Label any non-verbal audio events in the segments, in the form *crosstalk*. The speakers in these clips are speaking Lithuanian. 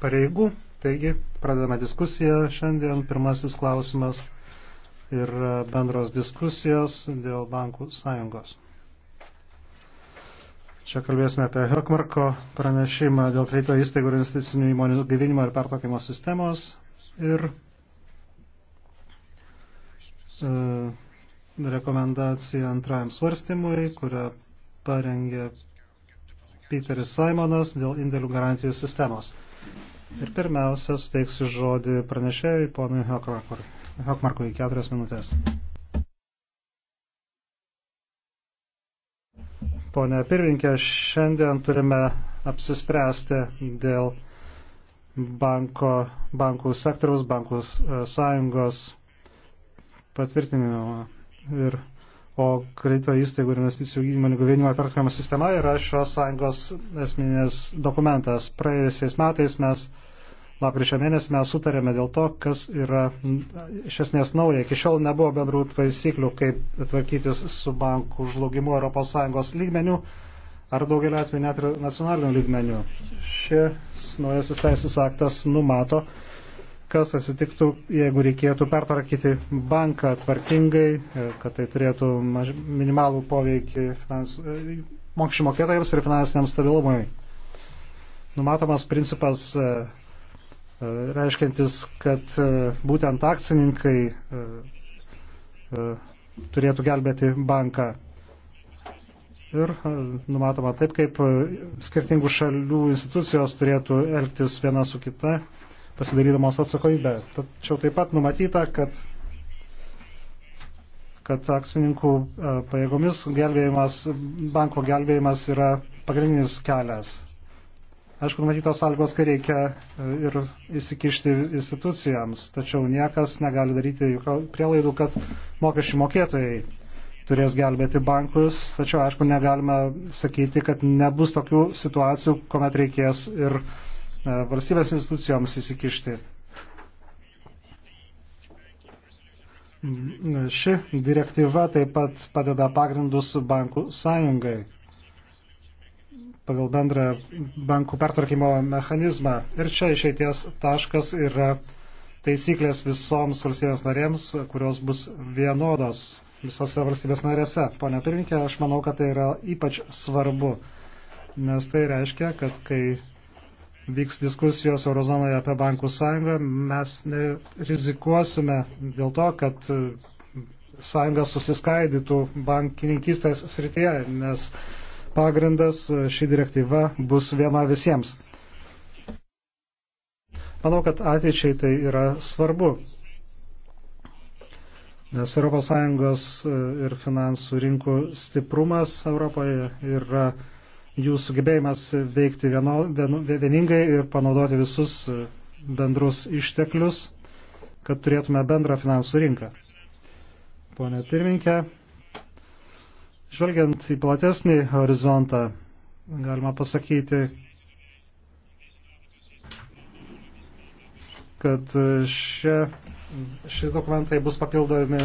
pareigų. Taigi, pradedame diskusiją šiandien. Pirmasis klausimas ir e, bendros diskusijos dėl bankų sąjungos. Čia kalbėsime apie Hökmarko pranešimą dėl kredito įstaigų ir investicinių įmonių gyvinimo ir pertokimo sistemos ir e, rekomendacija antrajam svarstymui, kurią parengė Peteris Simonas dėl indėlių garantijų sistemos. Ir pirmiausia, suteiksiu žodį pranešėjui ponui Hokmarkui keturias minutės. Pone pirmininkė, šiandien turime apsispręsti dėl banko, bankų sektoriaus, bankų e, sąjungos patvirtinimo. Ir o kredito įstaigų ir investicijų įmonių gyvenimo pertvarkymo sistema yra šios sąjungos esminės dokumentas. Praėjusiais metais mes, lapkričio mėnesį, mes sutarėme dėl to, kas yra iš esmės nauja. Iki šiol nebuvo bendrų taisyklių, kaip tvarkytis su bankų žlugimu ES lygmenių ar daugelio atveju net ir nacionalinių lygmenių. Šis naujasis teisės aktas numato, kas atsitiktų, jeigu reikėtų pertvarkyti banką tvarkingai, e, kad tai turėtų maž, minimalų poveikį finans, e, mokesčių mokėtojams ir finansiniam stabilumui. Numatomas principas e, reiškiantis, kad būtent akcininkai turėtų gelbėti banką. Ir numatoma taip, kaip skirtingų šalių institucijos turėtų elgtis viena su kita, pasidarydamos atsakomybę. Tačiau taip pat numatyta, kad, kad akcininkų e, pajėgomis gelbėjimas, banko gelbėjimas yra pagrindinis kelias. Aišku, numatytos sąlygos, kai reikia e, ir įsikišti institucijams, tačiau niekas negali daryti prielaidų, kad mokesčių mokėtojai turės gelbėti bankus, tačiau aišku, negalima sakyti, kad nebus tokių situacijų, kuomet reikės ir uh, E, valstybės institucijoms įsikišti. Mm, ši direktyva taip pat padeda pagrindus bankų sąjungai pagal bendrą bankų pertvarkymo mechanizmą. Ir čia išeities taškas yra taisyklės visoms valstybės narėms, kurios bus vienodos visose valstybės narėse. Pone pirminkė, aš manau, kad tai yra ypač svarbu, nes tai reiškia, kad kai vyks diskusijos Eurozonoje apie bankų sąjungą, mes rizikuosime dėl to, kad sąjunga susiskaidytų bankininkystės srityje, nes pagrindas šį direktyvą bus viena visiems. Manau, kad ateičiai tai yra svarbu, nes ES ir finansų rinkų stiprumas Europoje yra jų sugebėjimas veikti vieno, vien, vieningai ir panaudoti visus bendrus išteklius, kad turėtume bendrą finansų rinką. Pone pirminkė, žvelgiant į platesnį horizontą, galima pasakyti, kad šie, šie dokumentai bus papildomi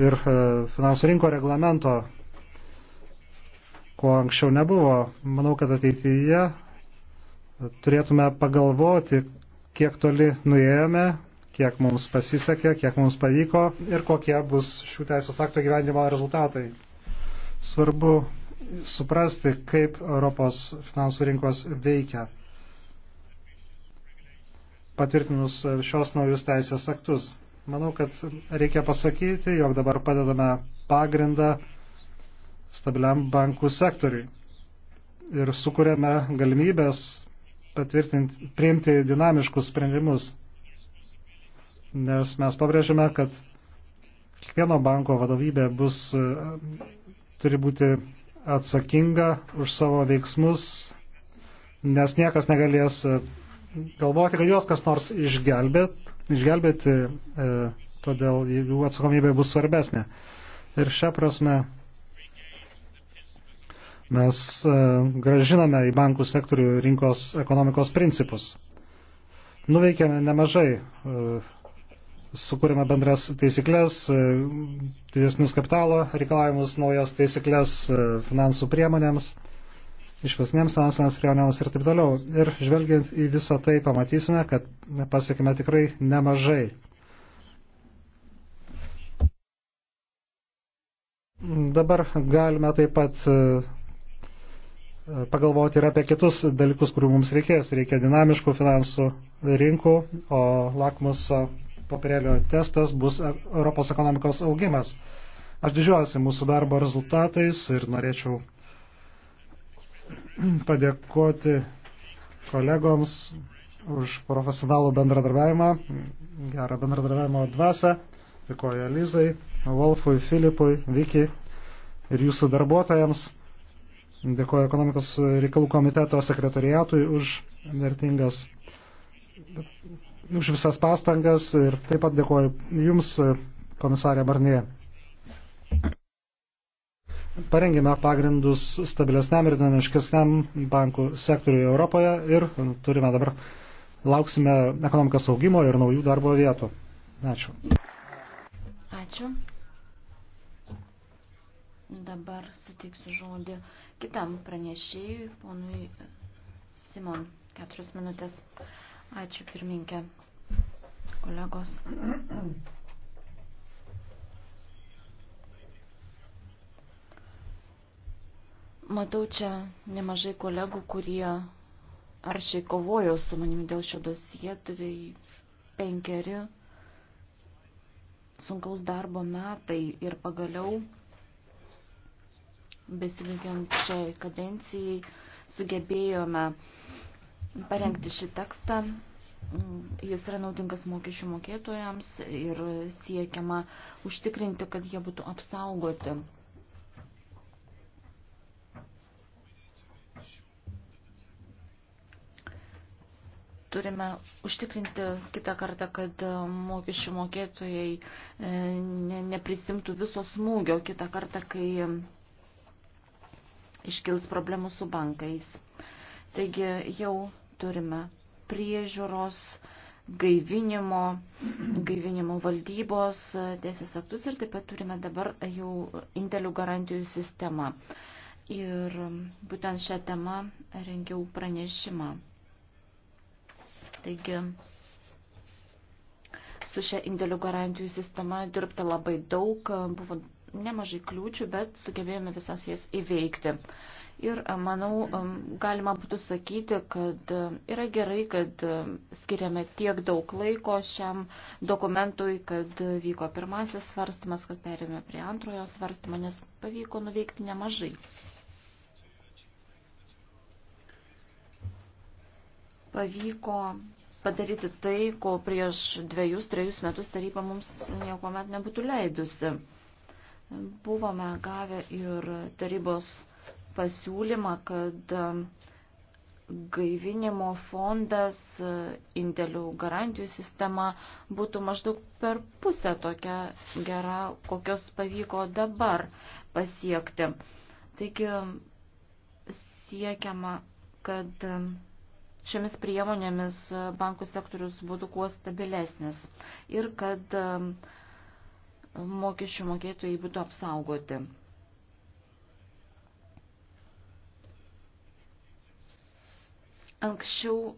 ir e, finansų rinko reglamento ko anksčiau nebuvo. Manau, kad ateityje turėtume pagalvoti, kiek toli nuėjome, kiek mums pasisekė, kiek mums pavyko ir kokie bus šių teisės akto gyvenimo rezultatai. Svarbu suprasti, kaip Europos finansų rinkos veikia patvirtinus šios naujus teisės aktus. Manau, kad reikia pasakyti, jog dabar padedame pagrindą stabiliam bankų sektoriui. Ir sukūrėme galimybės patvirtinti, priimti dinamiškus sprendimus, nes mes pabrėžėme, kad kiekvieno banko vadovybė bus, turi būti atsakinga už savo veiksmus, nes niekas negalės e, galvoti, kad juos kas nors išgelbėt, išgelbėti, e, todėl jų atsakomybė bus svarbesnė. Ir šią prasme mes e, gražiname į bankų sektorių rinkos ekonomikos principus. Nuveikėme nemažai, e, sukūrėme bendras taisyklės, e, didesnius kapitalo reikalavimus, naujas taisyklės finansų priemonėms, išvesnėms finansinėms priemonėms ir taip toliau. Ir žvelgiant į visą tai, pamatysime, kad pasiekime tikrai nemažai. Dabar galime taip pat pagalvoti ir apie kitus dalykus, kurių mums reikės. Reikia dinamiškų finansų rinkų, o lakmuso papirėlio testas bus e, Europos ekonomikos augimas. Aš didžiuosi mūsų darbo rezultatais ir norėčiau padėkoti kolegoms už profesionalų bendradarbiavimą, gerą bendradarbiavimo dvasę. Dėkoju Elizai, Wolfui, Filipui, Viki ir jūsų darbuotojams. Dėkuoju ekonomikos reikalų komiteto sekretariatui už vertingas, už visas pastangas ir taip pat dėkuoju Jums, komisarė Barnėje. Parengėme pagrindus stabilesniam ir dinamiškesniam bankų sektoriui Europoje ir turime dabar lauksime ekonomikos augimo ir naujų darbo vietų. Ačiū. Ačiū. Dabar sutiksiu žodį kitam pranešėjui, ponui Simon. Keturios minutės. Ačiū pirminkė, kolegos. Matau čia nemažai kolegų, kurie aršiai kovojo su manimi dėl šio dosie, tai penkeri sunkaus darbo metai ir pagaliau besiveikiančiai kadencijai sugebėjome parengti šį tekstą. Jis yra naudingas mokesčių mokėtojams ir siekiama užtikrinti, kad jie būtų apsaugoti. Turime užtikrinti kitą kartą, kad mokesčių mokėtojai e, neprisimtų viso smūgio kitą kartą, kai iškils problemų su bankais. Taigi jau turime priežiūros, gaivinimo, gaivinimo valdybos teisės aktus ir taip pat turime dabar jau indėlių garantijų sistemą. Ir būtent šią temą rengiau pranešimą. Taigi, su šia indėlių garantijų sistema dirbta labai daug, buvo nemažai kliūčių, bet sugebėjome visas jas įveikti. Ir manau, galima būtų sakyti, kad yra gerai, kad skiriame tiek daug laiko šiam dokumentui, kad vyko pirmasis svarstymas, kad perėmė prie antrojo svarstymo, nes pavyko nuveikti nemažai. Pavyko padaryti tai, ko prieš dviejus, trejus metus taryba mums nieko met nebūtų leidusi. Buvome gavę ir tarybos pasiūlymą, kad um, gaivinimo fondas, indėlių garantijų sistema būtų maždaug per pusę tokia gera, kokios pavyko dabar pasiekti. Taigi siekiama, kad um, šiomis priemonėmis bankų sektorius būtų kuo stabilesnis ir kad um, mokesčių mokėtojai būtų apsaugoti. Anksčiau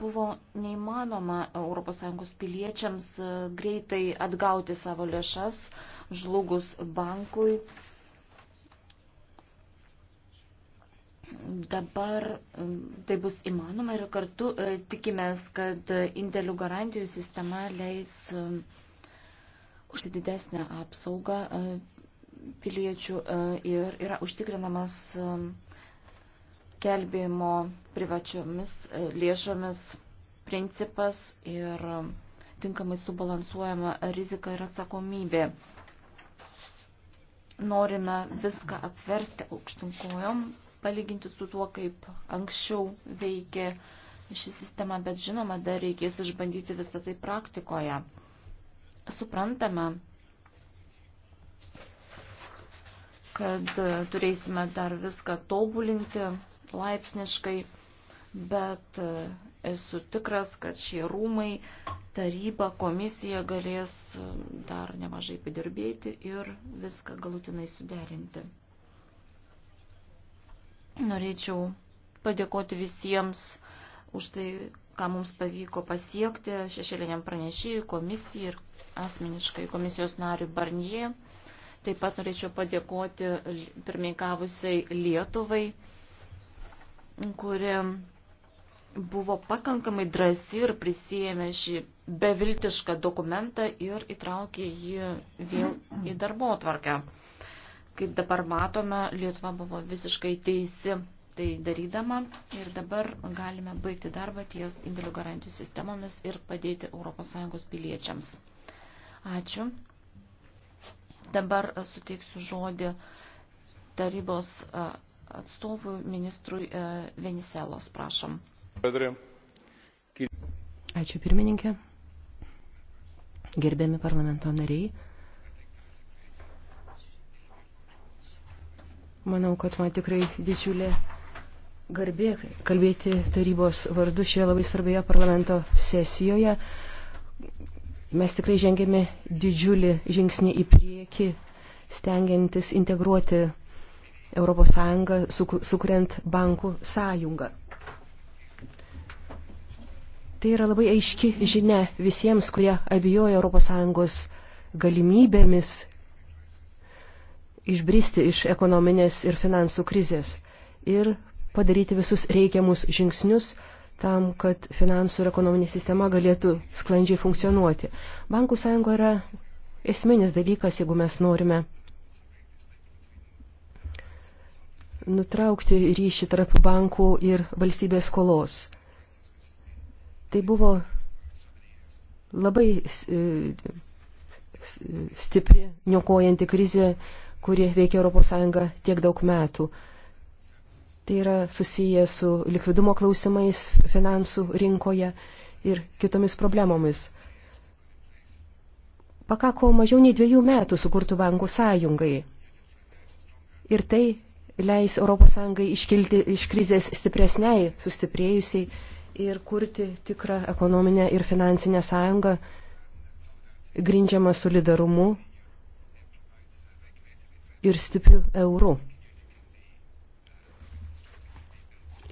buvo neįmanoma ES piliečiams e, greitai atgauti savo lėšas žlugus bankui. Dabar e, tai bus įmanoma ir kartu e, tikimės, kad indėlių garantijų sistema leis už tai didesnę apsaugą e, piliečių e, ir yra užtikrinamas e, gelbėjimo privačiomis lėšomis principas ir tinkamai subalansuojama rizika ir atsakomybė. Norime viską apversti aukštinkojom, palyginti su tuo, kaip anksčiau veikė ši sistema, bet žinoma, dar reikės išbandyti visą tai praktikoje suprantama, kad turėsime dar viską tobulinti laipsniškai, bet esu tikras, kad šie rūmai, taryba, komisija galės dar nemažai padirbėti ir viską galutinai suderinti. Norėčiau padėkoti visiems, už tai, ką mums pavyko pasiekti šešėliniam pranešėjui, komisijai ir asmeniškai komisijos nariui Barnie. Taip pat norėčiau padėkoti pirmininkavusiai Lietuvai, kuri buvo pakankamai drąsi ir prisijėmė šį beviltišką dokumentą ir įtraukė jį vėl į darbo tvarkę. Kaip dabar matome, Lietuva buvo visiškai teisi tai darydama ir dabar galime baigti darbą ties indėlių garantijų sistemomis ir padėti ES piliečiams. Ačiū. Dabar suteiksiu žodį tarybos atstovui ministrui Veniselos, prašom. Ačiū pirmininkė. Gerbiami parlamento nariai. Manau, kad man tikrai didžiulė garbė kalbėti tarybos vardu šioje labai svarbioje parlamento sesijoje. Mes tikrai žengėme didžiulį žingsnį į priekį, stengiantis integruoti Europos Sąjungą, sukuriant bankų sąjungą. Tai yra labai aiški žinia visiems, kurie abijoja Europos Sąjungos galimybėmis išbristi iš ekonominės ir finansų krizės ir padaryti visus reikiamus žingsnius tam, kad finansų ir ekonominė sistema galėtų sklandžiai funkcionuoti. Bankų sąjunga yra esminis dalykas, jeigu mes norime nutraukti ryšį tarp bankų ir valstybės skolos. Tai buvo labai e, e, stipri, niokojanti krizė, kuri veikia ES tiek daug metų. Tai yra susiję su likvidumo klausimais finansų rinkoje ir kitomis problemomis. Pakako mažiau nei dviejų metų sukurtų bankų sąjungai. Ir tai leis ES iškilti iš krizės stipresniai, sustiprėjusiai ir kurti tikrą ekonominę ir finansinę sąjungą, grindžiamą solidarumu ir stipriu euru.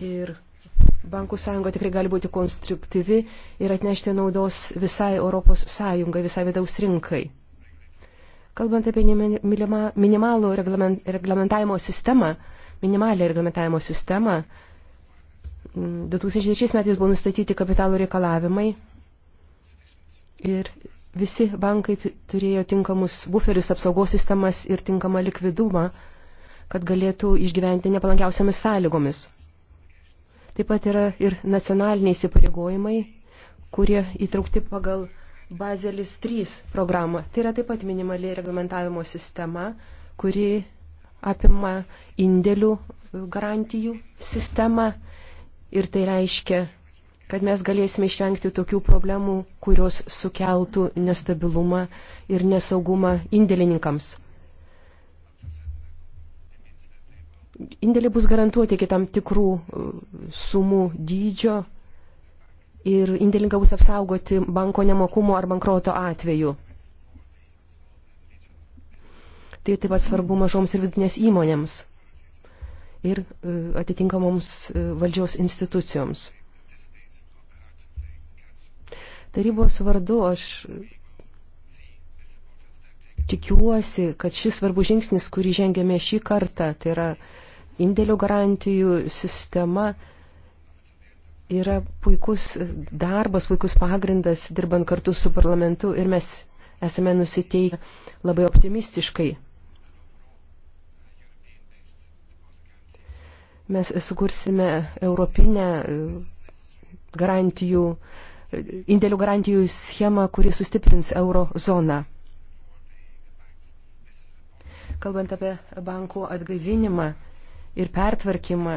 Ir bankų sąjunga tikrai gali būti konstruktyvi ir atnešti naudos visai Europos sąjungai, visai vidaus rinkai. Kalbant apie minimalų reglamentavimo sistemą, minimalią reglamentavimo sistemą, 2003 mm, metais buvo nustatyti kapitalų reikalavimai ir visi bankai turėjo tinkamus buferius, apsaugos sistemas ir tinkamą likvidumą, kad galėtų išgyventi nepalankiausiamis sąlygomis. Taip pat yra ir nacionaliniai įsipareigojimai, kurie įtraukti pagal Bazelis 3 programą. Tai yra taip pat minimaliai reglamentavimo sistema, kuri apima indėlių e, garantijų sistemą ir tai reiškia, kad mes galėsime išvengti tokių problemų, kurios sukeltų nestabilumą ir nesaugumą indėlininkams. Indėliai bus garantuoti iki tam tikrų e, sumų dydžio ir indėlinką bus apsaugoti banko nemokumo ar bankroto atveju. Tai taip pat svarbu mažoms ir vidutinės įmonėms ir e, atitinkamoms e, valdžios institucijoms. Tarybos vardu aš tikiuosi, kad šis svarbu žingsnis, kurį žengėme šį kartą, tai yra indėlių garantijų sistema yra puikus darbas, puikus pagrindas dirbant kartu su parlamentu ir mes esame nusiteikę labai optimistiškai. Mes sukursime europinę e, garantijų, e, indėlių garantijų schemą, kuri sustiprins euro zoną. Kalbant apie bankų atgaivinimą, ir pertvarkymą.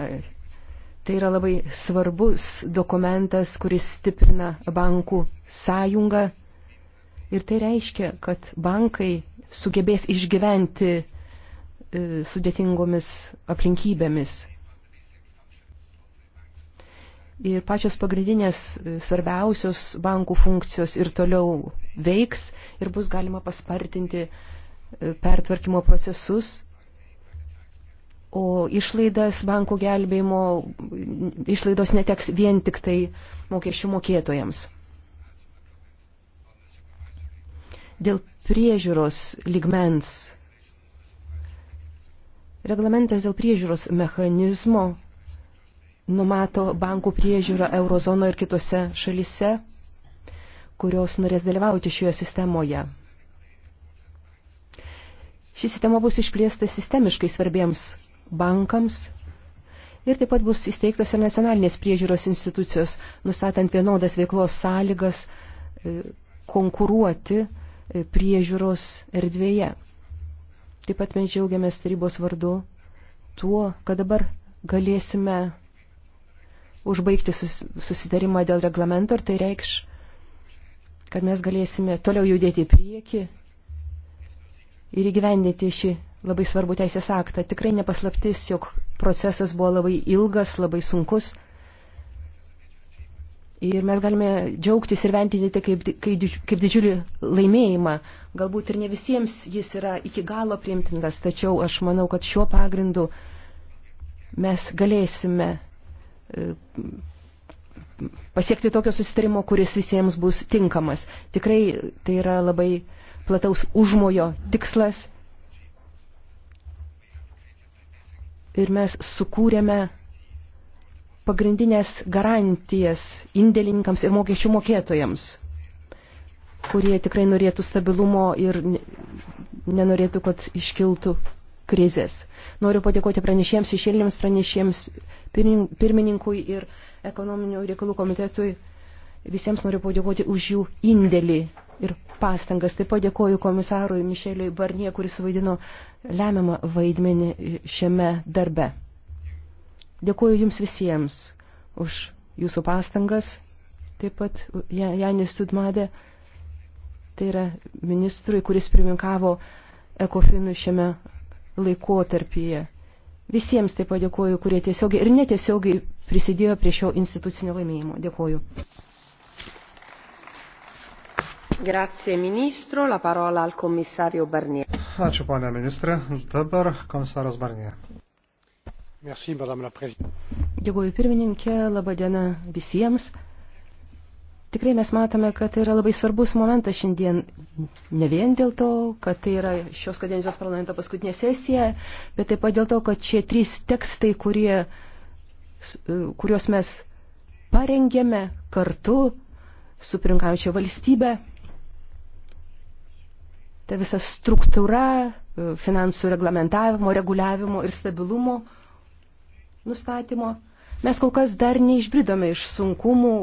Tai yra labai svarbus dokumentas, kuris stiprina bankų sąjungą. Ir tai reiškia, kad bankai sugebės išgyventi e, sudėtingomis aplinkybėmis. Ir pačios pagrindinės e, svarbiausios bankų funkcijos ir toliau veiks ir bus galima paspartinti e, pertvarkymo procesus o išlaidas bankų gelbėjimo išlaidos neteks vien tik tai mokesčių mokėtojams. Dėl priežiūros ligmens. Reglamentas dėl priežiūros mechanizmo numato bankų priežiūrą eurozono ir kitose šalise, kurios norės dalyvauti šioje sistemoje. Ši sistema bus išplėsta sistemiškai svarbiems bankams ir taip pat bus įsteigtos ir nacionalinės priežiūros institucijos, nustatant vienodas veiklos sąlygas e, konkuruoti e, priežiūros erdvėje. Taip pat mes džiaugiamės tarybos vardu tuo, kad dabar galėsime užbaigti susitarimą dėl reglamento ir tai reikš, kad mes galėsime toliau judėti į priekį ir įgyvendinti šį labai svarbu teisės aktą. Tikrai nepaslaptis, jog procesas buvo labai ilgas, labai sunkus. Ir mes galime džiaugtis ir ventinti kaip, kaip, kaip didžiulį laimėjimą. Galbūt ir ne visiems jis yra iki galo priimtinas, tačiau aš manau, kad šiuo pagrindu mes galėsime e, pasiekti tokio susitarimo, kuris visiems bus tinkamas. Tikrai tai yra labai plataus užmojo tikslas ir mes sukūrėme pagrindinės garantijas indėlininkams ir mokesčių mokėtojams, kurie tikrai norėtų stabilumo ir nenorėtų, kad iškiltų krizės. Noriu padėkoti pranešėjams, išėlėms pranešėjams, pirmininkui ir ekonominio reikalų komitetui Visiems noriu padėkoti už jų indėlį ir pastangas. Taip pat dėkoju komisarui Mišeliui Barnie, kuris vaidino lemiamą vaidmenį šiame darbe. Dėkoju jums visiems už jūsų pastangas, taip pat Janis Tudmadė, tai yra ministrui, kuris priminkavo ekofinų šiame laikotarpyje. Visiems taip pat dėkoju, kurie tiesiogiai ir netiesiogiai prisidėjo prie šio institucinio laimėjimo. Dėkoju. Grazie, ministro. La parola al komisario Barnier. Ačiū, ponia ministrė. Dabar komisaras Barnier. Merci, madame la prezidente. Dėkuoju pirmininkė, laba diena visiems. Tikrai mes matome, kad tai yra labai svarbus momentas šiandien, ne vien dėl to, kad tai yra šios kadencijos parlamento paskutinė sesija, bet taip pat dėl to, kad šie trys tekstai, kurie, e, kuriuos mes parengėme kartu su pirinkaujančia valstybe, ta visa struktūra e, finansų reglamentavimo, reguliavimo ir stabilumo nustatymo. Mes kol kas dar neišbridome iš sunkumų,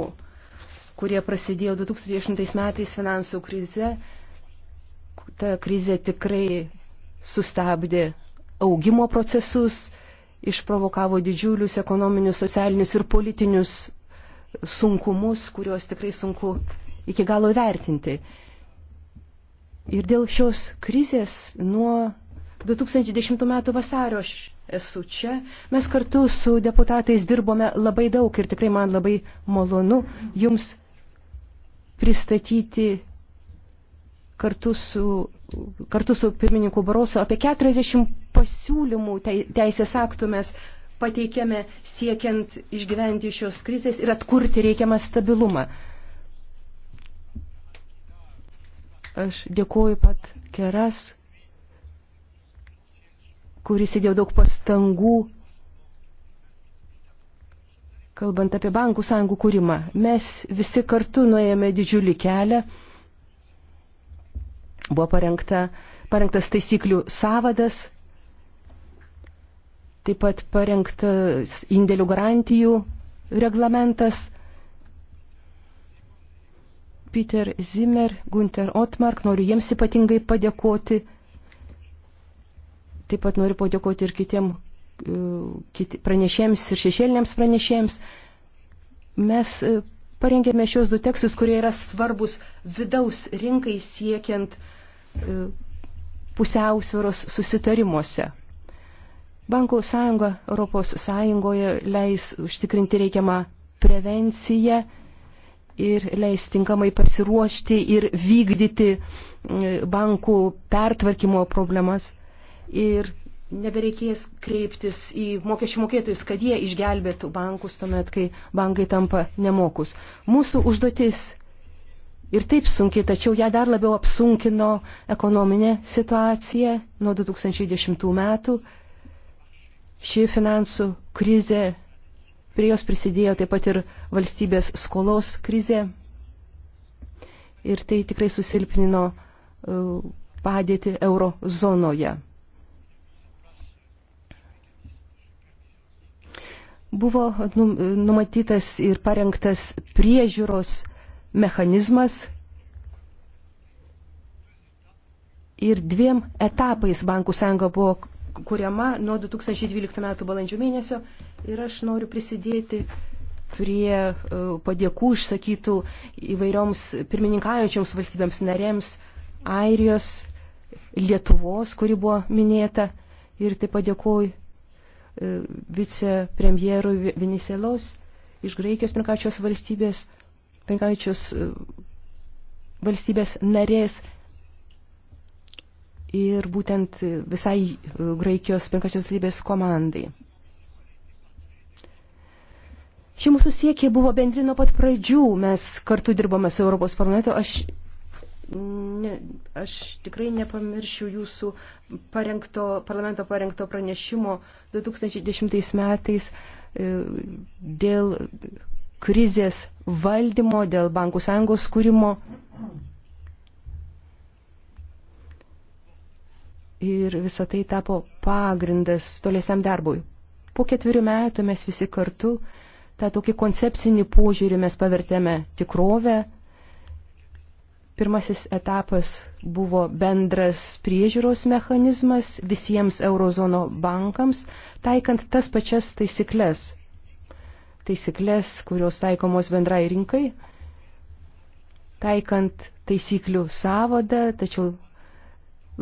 kurie prasidėjo 2008 metais finansų krize. Ta krize tikrai sustabdė augimo procesus, išprovokavo didžiulius ekonominius, socialinius ir politinius sunkumus, kuriuos tikrai sunku iki galo įvertinti. Ir dėl šios krizės nuo 2010 metų vasario aš esu čia. Mes kartu su deputatais dirbome labai daug ir tikrai man labai malonu jums pristatyti kartu su, kartu su pirmininku Baroso apie 40 pasiūlymų teisės aktų mes pateikėme siekiant išgyventi šios krizės ir atkurti reikiamą stabilumą. Aš dėkuoju pat Keras, kuris įdėjo daug pastangų, kalbant apie bankų sąjungų kūrimą. Mes visi kartu nuėjome didžiulį kelią. Buvo parengta, parengtas taisyklių savadas, taip pat parengtas indėlių garantijų reglamentas – Peter Zimmer, Gunter Otmark, noriu jiems ypatingai padėkoti. Taip pat noriu padėkoti ir kitiem e, kiti, pranešėjams ir šešėliniams pranešėjams. Mes e, parengėme šios du tekstus, kurie yra svarbus vidaus rinkai siekiant e, pusiausvėros susitarimuose. Bankų sąjunga Europos sąjungoje leis užtikrinti reikiamą prevenciją ir leis tinkamai pasiruošti ir vykdyti e, bankų pertvarkymo problemas ir nebereikės kreiptis į mokesčių mokėtojus, kad jie išgelbėtų bankus tuomet, kai bankai tampa nemokus. Mūsų užduotis ir taip sunki, tačiau ją dar labiau apsunkino ekonominė situacija nuo 2010 metų. Ši finansų krizė Prie jos prisidėjo taip pat ir valstybės skolos krizė. Ir tai tikrai susilpnino e, padėti euro zonoje. Buvo nu, numatytas ir parengtas priežiūros mechanizmas ir dviem etapais bankų sąjunga buvo kuriama nuo 2012 metų balandžio mėnesio ir aš noriu prisidėti prie e, padėkų išsakytų įvairioms pirmininkaujančioms valstybėms narėms, Airijos, Lietuvos, kuri buvo minėta, ir taip padėkoju e, vicepremjerui Veniselos iš Graikijos pirmininkaujančios valstybės, pirmininkaujančios e, valstybės narės. Ir būtent visai Graikijos pirmininkaujančios valstybės komandai. Šie mūsų siekiai buvo bendri nuo pat pradžių. Mes kartu dirbome su Europos parlamentu. Aš, ne, aš tikrai nepamiršiu jūsų parengto, parlamento parengto pranešimo 2010 metais e, dėl krizės valdymo, dėl bankų sąjungos skūrimo. Ir visa tai tapo pagrindas tolesiam darbui. Po ketverių metų mes visi kartu uh, tą tokį koncepcinį požiūrį mes pavertėme tikrovę. Pirmasis etapas buvo bendras priežiūros mechanizmas visiems eurozono bankams, taikant tas pačias taisyklės. Taisyklės, kurios taikomos bendrai rinkai, taikant taisyklių savadą, tačiau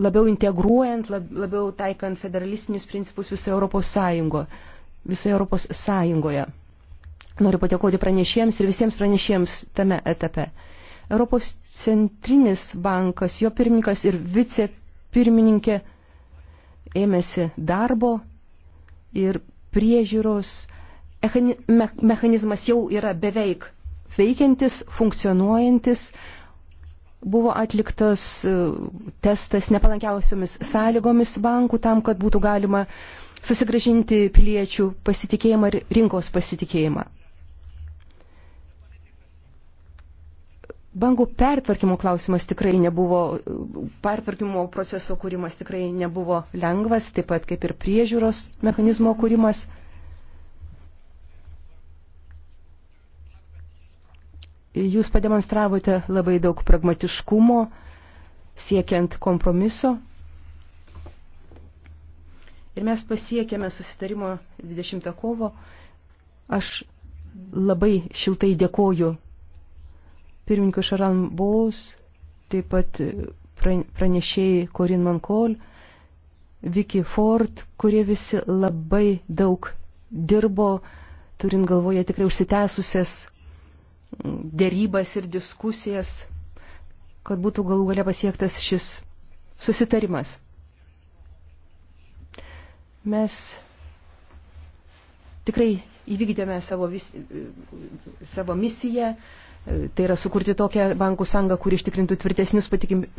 labiau integruojant, labiau taikant federalistinius principus visoje Europos Sąjungoje. Visoje Europos Sąjungoje. Noriu padėkoti pranešėjams ir visiems pranešėjams tame etape. Europos centrinis bankas, jo pirmininkas ir vicepirmininkė ėmėsi darbo ir priežiūros mechanizmas jau yra beveik veikiantis, funkcionuojantis. Buvo atliktas e, testas nepalankiausiomis sąlygomis bankų tam, kad būtų galima susigražinti piliečių pasitikėjimą ir rinkos pasitikėjimą. Bankų pertvarkymo klausimas tikrai nebuvo, pertvarkymo proceso kūrimas tikrai nebuvo lengvas, taip pat kaip ir priežiūros mechanizmo kūrimas. Jūs pademonstravote labai daug pragmatiškumo, siekiant kompromiso. Ir mes pasiekėme susitarimo 20 kovo. Aš labai šiltai dėkoju pirmininku Šaran Baus, taip pat e, pranešėjai Korin Mankol, Vicky Ford, kurie visi labai daug dirbo, turint galvoje tikrai užsitęsusias dėrybas ir diskusijas, kad būtų galų galia pasiektas šis susitarimas. Mes tikrai įvykdėme savo, vis, e, savo misiją, Tai yra sukurti tokią bankų sąngą, kuri ištikrintų tvirtesnius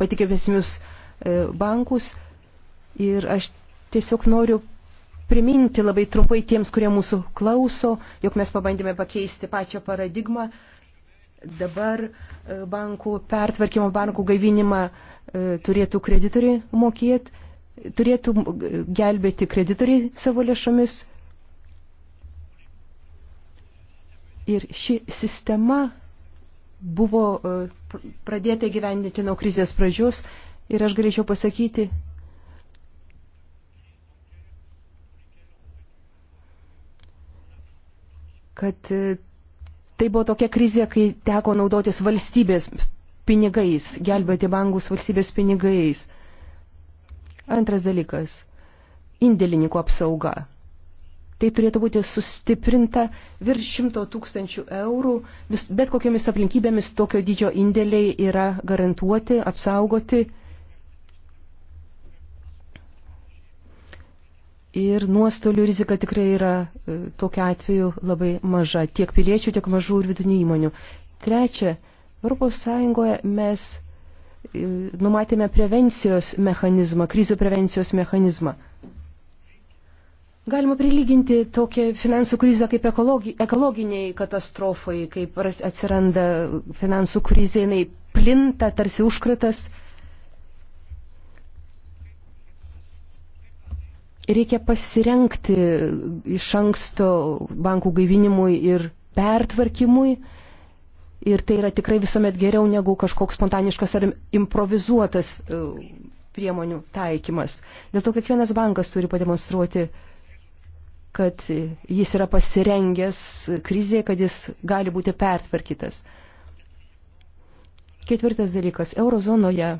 patikimesnius e, bankus. Ir aš tiesiog noriu priminti labai trumpai tiems, kurie mūsų klauso, jog mes pabandėme pakeisti pačią paradigmą. Dabar e, bankų pertvarkymo, bankų gaivinimą e, turėtų kreditoriai mokėti, turėtų gelbėti kreditoriai savo lėšomis. Ir ši sistema buvo e, pradėta gyvendinti nuo krizės pradžios ir aš galėčiau pasakyti, kad e, tai buvo tokia krizė, kai teko naudotis valstybės pinigais, gelbėti bankus valstybės pinigais. Antras dalykas – indėlininkų apsauga tai turėtų būti sustiprinta virš 100 tūkstančių eurų. Vis, bet kokiamis aplinkybėmis tokio dydžio indėliai yra garantuoti, apsaugoti. Ir nuostolių rizika tikrai yra e, tokiu atveju labai maža, tiek piliečių, tiek mažų ir vidutinių įmonių. Trečia, Europos Sąjungoje mes e, numatėme prevencijos mechanizmą, krizių prevencijos mechanizmą. Galima prilyginti tokią finansų krizę kaip ekologi, ekologiniai katastrofai, kaip atsiranda finansų krizė, jinai plinta tarsi užkratas. Reikia pasirenkti iš anksto bankų gaivinimui ir pertvarkymui. Ir tai yra tikrai visuomet geriau negu kažkoks spontaniškas ar improvizuotas e, priemonių taikymas. Dėl to kiekvienas bankas turi pademonstruoti uh, kad jis yra pasirengęs krizėje, kad jis gali būti pertvarkytas. Ketvirtas dalykas. Eurozonoje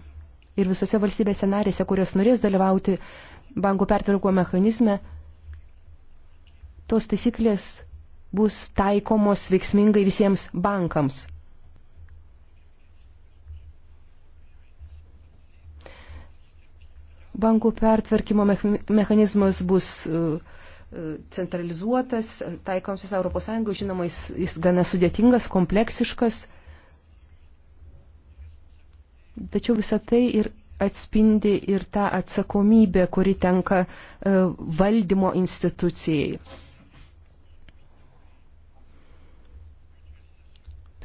ir visose valstybėse narėse, kurios norės dalyvauti bankų pertvarko mechanizme, tos taisyklės bus taikomos veiksmingai visiems bankams. Bankų pertvarkymo mechanizmas bus uh, centralizuotas, taikoms visą Europos Sąjungą, žinoma, jis, jis gana sudėtingas, kompleksiškas. Tačiau visa tai ir atspindi ir tą atsakomybę, kuri tenka e, valdymo institucijai.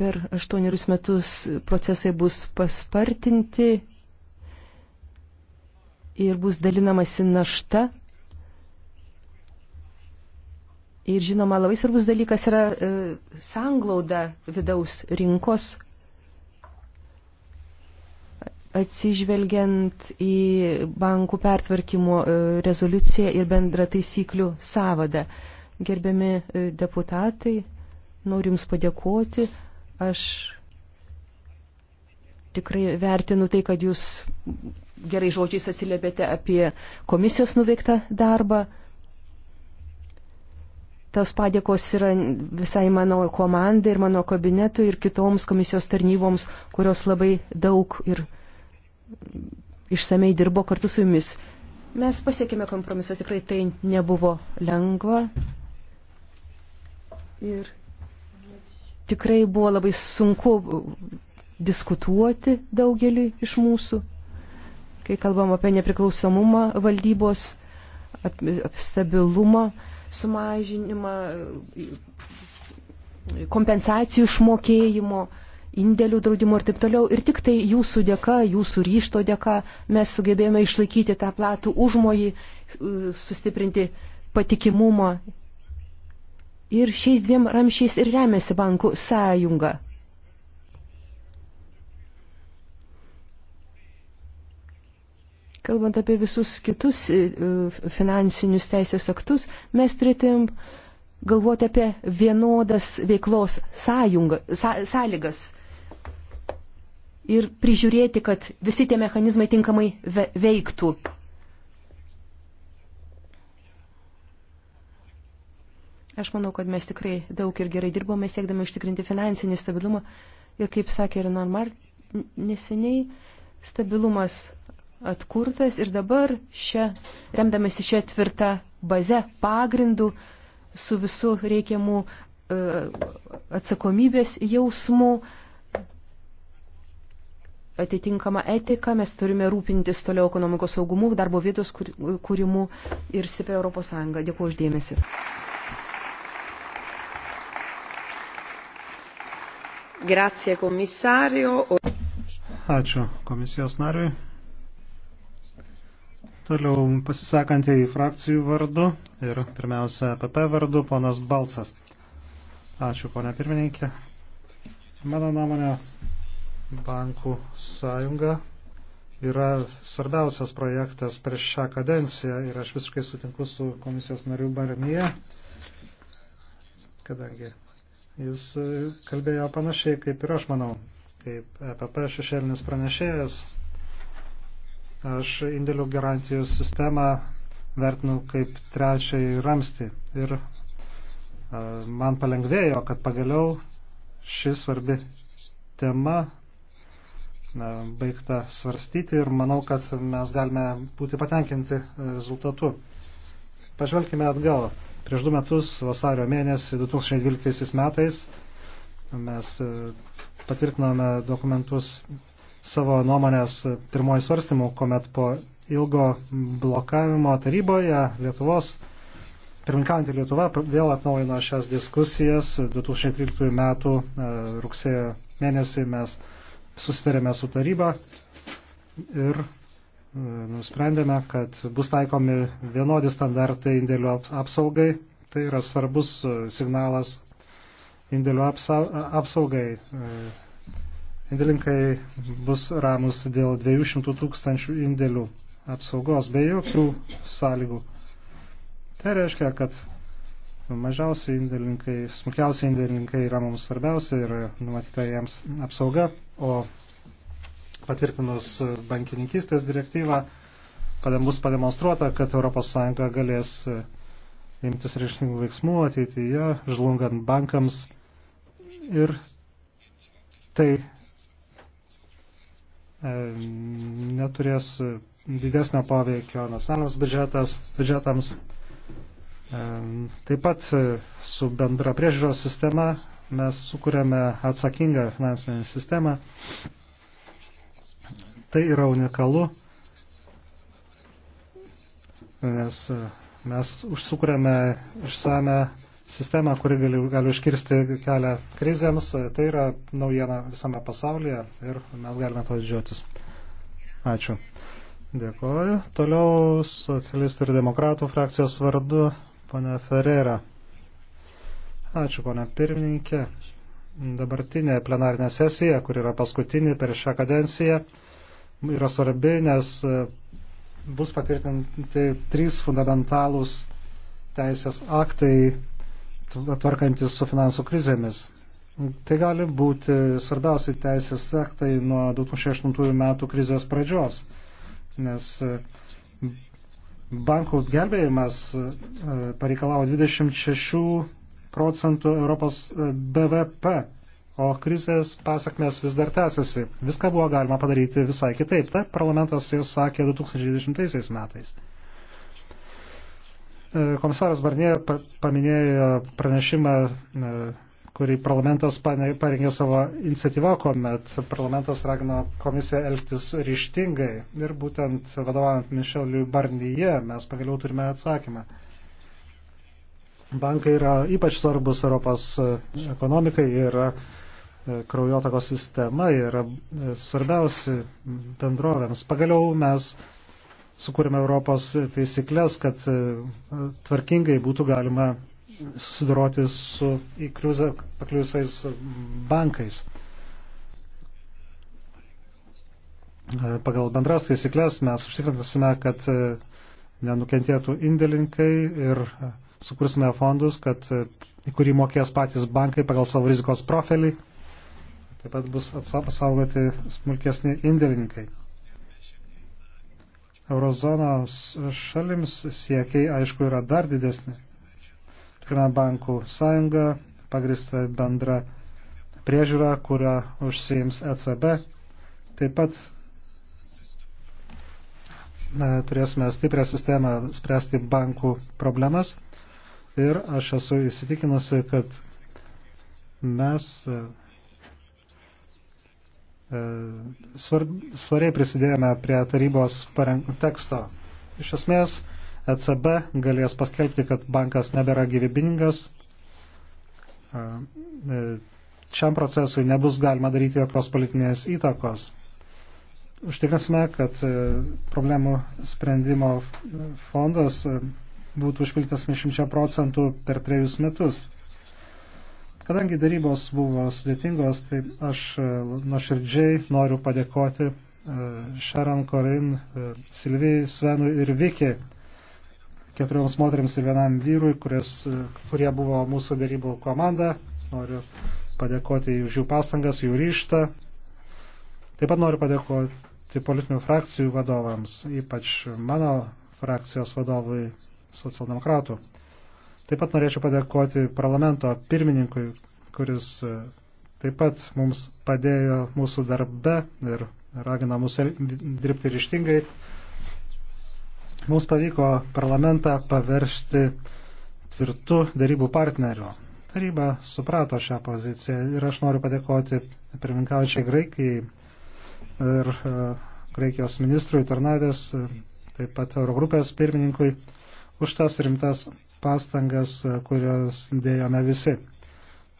Per aštuonerius metus procesai bus paspartinti ir bus dalinamasi našta Ir žinoma, labai svarbus dalykas yra e, sanglauda vidaus rinkos, atsižvelgiant į bankų pertvarkymo e, rezoliuciją ir bendrą taisyklių savadą. Gerbiami e, deputatai, noriu Jums padėkoti. Aš tikrai vertinu tai, kad Jūs gerai žodžiais atsiliepėte apie komisijos nuveiktą darbą. Tos padėkos yra visai mano komandai ir mano kabinetui ir kitoms komisijos tarnyboms, kurios labai daug ir išsamei dirbo kartu su jumis. Mes pasiekėme kompromiso, tikrai tai nebuvo lengva. Ir tikrai buvo labai sunku diskutuoti daugeliu iš mūsų, kai kalbam apie nepriklausomumą valdybos, apie stabilumą sumažinimą, kompensacijų išmokėjimo, indėlių draudimo ir taip toliau. Ir tik tai jūsų dėka, jūsų ryšto dėka mes sugebėjome išlaikyti tą platų užmojį, sustiprinti patikimumą. Ir šiais dviem ramšiais ir remiasi bankų sąjunga. Kalbant apie visus kitus e, e, finansinius teisės aktus, mes turėtum galvoti apie vienodas veiklos sąjunga, są, sąlygas ir prižiūrėti, kad visi tie mechanizmai tinkamai ve, veiktų. Aš manau, kad mes tikrai daug ir gerai dirbome, siekdami užtikrinti finansinį stabilumą. Ir kaip sakė Renan Mart, neseniai stabilumas atkurtas ir dabar šią, remdamasi šią tvirtą bazę pagrindų su visų reikiamų e, atsakomybės jausmų, atitinkama etika, mes turime rūpintis toliau ekonomikos saugumu, darbo vietos kūrimu ir stipri Europos Sąjunga. Dėkuoju uždėmesi. Grazie, komisario. Ačiū komisijos nariui. Toliau pasisakantieji frakcijų vardu ir pirmiausia PP vardu ponas Balcas. Ačiū, ponia pirmininkė. Mano nuomonė, bankų sąjunga yra svarbiausias projektas prieš šią kadenciją ir aš visiškai sutinku su komisijos nariu Barnie, kadangi jis kalbėjo panašiai kaip ir aš manau, kaip EPP šešėlinis pranešėjas Aš indėlių garantijų sistemą vertinu kaip trečiai ramsti. Ir e, man palengvėjo, kad pagaliau ši svarbi tema baigta svarstyti ir manau, kad mes galime būti patenkinti e, rezultatu. Pažvelkime atgal. Prieš du metus, vasario mėnesį 2012 metais, mes e, patvirtinome dokumentus savo nuomonės pirmoji svarstymų, kuomet po ilgo blokavimo taryboje Lietuvos, pirminkantį Lietuvą vėl atnaujino šias diskusijas. 2013 m. E, rugsėjo mėnesį mes susitarėme su taryba ir e, nusprendėme, kad bus taikomi vienodi standartai indėlių apsaugai. Tai yra svarbus e, signalas indėlių apsaugai indėlinkai bus ramus dėl 200 tūkstančių indėlių apsaugos be jokių sąlygų. Tai reiškia, kad mažiausiai indėlinkai, smulkiausiai indėlinkai yra mums svarbiausia ir numatyta jiems apsauga, o patvirtinus bankininkistės direktyvą bus pademonstruota, kad ES galės imtis reikšmingų veiksmų ateityje, žlungant bankams ir tai E, neturės didesnio poveikio nacionalinis biudžetas, biudžetams. E, taip pat e, su bendra priežiūros sistema mes sukūrėme atsakingą finansinę sistemą. Tai yra unikalu, nes mes užsukūrėme išsame sistemą, kuri gali, gali užkirsti kelią krizėms. Tai yra naujiena visame pasaulyje ir mes galime to didžiuotis. Ačiū. Dėkuoju. Toliau socialistų ir demokratų frakcijos vardu ponia Ferreira. Ačiū, ponia pirmininkė. Dabartinė plenarinė sesija, kur yra paskutinė per šią kadenciją, yra svarbi, nes e, bus patvirtinti trys fundamentalūs teisės aktai tvarkantis su finansų krizėmis. Tai gali būti svarbiausi teisės aktai nuo 2008 metų krizės pradžios, nes e, bankų gelbėjimas e, pareikalavo 26 procentų Europos e, BVP, o krizės pasakmės vis dar tęsiasi. Viską buvo galima padaryti visai kitaip. Taip parlamentas jau sakė 2020 metais. Komisaras Barnė paminėjo pranešimą, e, kurį parlamentas parengė savo iniciatyvą, kuomet parlamentas ragino komisiją elgtis ryštingai. Ir būtent vadovaujant Mišeliui Barnyje mes pagaliau turime atsakymą. Bankai yra ypač svarbus Europos e, ekonomikai ir e, kraujotakos sistema yra svarbiausi bendrovėms. Pagaliau mes sukūrėme Europos taisyklės, kad e, tvarkingai būtų galima susidoroti su įkliuzą pakliusiais bankais. E, pagal bendras taisyklės mes užtikrintasime, kad e, nenukentėtų indėlinkai ir sukursime fondus, kad, į kurį mokės patys bankai pagal savo rizikos profilį. Taip pat bus apsaugoti smulkesni indėlininkai. Eurozonos šalims siekiai, aišku, yra dar didesni. Turime bankų sąjungą, pagristą bendrą priežiūrą, kurią užsiims ECB. Taip pat na, turėsime stiprią sistemą spręsti bankų problemas. Ir aš esu įsitikinusi, kad mes E, svariai prisidėjome prie tarybos teksto. Iš esmės, ECB galės paskelbti, kad bankas nebėra gyvybingas. E, e, šiam procesui nebus galima daryti jokios politinės įtakos. Užtikrinsime, kad problemų sprendimo fondas būtų užpildytas 100 procentų per trejus metus. Kadangi darybos buvo sudėtingos, tai aš e, nuoširdžiai noriu padėkoti e, Sharon Corin, e, Silvijai, Svenui ir Viki, keturioms moteriams ir vienam vyrui, kuris, kurie buvo mūsų darybų komanda. Noriu padėkoti už jų pastangas, jų ryštą. Taip pat noriu padėkoti politinių frakcijų vadovams, ypač mano frakcijos vadovui socialdemokratų. Taip pat norėčiau padėkoti parlamento pirmininkui, kuris e, taip pat mums padėjo mūsų darbe ir ragina mus dirbti ryštingai. Mums pavyko parlamentą paversti tvirtų darybų partnerių. Taryba suprato šią poziciją ir aš noriu padėkoti pirmininkaučiai Graikijai ir e, Graikijos ministrui Tornadės, e, taip pat Eurogrupės pirmininkui už tas rimtas pastangas, e, kurios dėjome visi.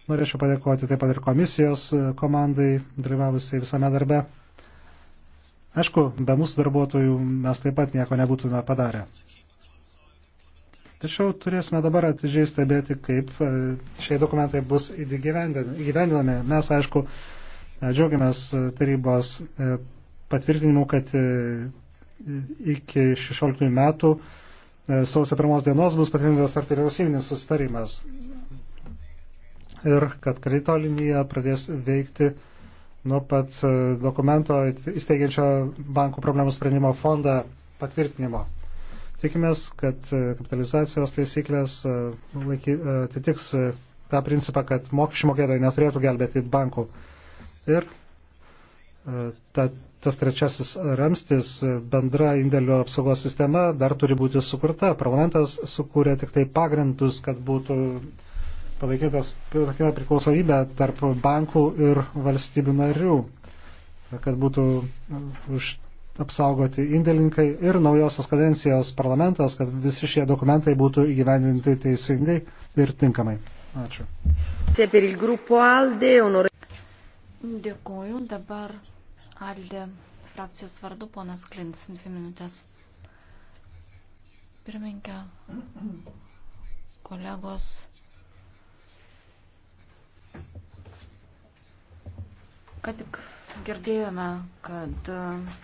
Norėčiau padėkoti taip pat ir komisijos e, komandai, dalyvavusiai visame darbe. Aišku, be mūsų darbuotojų mes taip pat nieko nebūtume padarę. Tačiau turėsime dabar atidžiai stebėti, kaip e, šie dokumentai bus įgyvendinami. Mes, aišku, džiaugiamės tarybos patvirtinimu, kad iki 16 metų E, sausio pirmos dienos bus patvirtintas ar vyriausybinis susitarimas ir kad kredito linija pradės veikti nuo pat e, dokumento įsteigiančio bankų problemų sprendimo fondą patvirtinimo. Tikimės, kad e, kapitalizacijos taisyklės atitiks tą principą, kad mokesčių mokėtojai neturėtų gelbėti bankų. Ir ta tas trečiasis ramstis, bendra indėlio apsaugos sistema dar turi būti sukurta. Parlamentas sukūrė tik tai pagrindus, kad būtų palaikytas priklausomybė tarp bankų ir valstybių narių, kad būtų už apsaugoti indėlinkai ir naujosios kadencijos parlamentas, kad visi šie dokumentai būtų įgyvendinti teisingai ir tinkamai. Ačiū. Dėkoju dabar Aldė frakcijos vardu ponas Klins, dvi minutės. Pirminkė, kolegos. Ką tik girdėjome, kad uh,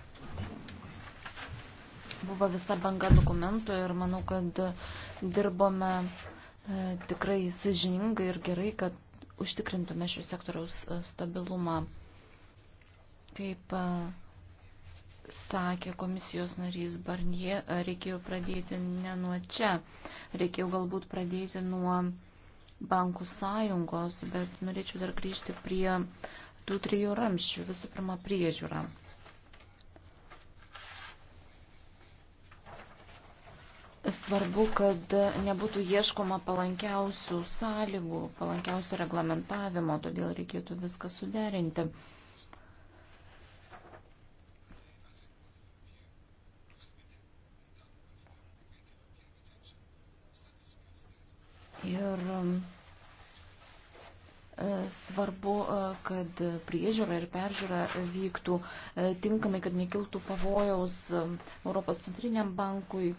buvo visa banga dokumentų ir manau, kad dirbome uh, tikrai sąžiningai ir gerai, kad užtikrintume šio sektoriaus uh, stabilumą. Kaip sakė komisijos narys Barnie, reikėjo pradėti ne nuo čia, reikėjo galbūt pradėti nuo bankų sąjungos, bet norėčiau dar grįžti prie tų trijų ramščių, visų pirma priežiūra. Svarbu, kad nebūtų ieškoma palankiausių sąlygų, palankiausių reglamentavimo, todėl reikėtų viską suderinti. Ir um, e, svarbu, e, kad priežiūra ir peržiūra vyktų e, tinkamai, kad nekiltų pavojaus um, Europos centriniam bankui.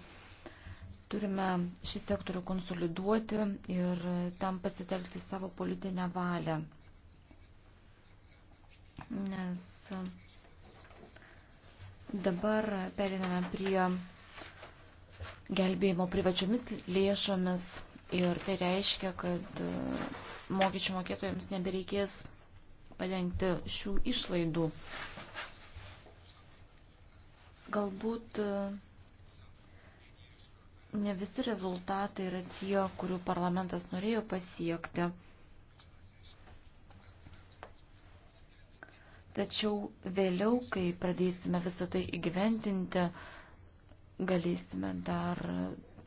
Turime šį sektorių konsoliduoti ir tam pasitelkti savo politinę valią. Nes um, dabar periname prie gelbėjimo privačiomis lėšomis Ir tai reiškia, kad e, mokesčių mokėtojams nebereikės padengti šių išlaidų. Galbūt e, ne visi rezultatai yra tie, kurių parlamentas norėjo pasiekti. Tačiau vėliau, kai pradėsime visą tai įgyventinti, galėsime dar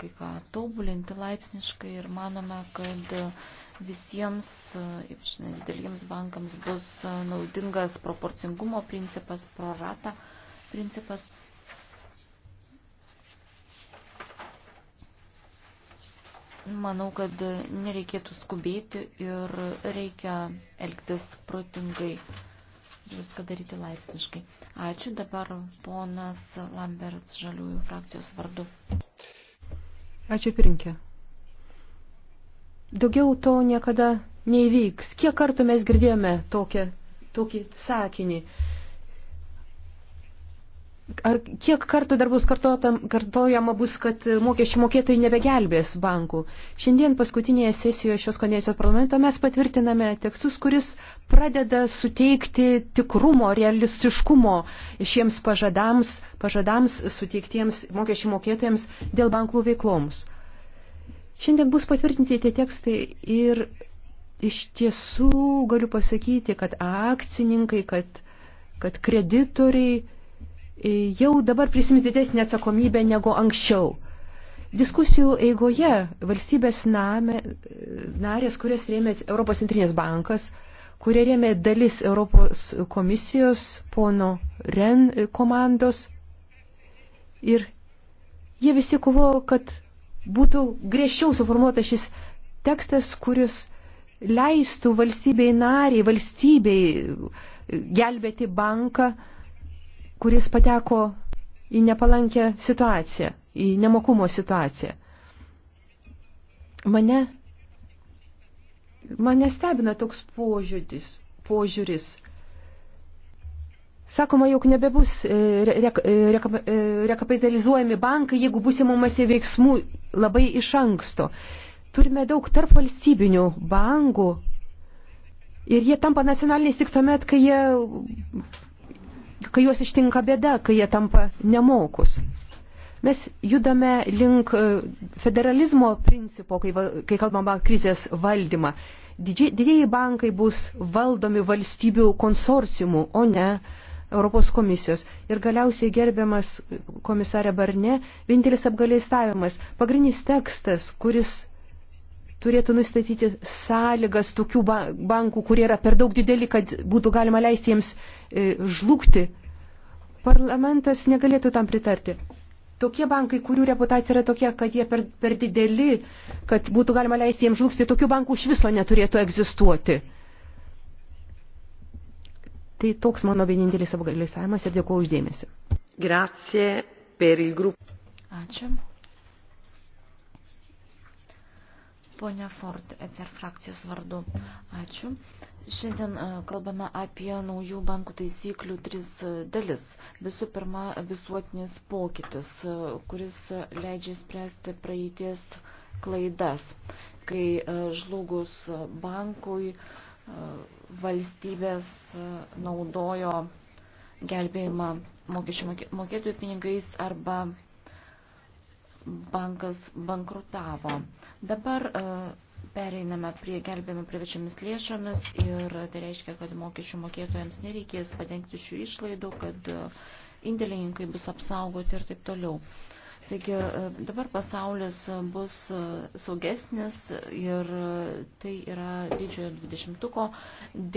kai ką tobulinti laipsniškai ir manome, kad visiems, ypač nedideliems bankams, bus naudingas proporcingumo principas, prorata principas. Manau, kad nereikėtų skubėti ir reikia elgtis protingai viską daryti laipsniškai. Ačiū dabar ponas Lamberts žaliųjų frakcijos vardu. Ačiū pirinkė. Daugiau to niekada neįvyks. Kiek kartų mes girdėjome tokią, tokį sakinį? Ar kiek kartų dar bus kartojama bus, kad mokesčių mokėtojai nebegelbės bankų? Šiandien paskutinėje sesijoje šios konvencijos parlamento mes patvirtiname tekstus, kuris pradeda suteikti tikrumo, realistiškumo šiems pažadams, pažadams suteiktiems mokesčių mokėtojams dėl bankų veikloms. Šiandien bus patvirtinti tie tekstai ir iš tiesų galiu pasakyti, kad akcininkai, kad, kad kreditoriai, jau dabar prisims didesnį atsakomybę negu anksčiau. Diskusijų eigoje valstybės name, narės, kurias rėmė Europos centrinės bankas, kurie rėmė dalis Europos komisijos pono REN komandos ir jie visi kovojo, kad būtų griežčiau suformuotas šis tekstas, kuris leistų valstybei nariai, valstybei gelbėti banką kuris pateko į nepalankę situaciją, į nemokumo situaciją. Mane, mane stebina toks požiūris, požiūris. Sakoma, jog nebebus e, e, e, rekapitalizuojami bankai, jeigu bus įmamasi veiksmų labai iš anksto. Turime daug tarp valstybinių bankų ir jie tampa nacionaliniais tik tuomet, kai jie kai juos ištinka bėda, kai jie tampa nemokus. Mes judame link e, federalizmo principo, kai, kai kalbama krizės valdymą. Didieji bankai bus valdomi valstybių konsorciumų, o ne Europos komisijos. Ir galiausiai gerbiamas komisarė Barne, vienintelis apgalėstavimas, pagrindinis tekstas, kuris turėtų nustatyti sąlygas tokių bankų, kurie yra per daug dideli, kad būtų galima leisti jiems e, žlugti. Parlamentas negalėtų tam pritarti. Tokie bankai, kurių reputacija yra tokia, kad jie per, per dideli, kad būtų galima leisti jiems žlugti, tokių bankų iš viso neturėtų egzistuoti. Tai toks mano vienintelis apgailėsavimas ir dėkuoju uždėmesi. Grazie per il gruppo. Ačiū. Pone Ford, ECR frakcijos vardu. Ačiū. Šiandien e, kalbame apie naujų bankų taisyklių tris e, dalis. Visų pirma, visuotinis pokytis, e, kuris leidžia spręsti praeities klaidas, kai žlugus bankui valstybės naudojo gelbėjimą mokesčių mokėtojų pinigais arba bankas bankrutavo. Dabar e, pereiname prie gelbėjimo privačiamis lėšomis ir tai reiškia, kad mokesčių mokėtojams nereikės padengti šių išlaidų, kad e, indėlininkai bus apsaugoti ir taip toliau. Taigi e, dabar pasaulis bus saugesnis ir tai yra didžiojo dvidešimtuko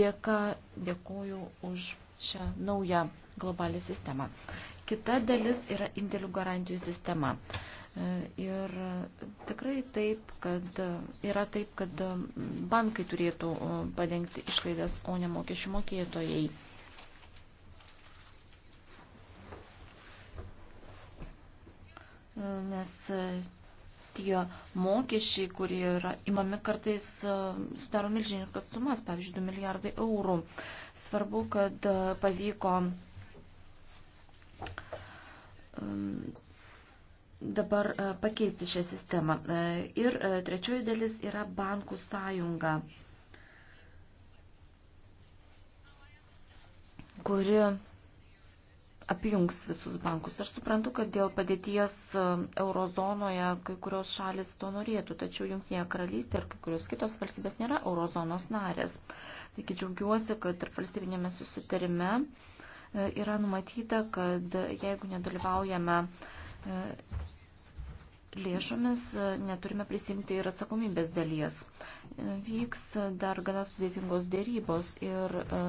dėka. Dėkoju už šią naują globalią sistemą. Kita dalis yra indėlių garantijų sistema. Ir tikrai taip, kad yra taip, kad bankai turėtų padengti išlaidas, o ne mokesčių mokėtojai. Nes tie mokesčiai, kurie yra imami kartais, e, sudaro milžiniškas sumas, pavyzdžiui, 2 milijardai eurų. Svarbu, kad e, pavyko e, dabar e, pakeisti šią sistemą. E, ir e, trečioji dalis yra bankų sąjunga, kuri apjungs visus bankus. Aš suprantu, kad dėl padėties eurozonoje kai kurios šalis to norėtų, tačiau Junktinėje karalystė ir kai kurios kitos valstybės nėra eurozonos narės. Taigi džiaugiuosi, kad tarp valstybinėme susitarime yra numatyta, kad jeigu nedalyvaujame lėšomis e, neturime prisimti ir atsakomybės dalies. E, vyks dar gana sudėtingos dėrybos ir e,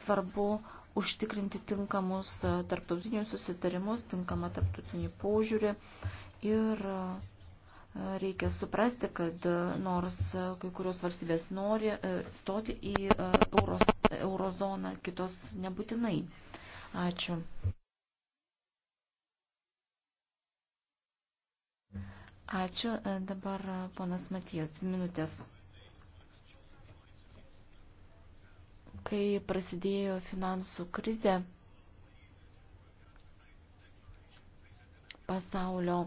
svarbu užtikrinti tinkamus tarptautinius susitarimus, tinkamą tarptautinį požiūrį ir reikia suprasti, kad nors kai kurios valstybės nori stoti į euros, eurozoną, kitos nebūtinai. Ačiū. Ačiū. E, dabar e, ponas Matijas, dvi minutės. Kai prasidėjo finansų krizė, pasaulio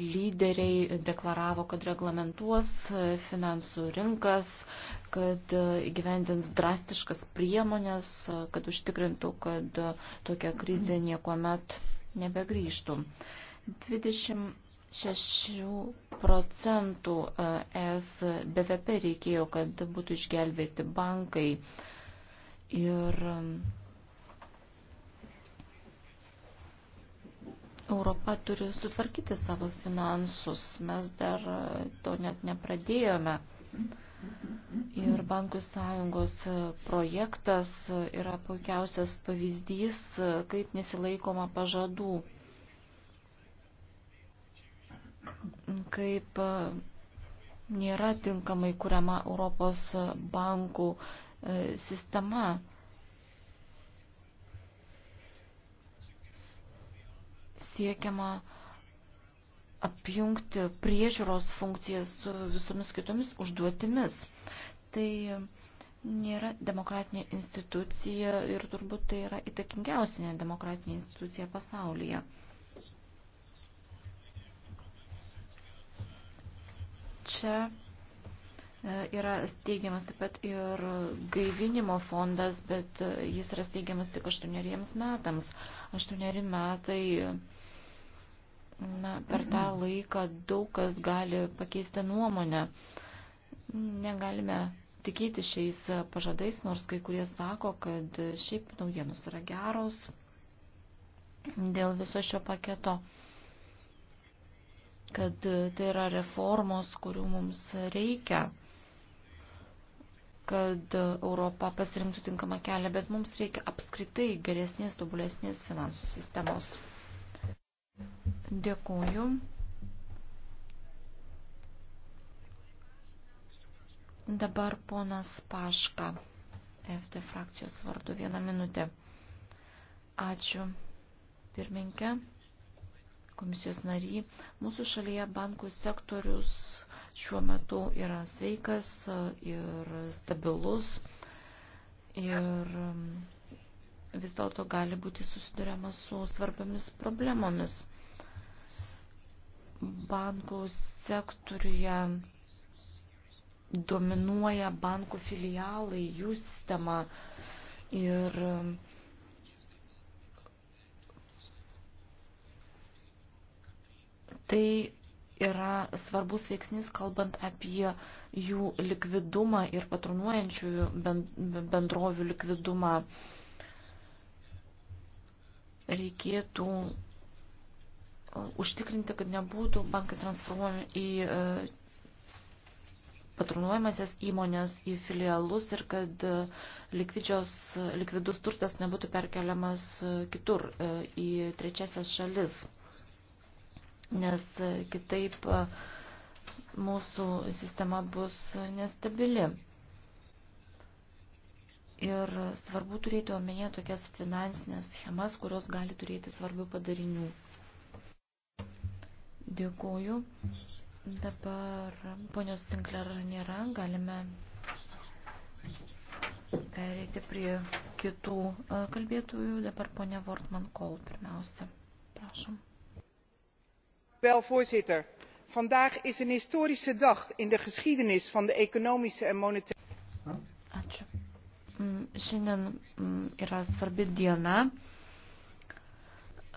lyderiai deklaravo, kad reglamentuos e, finansų rinkas, kad gyvendins drastiškas priemonės, kad užtikrintų, kad tokia krizė nieko met nebegrįžtų. 20 6 procentų e, es BVP reikėjo, kad būtų išgelbėti bankai. Ir e, Europa turi sutvarkyti savo finansus. Mes dar to net nepradėjome. Ir bankų sąjungos projektas yra puikiausias pavyzdys, kaip nesilaikoma pažadų kaip e, nėra tinkamai kuriama Europos bankų e, sistema. Siekiama apjungti priežiūros funkcijas su visomis kitomis užduotimis. Tai nėra demokratinė institucija ir turbūt tai yra įtakingiausia demokratinė institucija pasaulyje. Čia e, yra steigiamas taip pat ir gaivinimo fondas, bet e, jis yra steigiamas tik aštuoneriems metams. Aštuoneri metai, na, per tą mhm. laiką daug kas gali pakeisti nuomonę. Negalime tikėti šiais pažadais, nors kai kurie sako, kad šiaip naujienos yra geros dėl viso šio paketo kad e, tai yra reformos, kurių mums reikia, kad e, Europa pasirinktų tinkamą kelią, bet mums reikia apskritai geresnės, tobulesnės finansų sistemos. Dėkuoju. Dabar ponas Paška, FT frakcijos vardu, vieną minutę. Ačiū, pirminkė komisijos nary. Mūsų šalyje bankų sektorius šiuo metu yra sveikas ir stabilus ir um, vis dėlto gali būti susidurima su svarbiamis problemomis. Bankų sektoriuje dominuoja bankų filialai, jų sistema ir uh, tai yra svarbus veiksnys, kalbant apie jų likvidumą ir patronuojančiųjų bendrovių likvidumą. Reikėtų užtikrinti, kad nebūtų bankai transformuojami į e, patronuojamasias įmonės į filialus ir kad e, likvidus turtas nebūtų perkeliamas e, kitur į trečiasias šalis nes e, kitaip e, mūsų sistema bus nestabili. Ir svarbu turėti omenyje tokias finansinės schemas, kurios gali turėti svarbių padarinių. Dėkuoju. Dabar ponios Sinclair nėra, galime pereiti prie kitų e, kalbėtųjų. Dabar ponia Wortman Kol pirmiausia. Prašom voorzitter vandaag is een historische dag in de geschiedenis van de economische en monetaire sąjungos. Mm, šiandien mm, yra svarbi diena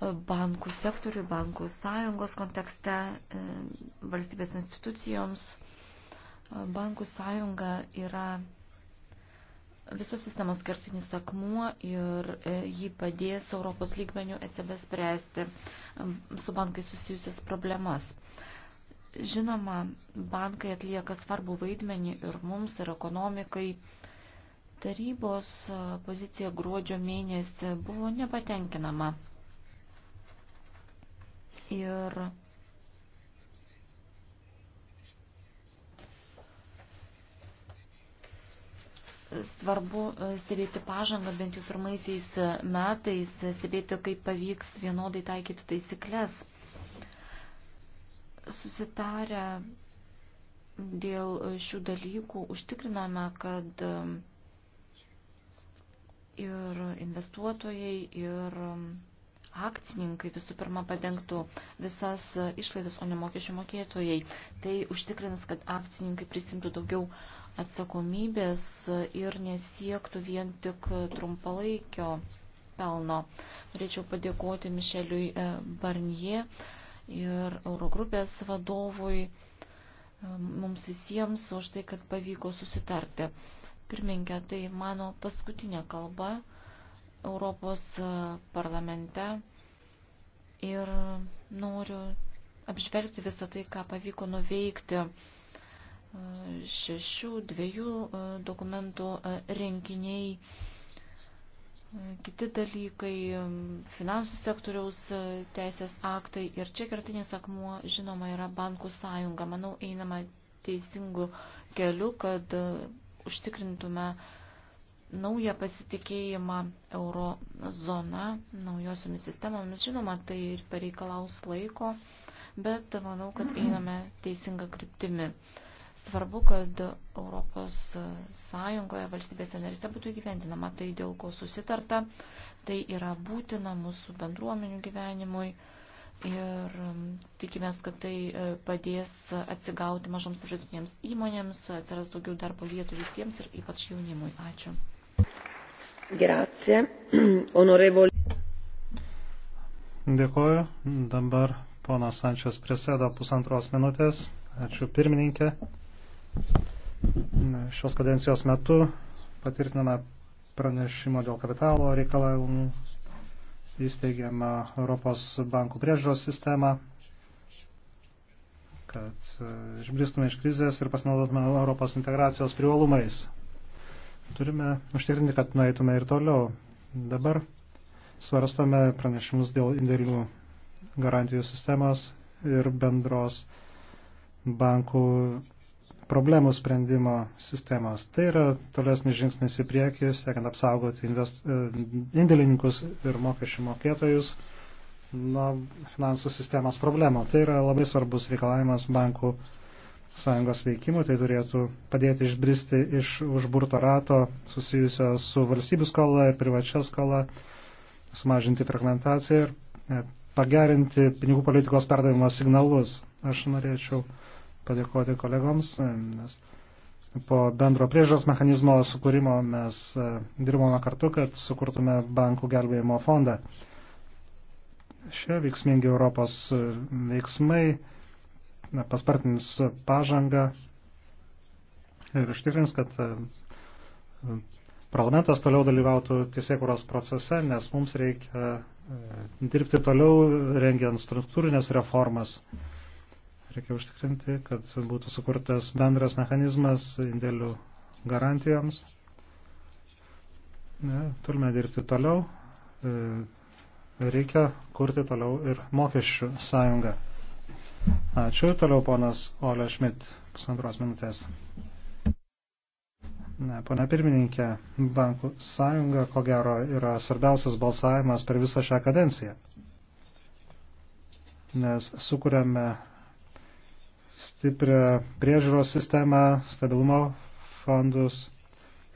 e, bankų sektoriui, bankų sąjungos kontekste, e, valstybės institucijoms. E, bankų sąjunga yra visos sistemos kertinis akmuo ir e, jį padės Europos lygmenių ECB spręsti su bankai susijusias problemas. Žinoma, bankai atlieka svarbų vaidmenį ir mums, ir ekonomikai. Tarybos e, pozicija gruodžio mėnesį buvo nepatenkinama. Ir Svarbu e, stebėti pažangą bent jau pirmaisiais e, metais, e, stebėti, kaip pavyks vienodai taikyti taisyklės. Susitarę dėl šių dalykų užtikriname, kad ir investuotojai, ir akcininkai visų pirma padengtų visas išlaidas, o ne mokesčių mokėtojai. Tai užtikrins, kad akcininkai prisimtų daugiau atsakomybės ir nesiektų vien tik trumpalaikio pelno. Norėčiau padėkoti Mišeliui e, Barnie ir Eurogrupės vadovui e, mums visiems už tai, kad pavyko susitarti. Pirminkė, tai mano paskutinė kalba Europos e, parlamente ir noriu apžvelgti visą tai, ką pavyko nuveikti šešių, dviejų e, dokumentų e, rinkiniai, e, kiti dalykai, finansų sektoriaus teisės aktai ir čia kertinis akmuo, žinoma, yra bankų sąjunga. Manau, einama teisingu keliu, kad užtikrintume naują pasitikėjimą euro zona naujosiomis sistemomis. Žinoma, tai ir pareikalaus laiko, bet manau, kad einame teisinga kryptimi. Svarbu, kad Europos Sąjungoje valstybėse narise būtų įgyvendinama tai, dėl ko susitarta, tai yra būtina mūsų bendruomenių gyvenimui. Ir tikimės, kad tai e, padės atsigauti mažoms ir vidutinėms įmonėms, atsiras daugiau darbo vietų visiems ir ypač jaunimui. Ačiū. Grazie. *clears throat* Onorevoli. Dėkuoju. Dabar ponas Sančios prisėdo pusantros minutės. Ačiū pirmininkė. Šios kadencijos metu patvirtiname pranešimo dėl kapitalo reikalavimų, įsteigiama Europos bankų priežiūros sistema, kad e, išbristume iš krizės ir pasinaudotume Europos integracijos privalumais. Turime užtikrinti, kad nueitume ir toliau. Dabar svarstame pranešimus dėl indėlių garantijų sistemos ir bendros bankų problemų sprendimo sistemos. Tai yra tolesnis žingsnis į priekį, siekiant apsaugoti invest, e, indėlininkus ir mokesčių mokėtojus nuo finansų sistemos problemų. Tai yra labai svarbus reikalavimas bankų sąjungos veikimų, tai turėtų padėti išbristi iš užburto rato susijusio su valstybių skola ir privačia skola, sumažinti fragmentaciją ir e, pagerinti pinigų politikos perdavimo signalus. Aš norėčiau padėkoti kolegoms, nes po bendro priežos mechanizmo sukūrimo mes e, dirbome kartu, kad sukurtume bankų gelbėjimo fondą. Šie veiksmingi Europos veiksmai paspartins pažangą ir ištikrins, kad e, parlamentas toliau dalyvautų teisėkuros procese, nes mums reikia e, dirbti toliau, rengiant struktūrinės reformas reikia užtikrinti, kad būtų sukurtas bendras mechanizmas indėlių garantijoms. Ne, turime dirbti toliau, e, reikia kurti toliau ir mokesčių sąjungą. Ačiū, toliau ponas Ole Šmit, pusantros minutės. Ne, pone pirmininkė, bankų sąjunga, ko gero, yra svarbiausias balsavimas per visą šią kadenciją. Nes sukūrėme stiprią priežiūros sistemą, stabilumo fondus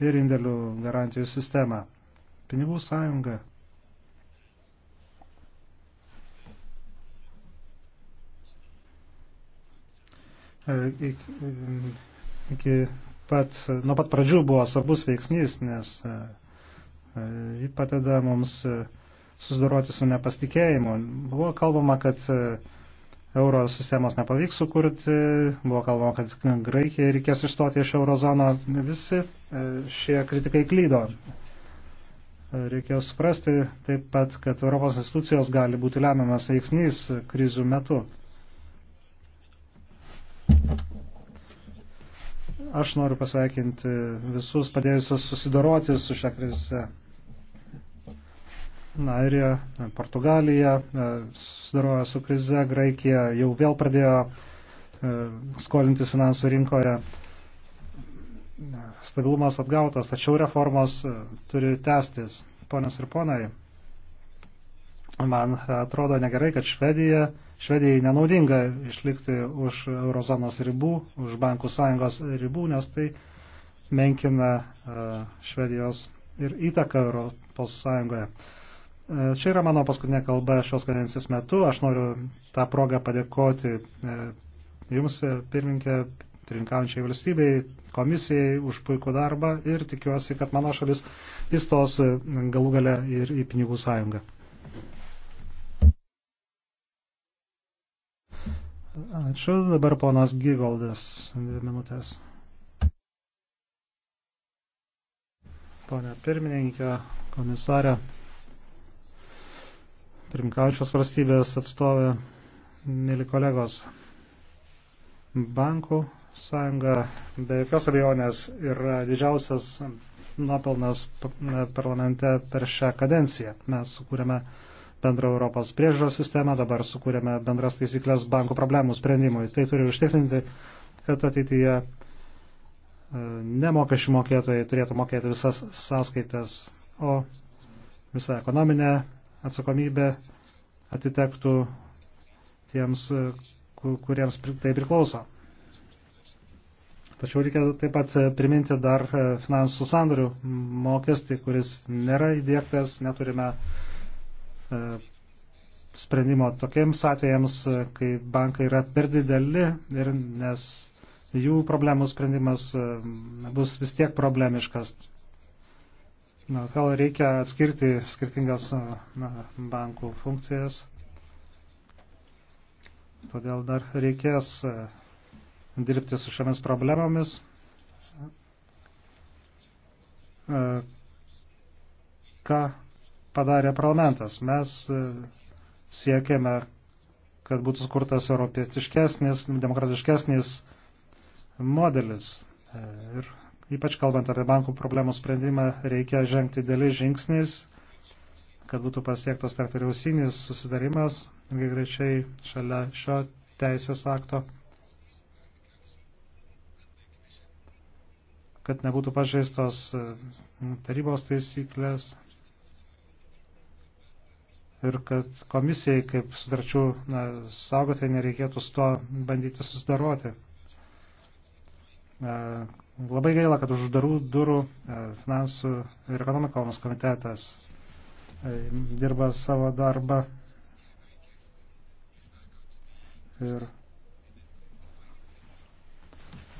ir indėlių garantijų sistemą. Pinigų sąjunga. E, iki pat, nuo pat pradžių buvo svarbus veiksnys, nes e, e, jį padeda mums susidoroti su nepastikėjimu. Buvo kalbama, kad euro sistemos nepavyks sukurti, buvo kalbama, kad Graikijai reikės išstoti iš eurozono, visi e, šie kritikai klydo. Reikėjo suprasti taip pat, kad Europos institucijos gali būti lemiamas veiksnys krizių metu. Aš noriu pasveikinti visus padėjusius susidoroti su šią krizę. Airija, Portugalija e, susidarojo su krize, Graikija jau vėl pradėjo e, skolintis finansų rinkoje. Stabilumas atgautas, tačiau reformos e, turi tęstis. Ponios ir ponai, man atrodo negerai, kad Švedija, Švedijai nenaudinga išlikti už eurozonos ribų, už bankų sąjungos ribų, nes tai menkina Švedijos ir įtaką Europos sąjungoje. E, čia yra mano paskutinė kalba šios kadencijos metu. Aš noriu tą progą padėkoti e, Jums, e, pirminkė, pirinkaujančiai valstybei, komisijai už puikų darbą ir tikiuosi, kad mano šalis įstos galų gale ir į pinigų sąjungą. Ačiū. Dabar ponas Gigoldas. Dvi minutės. Pone pirmininkė, komisarė pirmkaujančios valstybės atstovė, mėly kolegos. Bankų sąjunga be jokios abejonės yra didžiausias nuopelnas parlamente per šią kadenciją. Mes sukūrėme bendrą Europos priežiūros sistemą, dabar sukūrėme bendras taisyklės bankų problemų sprendimui. Tai turi užtikrinti, kad ateityje e, nemokesčių mokėtojai turėtų mokėti visas sąskaitas, o visą ekonominę atsakomybė atitektų tiems, kuriems tai priklauso. Tačiau reikia taip pat priminti dar e, finansų sandorių mokestį, kuris nėra įdėktas, neturime e, sprendimo tokiems atvejams, kai bankai yra per dideli ir nes jų problemų sprendimas e, bus vis tiek problemiškas. Na, gal reikia atskirti skirtingas na, bankų funkcijas. Todėl dar reikės e, dirbti su šiomis problemomis. E, ką padarė parlamentas? Mes e, siekėme, kad būtų skurtas europietiškesnis, demokratiškesnis modelis. Ir Ypač kalbant apie bankų problemų sprendimą, reikia žengti dėliais žingsniais, kad būtų pasiektas tarp vyriausybinis susidarimas, greičiai šalia šio teisės akto, kad nebūtų pažeistos e, tarybos taisyklės ir kad komisijai kaip sudarčių saugotai nereikėtų su to bandyti susidaroti. E, Labai gaila, kad už uždarų durų e, finansų ir ekonomikos komitetas e, dirba savo darbą. Ir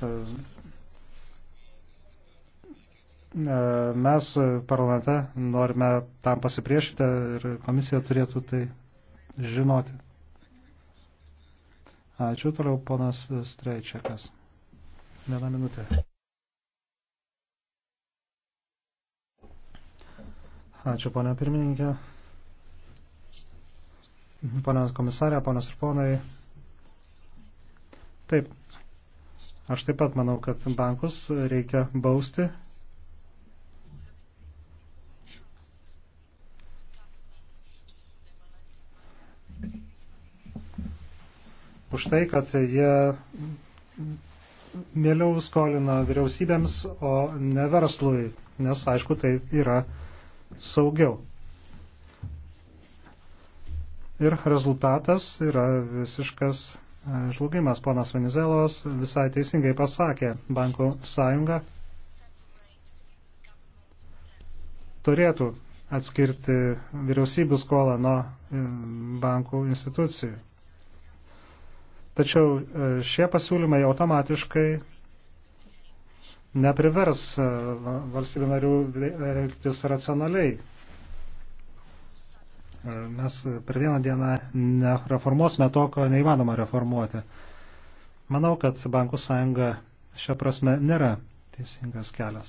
e, mes parlamente norime tam pasipriešinti ir komisija turėtų tai žinoti. Ačiū toliau, ponas Streičiakas. Vieną minutę. Ačiū, ponia pirmininkė. Ponios komisarė, ponios ir ponai. Taip, aš taip pat manau, kad bankus reikia bausti. Už tai, kad jie mieliau skolina vyriausybėms, o ne verslui, nes aišku, tai yra saugiau. Ir rezultatas yra visiškas e, žlugimas. Ponas Venizelos visai teisingai pasakė, bankų sąjunga turėtų atskirti vyriausybių skolą nuo e, bankų institucijų. Tačiau e, šie pasiūlymai automatiškai neprivers e, valstybių narių elgtis racionaliai. E, mes per vieną dieną nereformuosime to, ko neįmanoma reformuoti. Manau, kad bankų sąjunga šią prasme nėra teisingas kelias.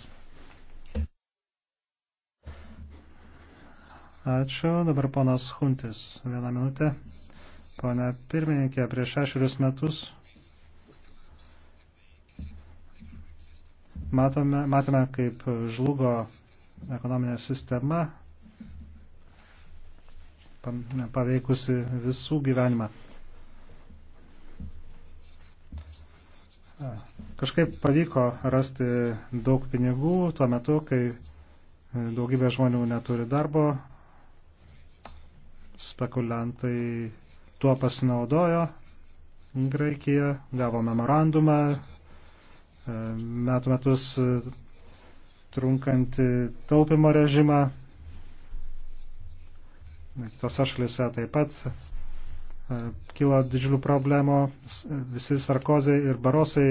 Ačiū. Dabar ponas Huntis. Vieną minutę. Pone pirmininkė, prieš šešerius metus Matome, matome, kaip žlugo ekonominė sistema, paveikusi visų gyvenimą. Kažkaip pavyko rasti daug pinigų tuo metu, kai daugybė žmonių neturi darbo, spekuliantai tuo pasinaudojo, Graikija gavo memorandumą, metų metus e, trunkantį taupimo režimą. Kitose šalise taip pat e, kilo didžiulių problemų. E, visi Sarkozai ir Barosai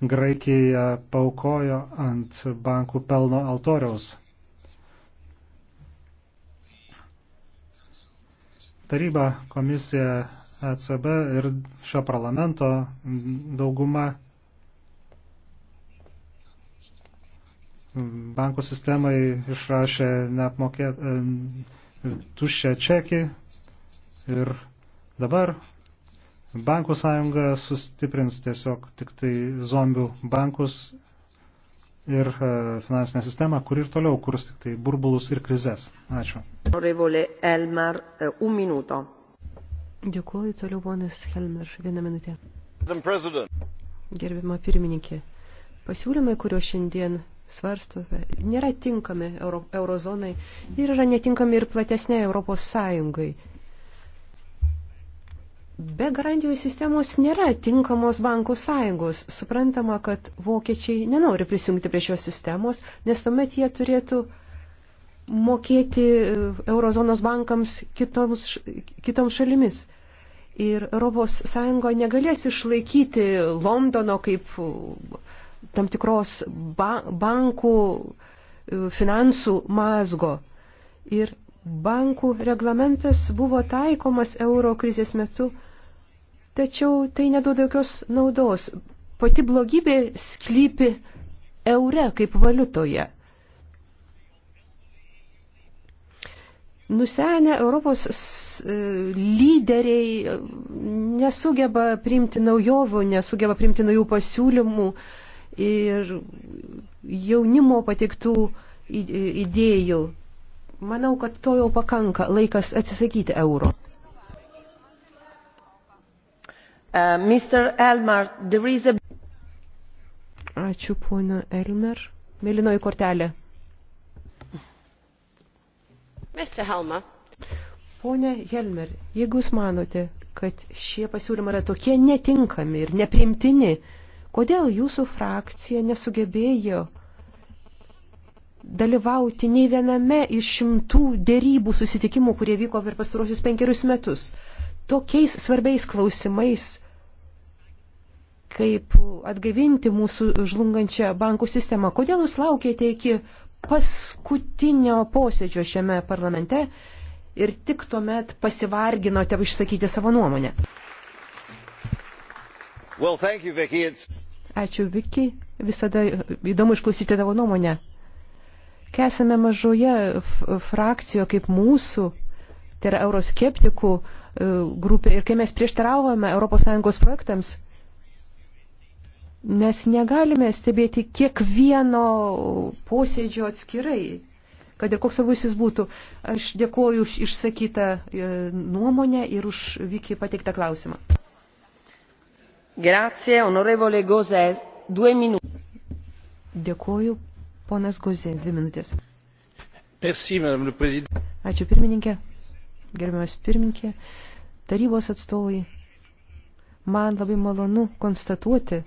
Graikija paukojo ant bankų pelno altoriaus. Taryba, komisija, ECB ir šio parlamento dauguma bankų sistemai išrašė neapmokėt, tuščią čekį ir dabar bankų sąjunga sustiprins tiesiog tik tai zombių bankus ir e, finansinę sistemą, kur ir toliau kurs tik tai burbulus ir krizės. Ačiū. Elmer, e, un minuto. Dėkuoju toliau, ponas Helmer, vieną minutę. Gerbima pirmininkė, pasiūlymai, kurio šiandien svarstome, nėra tinkami euro, eurozonai ir yra netinkami ir platesnė Europos Sąjungai. Be garantijų sistemos nėra tinkamos bankų sąjungos. Suprantama, kad vokiečiai nenori prisijungti prie šios sistemos, nes tuomet jie turėtų mokėti e, eurozonos bankams kitoms, kitoms šalimis. Ir Europos sąjungo negalės išlaikyti Londono kaip uh, tam tikros ba bankų e, finansų mazgo. Ir bankų reglamentas buvo taikomas euro krizės metu, tačiau tai neduoda jokios naudos. Pati blogybė sklypi eure kaip valiutoje. Nusenę Europos e, lyderiai nesugeba priimti naujovių, nesugeba priimti naujų pasiūlymų, uh, ir jaunimo patiktų idėjų. Manau, kad to jau pakanka laikas atsisakyti euro. Uh, Mr. Elmar, there is a... Ačiū, pona Elmer. Mėlynoji kortelė. Mr. Helmer. Pone Helmer, jeigu jūs manote, kad šie pasiūlymai yra tokie netinkami ir neprimtini, uh, Kodėl jūsų frakcija nesugebėjo dalyvauti nei viename iš šimtų dėrybų susitikimų, kurie vyko per pastarosius penkerius metus? Tokiais svarbiais klausimais, kaip atgaivinti mūsų žlungančią bankų sistemą. Kodėl jūs laukėte iki paskutinio posėdžio šiame parlamente ir tik tuomet pasivarginote išsakyti savo nuomonę? Well, thank you, Vicky. It's... Ačiū, Viki. Visada įdomu išklausyti tavo nuomonę. Kai esame mažoje frakcijoje kaip mūsų, tai yra euroskeptikų e, grupė, ir kai mes prieštaravome ES projektams, mes negalime stebėti kiekvieno posėdžio atskirai, kad ir koks savus jis būtų. Aš dėkuoju už išsakytą e, nuomonę ir už Viki pateiktą klausimą. Grazie, onorevole Gozė, due minutės. Dėkuoju, ponas Gozė, dvi minutės. Merci, madame le président. Ačiū pirmininkė, gerbiamas pirmininkė, tarybos atstovai. Man labai malonu konstatuoti,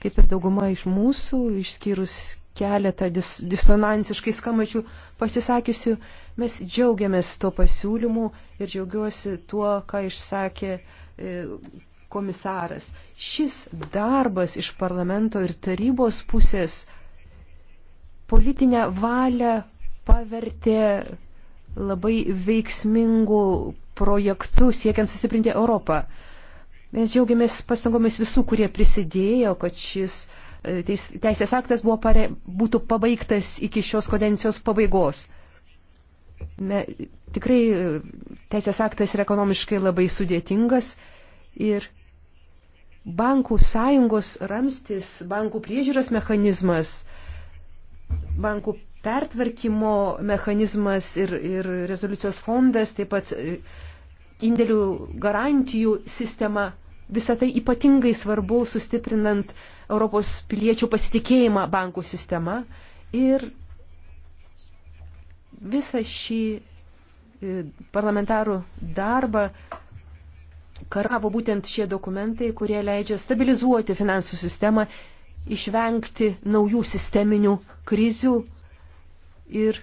kaip ir dauguma iš mūsų, išskyrus keletą dis, disonansiškai skamačių pasisakiusių, mes džiaugiamės tuo pasiūlymu ir džiaugiuosi tuo, ką išsakė e, komisaras, šis darbas iš parlamento ir tarybos pusės politinę valią pavertė labai veiksmingų projektų siekiant sustiprinti Europą. Mes džiaugiamės pastangomis visų, kurie prisidėjo, kad šis e, teis, teisės aktas buvo pare, būtų pabaigtas iki šios kodencijos pabaigos. Me, tikrai e, teisės aktas yra ekonomiškai labai sudėtingas ir bankų sąjungos ramstis, bankų priežiūros mechanizmas, bankų pertvarkymo mechanizmas ir, ir rezoliucijos fondas, taip pat e, indėlių garantijų sistema. Visą tai ypatingai svarbu sustiprinant Europos piliečių pasitikėjimą bankų sistema ir visą šį e, parlamentarų darbą karavo būtent šie dokumentai, kurie leidžia stabilizuoti finansų sistemą, išvengti naujų sisteminių krizių ir e,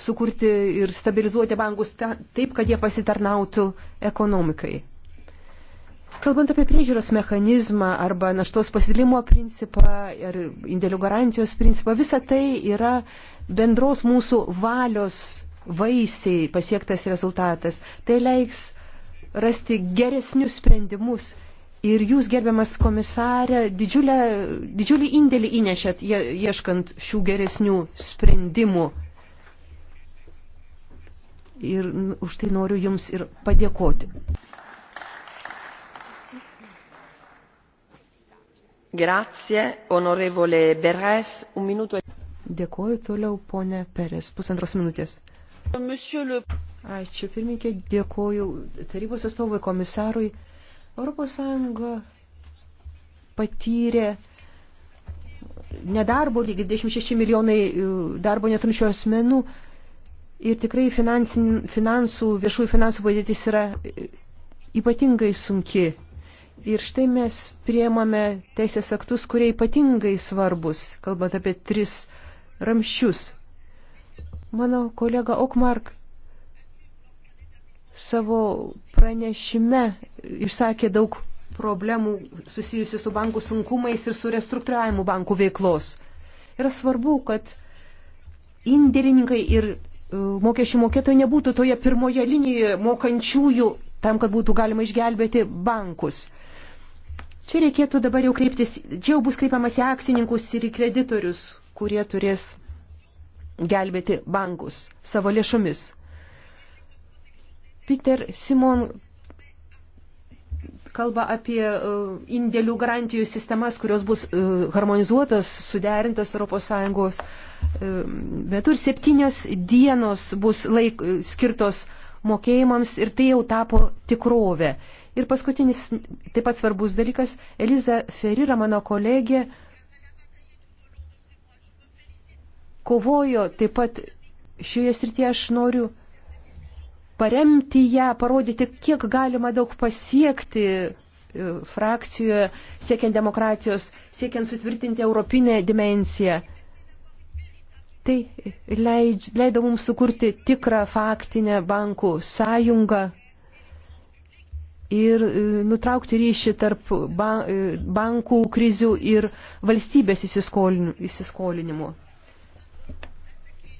sukurti ir stabilizuoti bankus taip, kad jie pasitarnautų ekonomikai. Kalbant apie priežiūros mechanizmą arba naštos pasidalimo principą ir indėlių garantijos principą, visa tai yra bendros mūsų valios vaisiai, pasiektas rezultatas. Tai leiks rasti geresnius sprendimus. Ir jūs, gerbiamas komisarė, didžiulę, didžiulį indėlį įnešėt ieškant šių geresnių sprendimų. Ir už tai noriu jums ir padėkoti. Grazie, onorevole Beres, un minuto. Dėkoju toliau, ponė Peres, pusantros minutės. Ačiū pirmininkė, dėkoju tarybos atstovui komisarui. Europos Sąjunga patyrė nedarbo lygį 26 milijonai e, darbo neturinčių asmenų ir tikrai finansų, viešųjų finansų padėtis yra e, ypatingai sunki. Ir štai mes priemame teisės aktus, kurie ypatingai svarbus, kalbant apie tris ramščius Mano kolega Okmark savo pranešime išsakė daug problemų susijusių su bankų sunkumais ir su restruktūravimu bankų veiklos. Yra svarbu, kad indėlininkai ir e, mokesčių mokėtojai nebūtų toje pirmoje linijoje mokančiųjų tam, kad būtų galima išgelbėti bankus. Čia reikėtų dabar jau kreiptis, čia jau bus kreipiamas į akcininkus ir į kreditorius, kurie turės gelbėti bankus savo lėšomis. Peter Simon kalba apie uh, indėlių garantijų sistemas, kurios bus uh, harmonizuotos, suderintos ES um, metu ir septynios dienos bus laik, uh, skirtos mokėjimams ir tai jau tapo tikrovė. Ir paskutinis, taip pat svarbus dalykas, Eliza Ferira, mano kolegė, kovojo, taip pat šioje srityje aš noriu paremti ją, parodyti, kiek galima daug pasiekti e, frakcijoje, siekiant demokratijos, siekiant sutvirtinti europinę dimenciją. Tai leid, leido mums sukurti tikrą faktinę bankų sąjungą ir e, nutraukti ryšį tarp e, bankų krizių ir valstybės įsiskolinimų.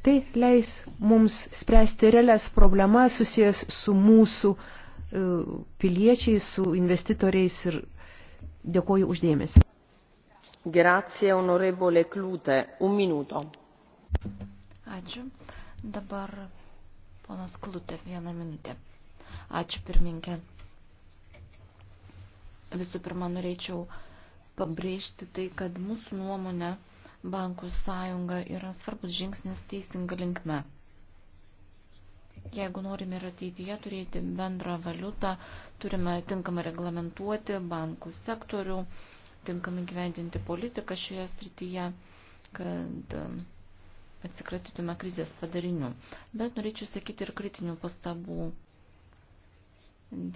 Tai leis mums spręsti realias problemas susijęs su mūsų e, piliečiais, su investitoriais ir dėkoju uždėmesi. Grazie, onorevole Klute. Un minuto. Ačiū. Dabar ponas Klutė, vieną minutę. Ačiū, pirminkė. Visų pirma, norėčiau pabrėžti tai, kad mūsų nuomonė bankų sąjunga yra svarbus žingsnis teisinga linkme. Jeigu norime ir ateityje turėti bendrą valiutą, turime tinkamai reglamentuoti bankų sektorių, tinkamai gyvendinti politiką šioje srityje, kad um, atsikratytume krizės padarinių. Bet norėčiau sakyti ir kritinių pastabų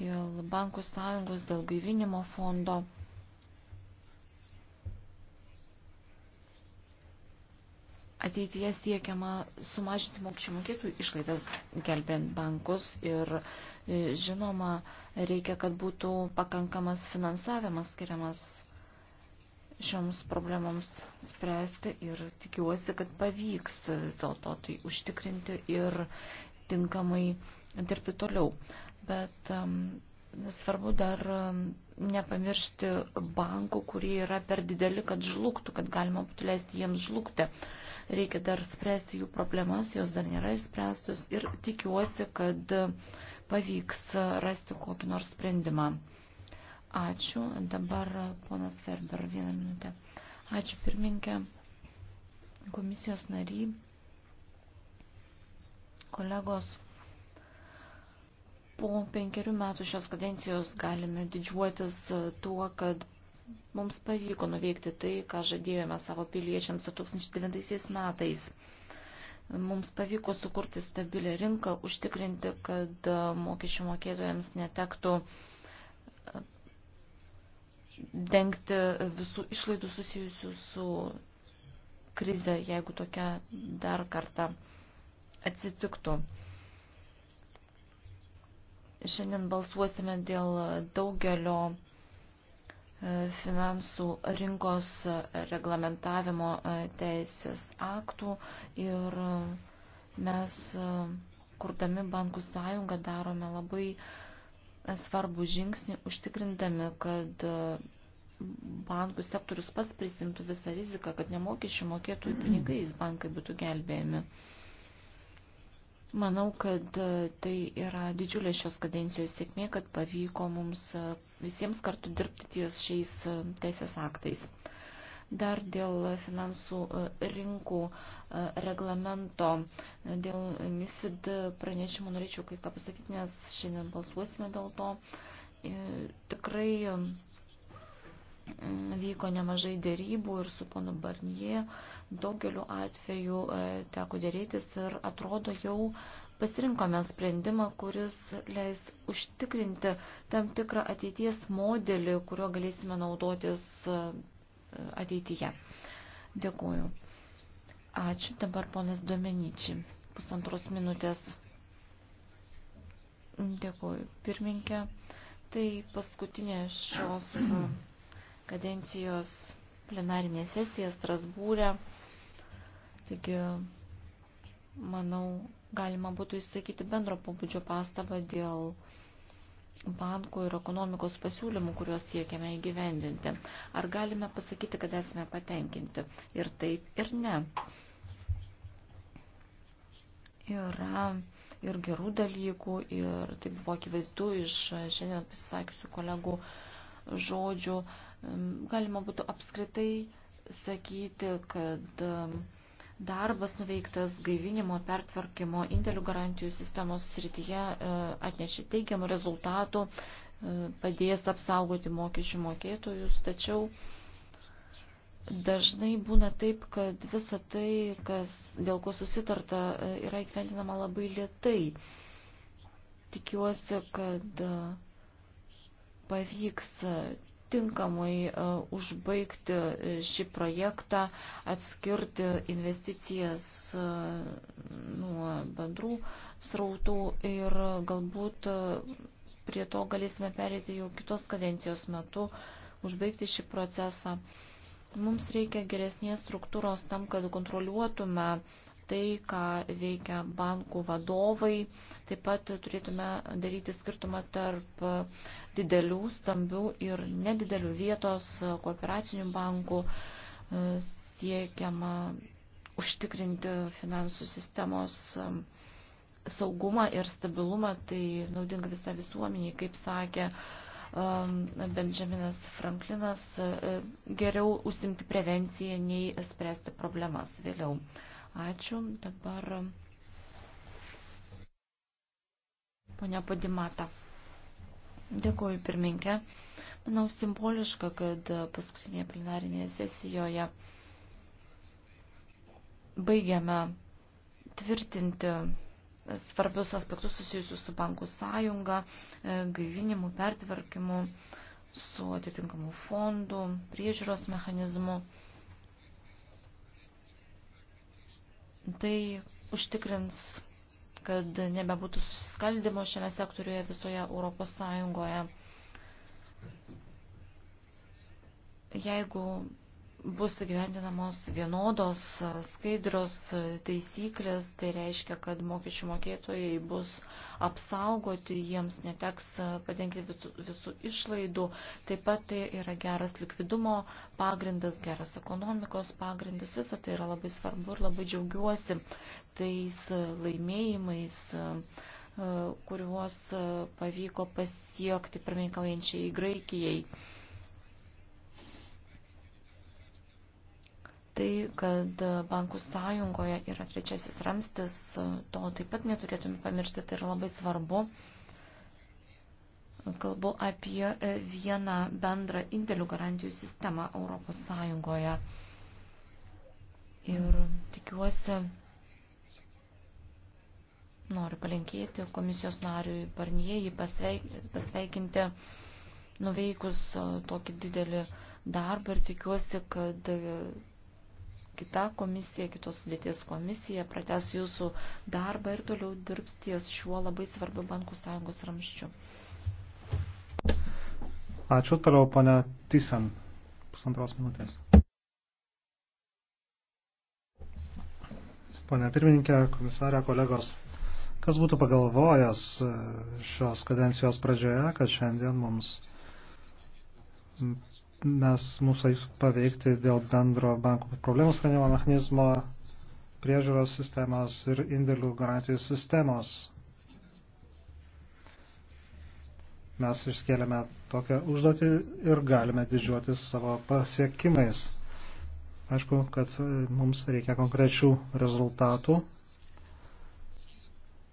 dėl bankų sąjungos, dėl gaivinimo fondo. ateityje siekiama sumažinti mokesčių mokėtojų išlaidas, gelbėjant bankus ir e, žinoma, reikia, kad būtų pakankamas finansavimas skiriamas šioms problemams spręsti ir tikiuosi, kad pavyks vis dėlto tai užtikrinti ir tinkamai dirbti toliau. Bet um, svarbu dar nepamiršti bankų, kurie yra per dideli, kad žlugtų, kad galima būtų leisti jiems žlugti. Reikia dar spręsti jų problemas, jos dar nėra išspręstus ir tikiuosi, kad pavyks rasti kokį nors sprendimą. Ačiū. Dabar ponas Ferber, vieną minutę. Ačiū pirmininkė, komisijos nary, kolegos. Po penkerių metų šios kadencijos galime didžiuotis e, tuo, kad mums pavyko nuveikti tai, ką žadėjome savo piliečiams 2009 metais. Mums pavyko sukurti stabilę rinką, užtikrinti, kad e, mokesčių mokėtojams netektų e, dengti visų išlaidų susijusių su krize, jeigu tokia dar kartą atsitiktų. Šiandien balsuosime dėl daugelio e, finansų rinkos e, reglamentavimo e, teisės aktų ir mes, kurdami bankų sąjungą, darome labai svarbų žingsnį, užtikrindami, kad bankų sektorius pats prisimtų visą riziką, kad nemokesčių mokėtųjų pinigais bankai būtų gelbėjami. Mm. Manau, kad e, tai yra didžiulė šios kadencijos sėkmė, kad pavyko mums e, visiems kartu dirbti ties šiais e, teisės aktais. Dar dėl finansų rinkų reglamento, dėl MIFID pranešimų norėčiau kai ką pasakyti, nes šiandien balsuosime dėl to. Tikrai vyko nemažai dėrybų ir su ponu Barnie Daugeliu atveju e, teko dėrėtis ir atrodo jau pasirinkome sprendimą, kuris leis užtikrinti tam tikrą ateities modelį, kurio galėsime naudotis e, ateityje. Dėkuoju. Ačiū. Dabar ponas Domeničiai. Pusantros minutės. Dėkuoju. Pirminkė, tai paskutinė šios kadencijos plenarinė sesija Strasbūrė. E Taigi, manau, galima būtų įsakyti bendro pobūdžio pastabą dėl bankų ir ekonomikos pasiūlymų, kuriuos siekiame įgyvendinti. Ar galime pasakyti, kad esame patenkinti? Ir taip, ir ne. Yra ir gerų dalykų, ir tai buvo akivaizdu iš šiandien pasisakysiu kolegų žodžių. Galima būtų apskritai sakyti, kad Darbas nuveiktas gaivinimo, pertvarkymo, indėlių garantijų sistemos srityje e, atnešė teigiamų rezultatų, e, padės apsaugoti mokesčių mokėtojus, tačiau dažnai būna taip, kad visa tai, kas, dėl ko susitarta, e, yra įgyvendinama labai lietai. Tikiuosi, kad pavyks tinkamai e, užbaigti šį projektą, atskirti investicijas e, nuo bendrų srautų ir galbūt e, prie to galėsime perėti jau kitos kadencijos metu, užbaigti šį procesą. Mums reikia geresnės struktūros tam, kad kontroliuotume tai, ką veikia bankų vadovai. Taip pat turėtume daryti skirtumą tarp didelių, stambių ir nedidelių vietos kooperacinių bankų siekiama užtikrinti finansų sistemos saugumą ir stabilumą, tai naudinga visą visuomenį, kaip sakė um, Benjaminas Franklinas, e, geriau užsimti prevenciją nei spręsti problemas vėliau. Ačiū. Dabar ponia Padimata. Dėkuoju pirminkė. Manau simboliška, kad paskutinėje plenarinėje sesijoje baigiame tvirtinti svarbius aspektus susijusius su bankų sąjunga, e, gaivinimu, pertvarkimu, su atitinkamu fondu, priežiūros mechanizmu. Tai užtikrins, kad nebebūtų susiskaldimo šiame sektoriuje visoje Europos Sąjungoje. Jeigu bus gyvendinamos vienodos skaidrios taisyklės, tai reiškia, kad mokesčių mokėtojai bus apsaugoti, jiems neteks padengti visų, visų išlaidų. Taip pat tai yra geras likvidumo pagrindas, geras ekonomikos pagrindas, visa tai yra labai svarbu ir labai džiaugiuosi tais laimėjimais kuriuos pavyko pasiekti pirmininkaujančiai Graikijai. tai, kad bankų sąjungoje yra trečiasis ramstis, to taip pat neturėtume pamiršti, tai yra labai svarbu. Kalbu apie vieną bendrą indėlių garantijų sistemą Europos Sąjungoje. Ir tikiuosi, noriu palinkėti komisijos nariui Barnėjai pasveikinti nuveikus tokį didelį darbą ir tikiuosi, kad kita komisija, kitos sudėties komisija prates jūsų darbą ir toliau dirbs ties šiuo labai svarbiu bankų sąjungos ramščiu. Ačiū toliau, pane Tysen, pusantros minutės. Pane pirmininkė, komisarė, kolegos, kas būtų pagalvojęs e, šios kadencijos pradžioje, kad šiandien mums mes mūsų paveikti dėl bendro bankų problemų sprendimo mechanizmo, priežiūros sistemos ir indėlių garantijų sistemos. Mes išskėlėme tokią užduotį ir galime didžiuotis savo pasiekimais. Aišku, kad e, mums reikia konkrečių rezultatų.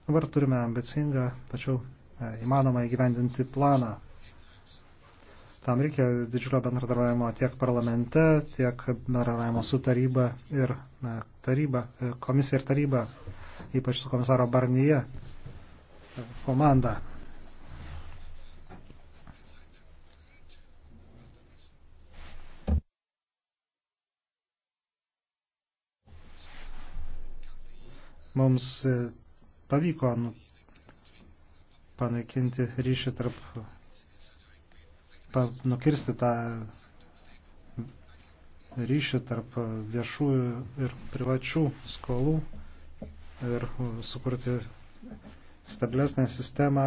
Dabar turime ambicingą, tačiau e, įmanoma įgyvendinti planą. Tam reikia didžiulio bendradarbiavimo tiek parlamente, tiek bendradarbiavimo su taryba ir na, taryba, komisija ir taryba, ypač su komisaro Barnyje komanda. Mums e, pavyko nu, panaikinti ryšį tarp nukirsti tą ryšį tarp viešųjų ir privačių skolų ir sukurti stabilesnę sistemą,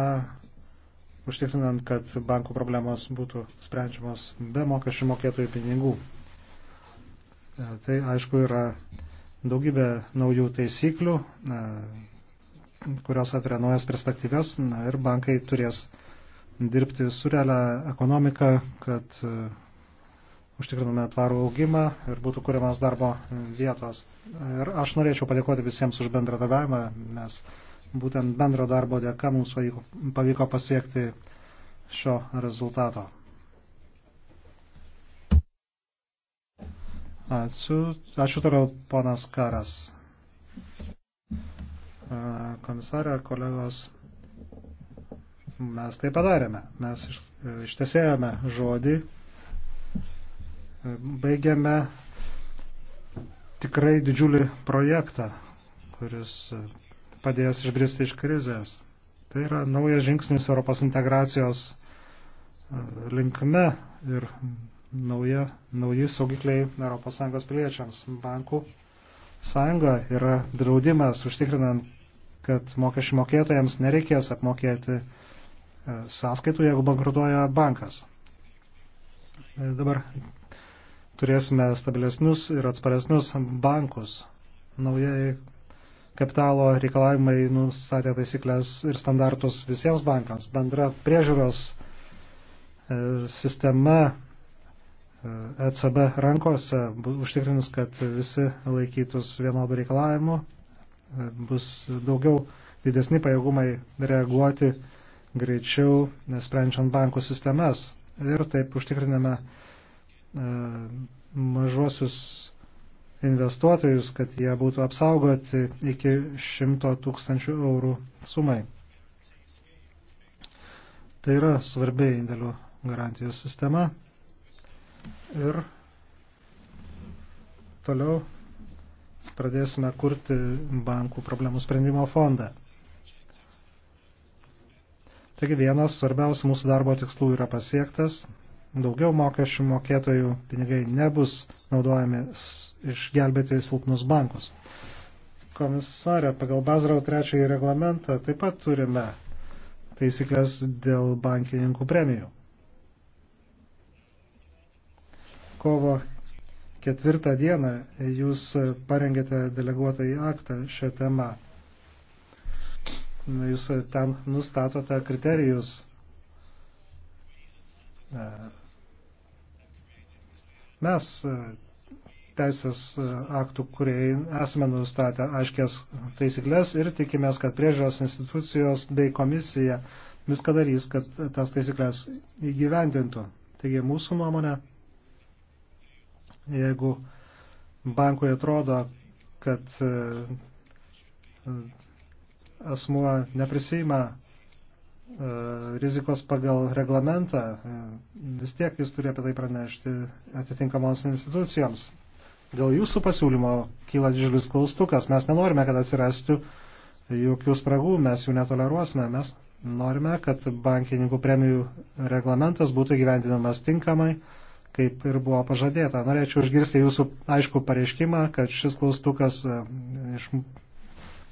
užtikrinant, kad bankų problemos būtų sprendžiamos be mokesčių mokėtojų pinigų. E, tai aišku yra daugybė naujų taisyklių, e, kurios atveria naujas perspektyvas na, ir bankai turės dirbti su realia ekonomika, kad e, užtikrintume tvarų augimą ir būtų kuriamas darbo vietos. Ir aš norėčiau padėkoti visiems už bendradarbiavimą, nes būtent bendro darbo dėka mums pavyko pasiekti šio rezultato. Ačiū, ačiū toliau ponas Karas. E, komisarė, kolegos mes tai padarėme. Mes ištesėjome žodį, baigėme tikrai didžiulį projektą, kuris padės išbristi iš krizės. Tai yra naujas žingsnis Europos integracijos e, linkme ir nauja, nauji saugikliai ES piliečiams. Bankų sąjunga yra draudimas užtikrinant, kad mokesčių mokėtojams nereikės apmokėti E, sąskaitų, jeigu bankrutuoja bankas. E, dabar turėsime stabilesnius ir atsparesnius bankus. Naujai kapitalo reikalavimai nustatė taisyklės ir standartus visiems bankams. Bendra priežiūros e, sistema ECB rankose užtikrins, kad visi laikytus vienodų reikalavimų, bus daugiau didesni pajėgumai reaguoti greičiau, sprendžiant bankų sistemas. Ir taip užtikriname e, mažuosius investuotojus, kad jie būtų apsaugoti iki 100 tūkstančių eurų sumai. Tai yra svarbi indėlių garantijų sistema. Ir toliau pradėsime kurti bankų problemų sprendimo fondą. Taigi vienas svarbiausių mūsų darbo tikslų yra pasiektas. Daugiau mokesčių mokėtojų pinigai nebus naudojami išgelbėti silpnus bankus. Komisarė, pagal Bazrau trečiąjį reglamentą taip pat turime taisyklės dėl bankininkų premijų. Kovo ketvirtą dieną jūs parengėte deleguotą į aktą šią temą. Nu, jūs ten nustatote kriterijus. E, mes e, teisės e, aktų, kuriai esame nustatę aiškės taisyklės ir tikimės, kad priežiūros institucijos bei komisija viską darys, kad tas taisyklės įgyvendintų. Taigi mūsų nuomonė, jeigu bankui atrodo, kad asmuo neprisima e, rizikos pagal reglamentą, e, vis tiek jis turi apie tai pranešti atitinkamos institucijoms. Dėl jūsų pasiūlymo kyla didžiulis klaustukas. Mes nenorime, kad atsirastų jokių spragų, mes jų netoleruosime. Mes norime, kad bankininkų premijų reglamentas būtų gyvendinamas tinkamai, kaip ir buvo pažadėta. Norėčiau išgirsti jūsų aišku pareiškimą, kad šis klaustukas e, iš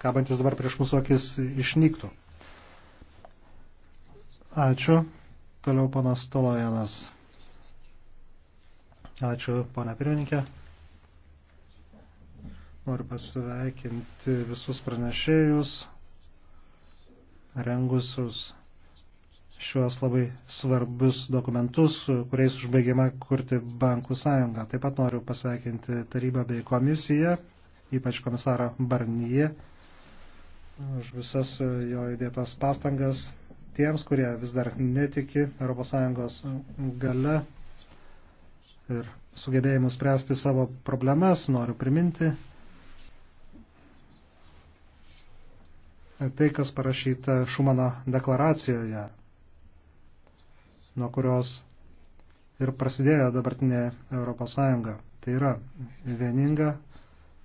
kabantis dabar prieš mūsų akis, išnyktų. Ačiū. Toliau panas Tolojanas. Ačiū, pana pirmininkė. Noriu pasveikinti visus pranešėjus, rengusius šiuos labai svarbius dokumentus, kuriais užbaigiama kurti bankų sąjungą. Taip pat noriu pasveikinti tarybą bei komisiją, ypač komisarą Barnyje už visas e, jo įdėtas pastangas tiems, kurie vis dar netiki ES gale ir sugebėjimus spręsti savo problemas, noriu priminti tai, kas parašyta Šumano deklaracijoje, nuo kurios ir prasidėjo dabartinė ES. Tai yra vieninga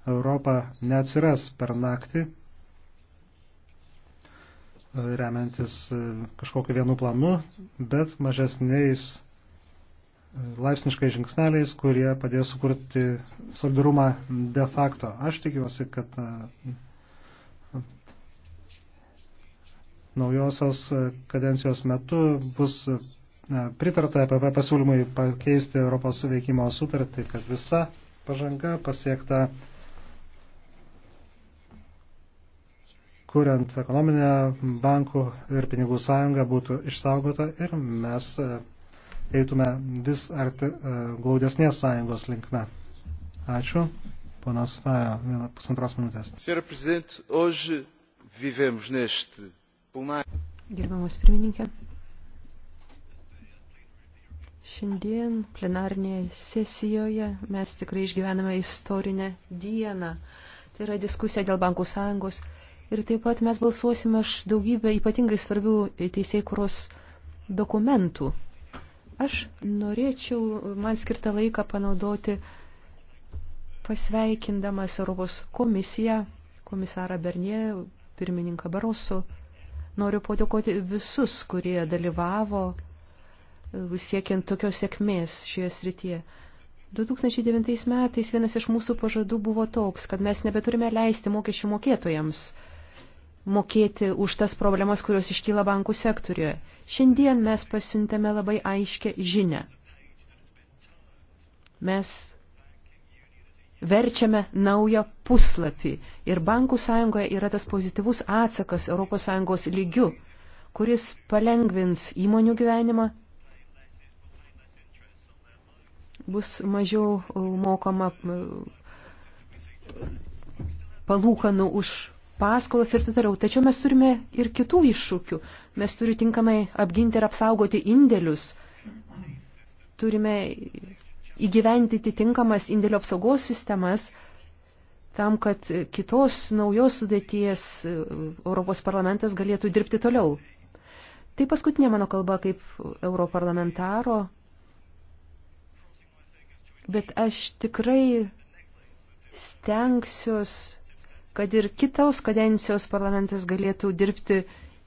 Europa neatsiras per naktį remiantis e, kažkokiu vienu planu, bet mažesniais e, laipsniškai žingsneliais, kurie padės sukurti solidarumą de facto. Aš tikiuosi, kad e, naujosios kadencijos metu bus pritarta EPP pasiūlymui pakeisti Europos veikimo sutartį, kad visa pažanga pasiekta kuriant ekonominę bankų ir pinigų sąjungą būtų išsaugota ir mes e, eitume vis arti e, glaudesnės sąjungos linkme. Ačiū. Ponas Fajo, pusantros minutės. Gerbiamas pirmininkė, šiandien plenarnėje sesijoje mes tikrai išgyvename istorinę dieną. Tai yra diskusija dėl bankų sąjungos Ir taip pat mes balsuosime iš daugybę ypatingai svarbių teisėkuros dokumentų. Aš norėčiau man skirtą laiką panaudoti pasveikindamas Europos komisiją, komisarą Bernie, pirmininką Baroso. Noriu padėkoti visus, kurie dalyvavo uh, siekiant tokios sėkmės šioje srityje. 2009 metais vienas iš mūsų pažadų buvo toks, kad mes nebeturime leisti mokesčių mokėtojams – mokėti už tas problemas, kurios iškyla bankų sektoriuje. Šiandien mes pasiuntėme labai aiškę žinę. Mes verčiame naują puslapį ir bankų sąjungoje yra tas pozityvus atsakas ES lygių, kuris palengvins įmonių gyvenimą, bus mažiau mokama palūkanų už paskolas ir taip toliau. Tačiau mes turime ir kitų iššūkių. Mes turime tinkamai apginti ir apsaugoti indėlius. Turime įgyventyti tinkamas indėlio apsaugos sistemas tam, kad kitos naujos sudėties e, Europos parlamentas galėtų dirbti toliau. Tai paskutinė mano kalba kaip europarlamentaro, bet aš tikrai stengsiuos kad ir kitos kadencijos parlamentas galėtų dirbti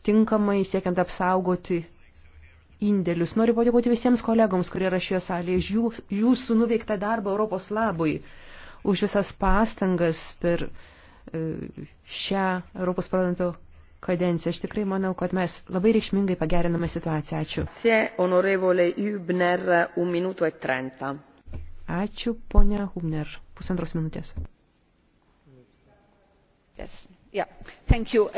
tinkamai, siekiant apsaugoti indėlius. Noriu padėkoti visiems kolegoms, kurie yra šioje salėje, už jų, jūsų nuveiktą darbą Europos labui, už visas pastangas per e, šią Europos parlamento kadenciją. Aš tikrai manau, kad mes labai reikšmingai pageriname situaciją. Ačiū. E Ačiū, ponia Hubner. Pusantros minutės. Yes. Yeah. Thank you.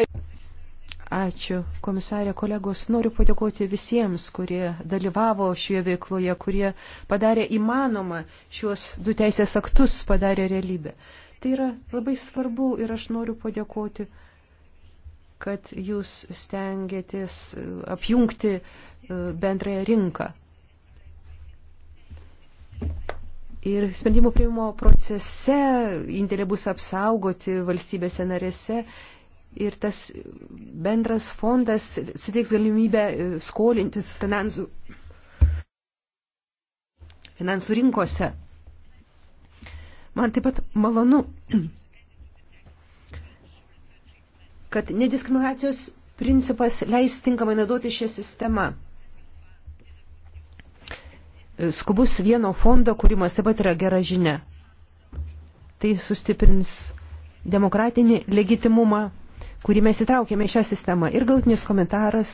Ačiū, komisarė kolegos. Noriu padėkoti visiems, kurie dalyvavo šioje veikloje, kurie padarė įmanomą šiuos du teisės aktus, padarė realybę. Tai yra labai svarbu ir aš noriu padėkoti, kad jūs stengiatės uh, apjungti uh, bendrąją rinką. Ir sprendimų priimimo procese indėlė bus apsaugoti valstybėse narėse ir tas bendras fondas suteiks galimybę e, skolintis finansų, finansų rinkose. Man taip pat malonu, kad nediskriminacijos principas leis tinkamai naudoti šią sistemą skubus vieno fondo kūrimas taip pat yra gera žinia. Tai sustiprins demokratinį legitimumą, kurį mes įtraukėme šią sistemą. Ir galtinis komentaras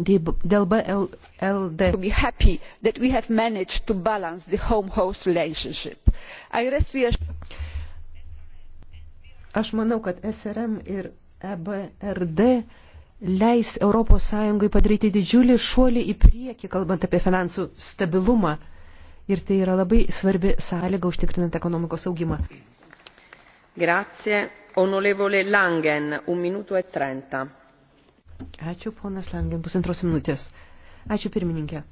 dėl BLD. be happy that we have managed to balance the home host relationship. I rest Aš manau, kad SRM ir EBRD leis ES padaryti didžiulį šuolį į priekį, kalbant apie finansų stabilumą. Ir tai yra labai svarbi sąlyga užtikrinant ekonomikos augimą. Grazie. Onorevole Langen, un minuto e trenta. Ačiū, ponas Langen, pusantros minutės. Ačiū, pirmininkė.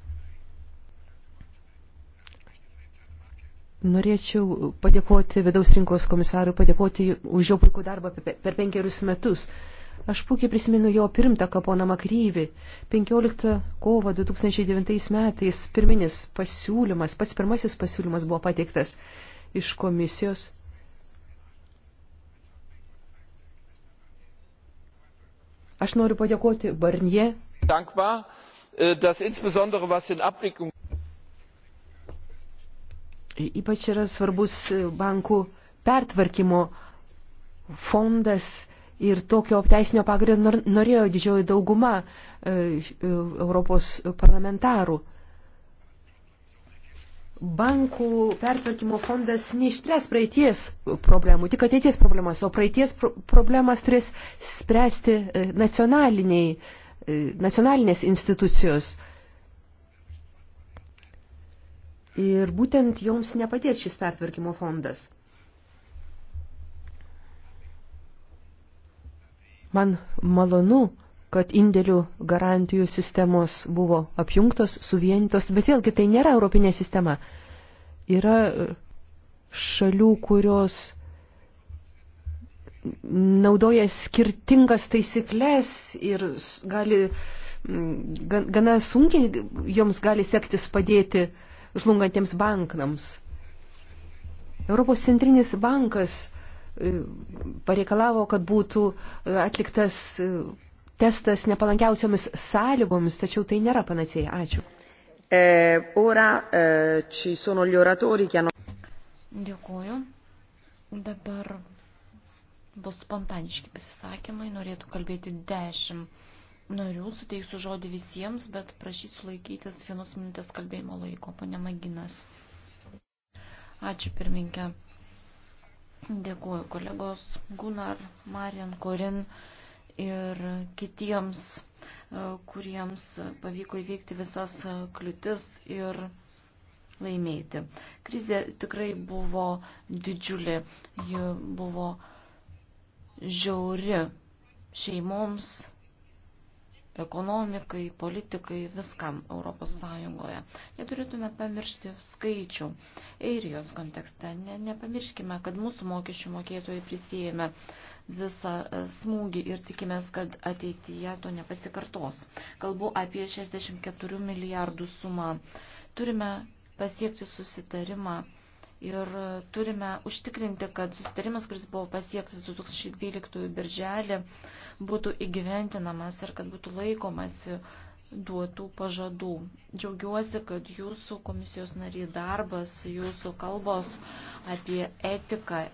Norėčiau padėkoti vidaus rinkos komisarui, padėkoti už jo puikų darbą per penkerius metus. Aš puikiai prisimenu jo pirmtaką poną Makryvį. 15 kovo 2009 metais pirminis pasiūlymas, pats pirmasis pasiūlymas buvo pateiktas iš komisijos. Aš noriu padėkoti Barnie. Dankbar, äh, dass insbesondere was in Abwicklung. Ypač yra svarbus äh, bankų pertvarkymo fondas Ir tokio teisinio pagrindo norėjo didžioji dauguma e, e, Europos parlamentarų. Bankų pertvarkymo fondas neišspręs praeities problemų, tik ateities problemas, o praeities problemas turės spręsti e, nacionaliniai, nacionalinės institucijos. Ir būtent joms nepadės šis pertvarkymo fondas. Man malonu, kad indėlių garantijų sistemos buvo apjungtos, suvienytos, bet vėlgi tai nėra europinė sistema. Yra e, šalių, kurios naudoja skirtingas taisyklės ir gali, gana sunkiai joms gali sektis padėti žlungantiems bankams. Europos centrinis bankas pareikalavo, kad būtų e, atliktas e, testas nepalankiausiomis sąlygomis, tačiau tai nėra panacėja. Ačiū. E, ora, e, ci sono gli oratori che hanno... Dėkuoju. Dabar bus spontaniški pasisakymai, norėtų kalbėti dešimt narių, suteiksiu žodį visiems, bet prašysiu laikytis vienos minutės kalbėjimo laiko, pane Maginas. Ačiū pirminkė. Dėkuoju kolegos Gunar, Marian Korin ir kitiems, e, kuriems pavyko įveikti visas e, kliūtis ir laimėti. Krizė tikrai buvo didžiulė, ji buvo žiauri šeimoms, ekonomikai, politikai, viskam Europos Sąjungoje. Neturėtume pamiršti skaičių. Eirijos kontekste ne, nepamirškime, kad mūsų mokesčių mokėtojai prisijėmė visą smūgį ir tikimės, kad ateityje to nepasikartos. Kalbu apie 64 milijardų sumą. Turime pasiekti susitarimą Ir turime užtikrinti, kad susitarimas, kuris buvo pasiektas 2012 birželį, būtų įgyventinamas ir kad būtų laikomasi duotų pažadų. Džiaugiuosi, kad jūsų komisijos nariai darbas, jūsų kalbos apie etiką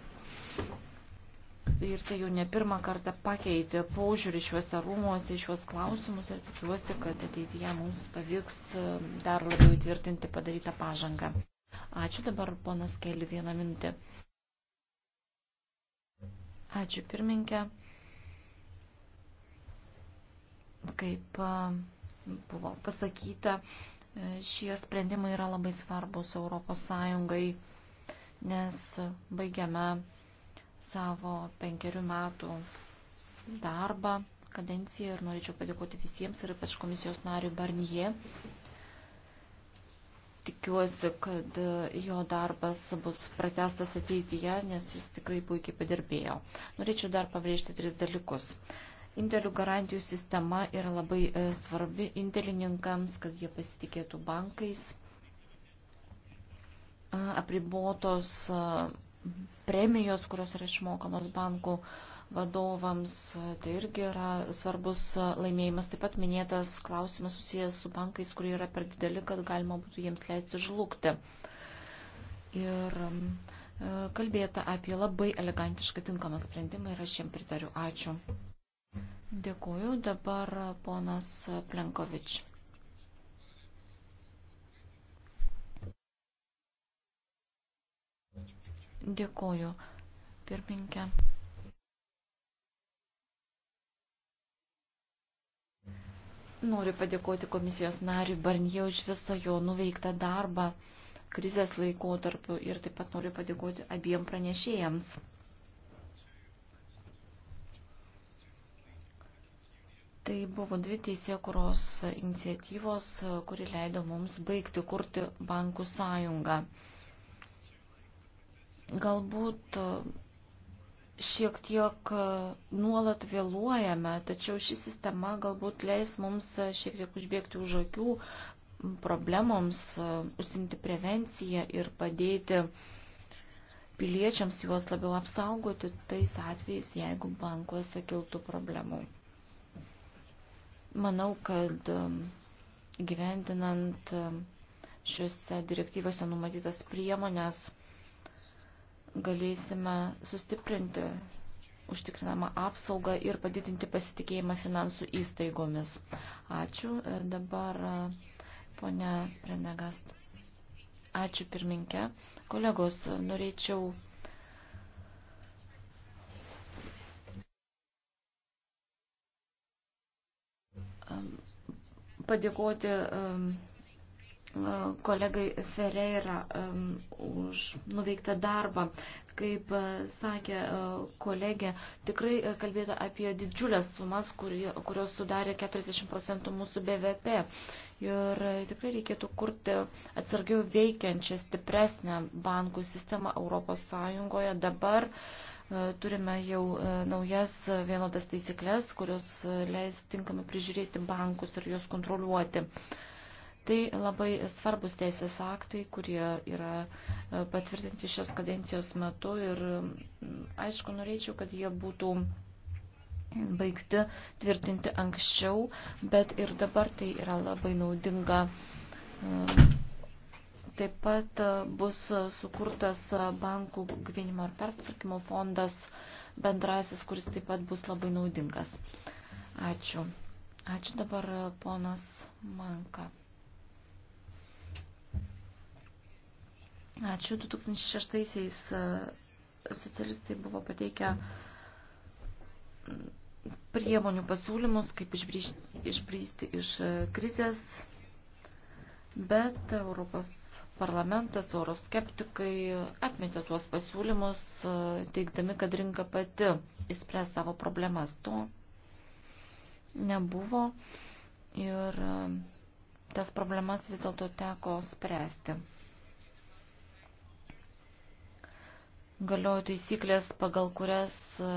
ir tai jau ne pirmą kartą pakeitė požiūrį šiuose rūmuose, šiuos klausimus ir tikiuosi, kad ateityje mums pavyks dar labiau įtvirtinti padarytą pažangą. Ačiū dabar, ponas Keli, vieną mintį. Ačiū pirminkė. Kaip buvo pasakyta, e, šie sprendimai yra labai svarbus Europos Sąjungai, nes baigiame savo penkerių metų darbą, kadenciją ir norėčiau padėkoti visiems ir ypač komisijos nariui Barnie tikiuosi, kad jo darbas bus pratestas ateityje, nes jis tikrai puikiai padirbėjo. Norėčiau dar pabrėžti tris dalykus. Indėlių garantijų sistema yra labai e, svarbi indėlininkams, kad jie pasitikėtų bankais. Apribotos premijos, kurios yra išmokamos bankų vadovams. Tai irgi yra svarbus laimėjimas. Taip pat minėtas klausimas susijęs su bankais, kurie yra per dideli, kad galima būtų jiems leisti žlugti. Ir um, e, kalbėta apie labai elegantiškai tinkamą sprendimą ir aš jiem pritariu. Ačiū. Dėkuoju. Dabar ponas Plenkovič. Dėkuoju. Pirminkė. Noriu padėkoti komisijos nariui Barnie už visą jo nuveiktą darbą krizės laikotarpiu ir taip pat noriu padėkoti abiem pranešėjams. Tai buvo dvi teisėkuros iniciatyvos, kuri leido mums baigti kurti bankų sąjungą. Galbūt šiek tiek e, nuolat vėluojame, tačiau ši sistema galbūt leis mums e, šiek tiek užbėgti už akių problemoms, e, užsimti prevenciją ir padėti piliečiams juos labiau apsaugoti tais atvejais, jeigu bankuose kiltų problemų. Manau, kad gyventinant šiuose direktyvose numatytas priemonės, galėsime sustiprinti užtikrinamą apsaugą ir padidinti pasitikėjimą finansų įstaigomis. Ačiū. Dabar ponia Sprenegast. Ačiū pirminkė. Kolegos, norėčiau padėkoti kolegai Ferreira už nuveiktą darbą. Kaip e, sakė e, kolegė, tikrai e, kalbėta apie didžiulės sumas, kurios sudarė 40 procentų mūsų BVP. Ir tikrai reikėtų kurti atsargiau veikiančią, stipresnę bankų sistemą Europos Sąjungoje dabar turime jau naujas vienodas taisyklės, kurios leis tinkamai prižiūrėti bankus ir juos kontroliuoti. Tai labai svarbus teisės aktai, kurie yra e, patvirtinti šios kadencijos metu ir aišku, norėčiau, kad jie būtų baigti tvirtinti anksčiau, bet ir dabar tai yra labai naudinga. E, taip pat e, bus sukurtas bankų gvinimo ir pertvarkymo fondas bendrasis, kuris taip pat bus labai naudingas. Ačiū. Ačiū dabar ponas Manka. Ačiū. 2006-aisiais e, socialistai buvo pateikę priemonių pasiūlymus, kaip išbrysti iš e, krizės, bet Europos parlamentas, euroskeptikai atmetė tuos pasiūlymus, e, teikdami, kad rinka pati įspręs savo problemas. To nebuvo ir tas problemas vis dėlto teko spręsti. galiojo taisyklės, pagal kurias e,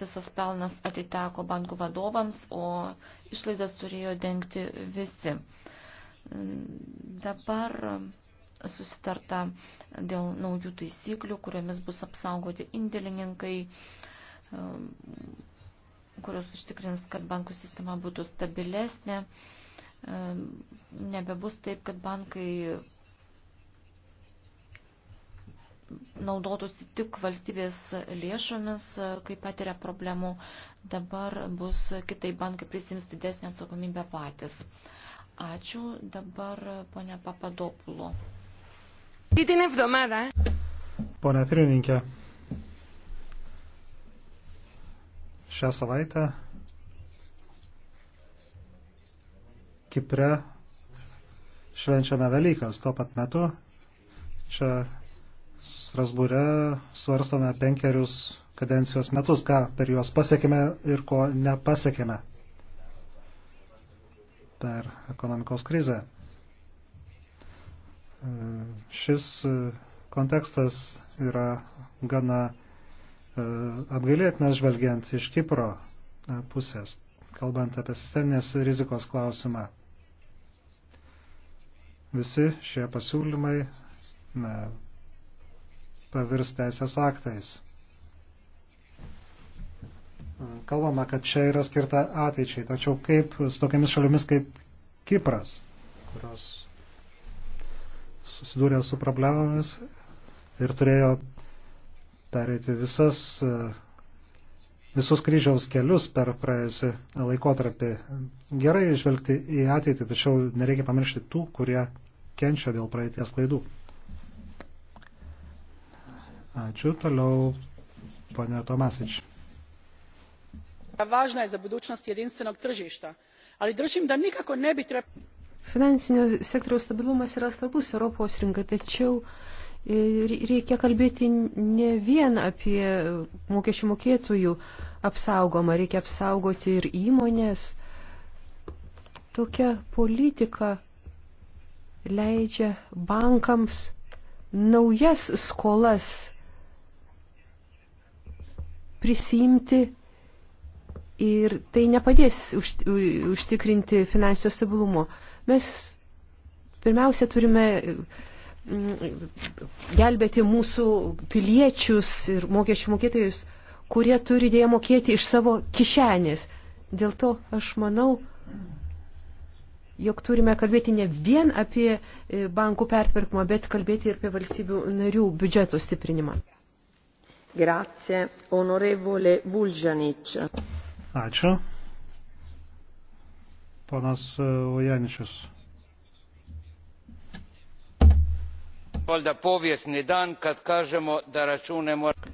visas pelnas atiteko bankų vadovams, o išlaidas turėjo dengti visi. Dabar susitarta dėl naujų taisyklių, kuriomis bus apsaugoti indėlininkai, e, kurios užtikrins, kad bankų sistema būtų stabilesnė. E, nebebus taip, kad bankai naudotųsi tik valstybės lėšomis, kai patiria problemų, dabar bus kitai bankai prisims didesnį atsakomybę patys. Ačiū dabar ponia Papadopulo. Didinė vdomada. Pone pirmininkė, šią savaitę Kipre švenčiame Velykas. Tuo pat metu čia Strasbūre svarstame penkerius kadencijos metus, ką per juos pasiekime ir ko nepasiekime per ekonomikos krizę. Šis kontekstas yra gana e, apgailėtinas žvelgiant iš Kipro pusės, kalbant apie sisteminės rizikos klausimą. Visi šie pasiūlymai na, pavirs teisės aktais. Kalbama, kad čia yra skirta ateičiai, tačiau kaip su tokiamis šalimis kaip Kipras, kurios susidūrė su problemomis ir turėjo pereiti visas, visus kryžiaus kelius per praėjusią laikotarpį. Gerai žvelgti į ateitį, tačiau nereikia pamiršti tų, kurie kenčia dėl praeities klaidų. Ačiū. Toliau pane Tomasić. Važna je za budućnost jedinstvenog tržišta, ali držim da nikako ne bi trebalo. Finansinio sektoriaus stabilumas yra svarbus Europos rinkai, e, tačiau reikia kalbėti ne vien apie mokesčių mokėtojų apsaugomą, reikia apsaugoti ir įmonės. Tokia politika leidžia bankams naujas skolas prisimti ir tai nepadės užtikrinti finansinio stabilumo. Mes pirmiausia turime mm, gelbėti mūsų piliečius ir mokesčių mokėtojus, kurie turi dėja mokėti iš savo kišenės. Dėl to aš manau, jog turime kalbėti ne vien apie e, bankų pertvarkymą, bet kalbėti ir apie valstybių narių biudžeto stiprinimą. Grazie, onorevole Vulžanič. Ačiū. Ponas e, Ujaničius. Valjda povijesni dan kad kažemo da račune moramo.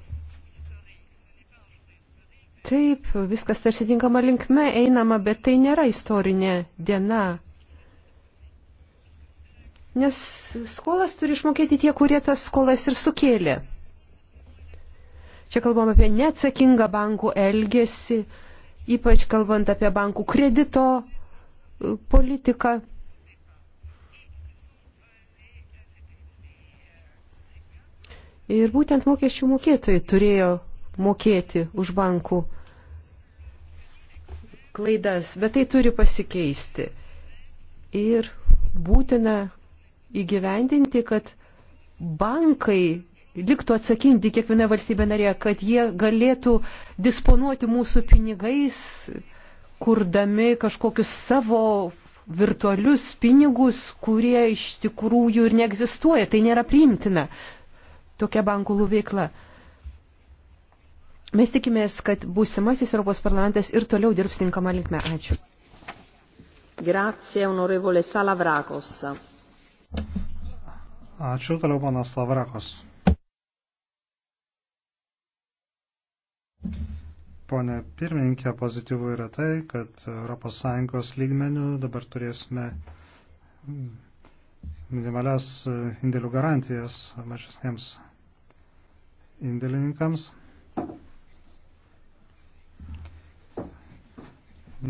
Taip, viskas tarsi tinkama linkme einama, bet tai nėra istorinė diena. Nes skolas turi išmokėti tie, kurie tas skolas ir sukėlė. Čia kalbam apie neatsakingą bankų elgesį, ypač kalbant apie bankų kredito e, politiką. Ir būtent mokesčių mokėtojai turėjo mokėti už bankų klaidas, bet tai turi pasikeisti. Ir būtina įgyvendinti, kad bankai liktų atsakingi kiekviena valstybė narė, kad jie galėtų disponuoti mūsų pinigais, kurdami kažkokius savo virtualius pinigus, kurie iš tikrųjų ir neegzistuoja. Tai nėra priimtina tokia bankulų veikla. Mes tikimės, kad būsimasis Europos parlamentas ir toliau dirbs tinkamą linkmę. Ačiū. Grazie, onorevole Salavrakos. Ačiū, toliau panas Lavrakos. Pone pirmininkė, pozityvų yra tai, kad ES lygmenių dabar turėsime minimalias indėlių garantijas mažesniems indėlininkams.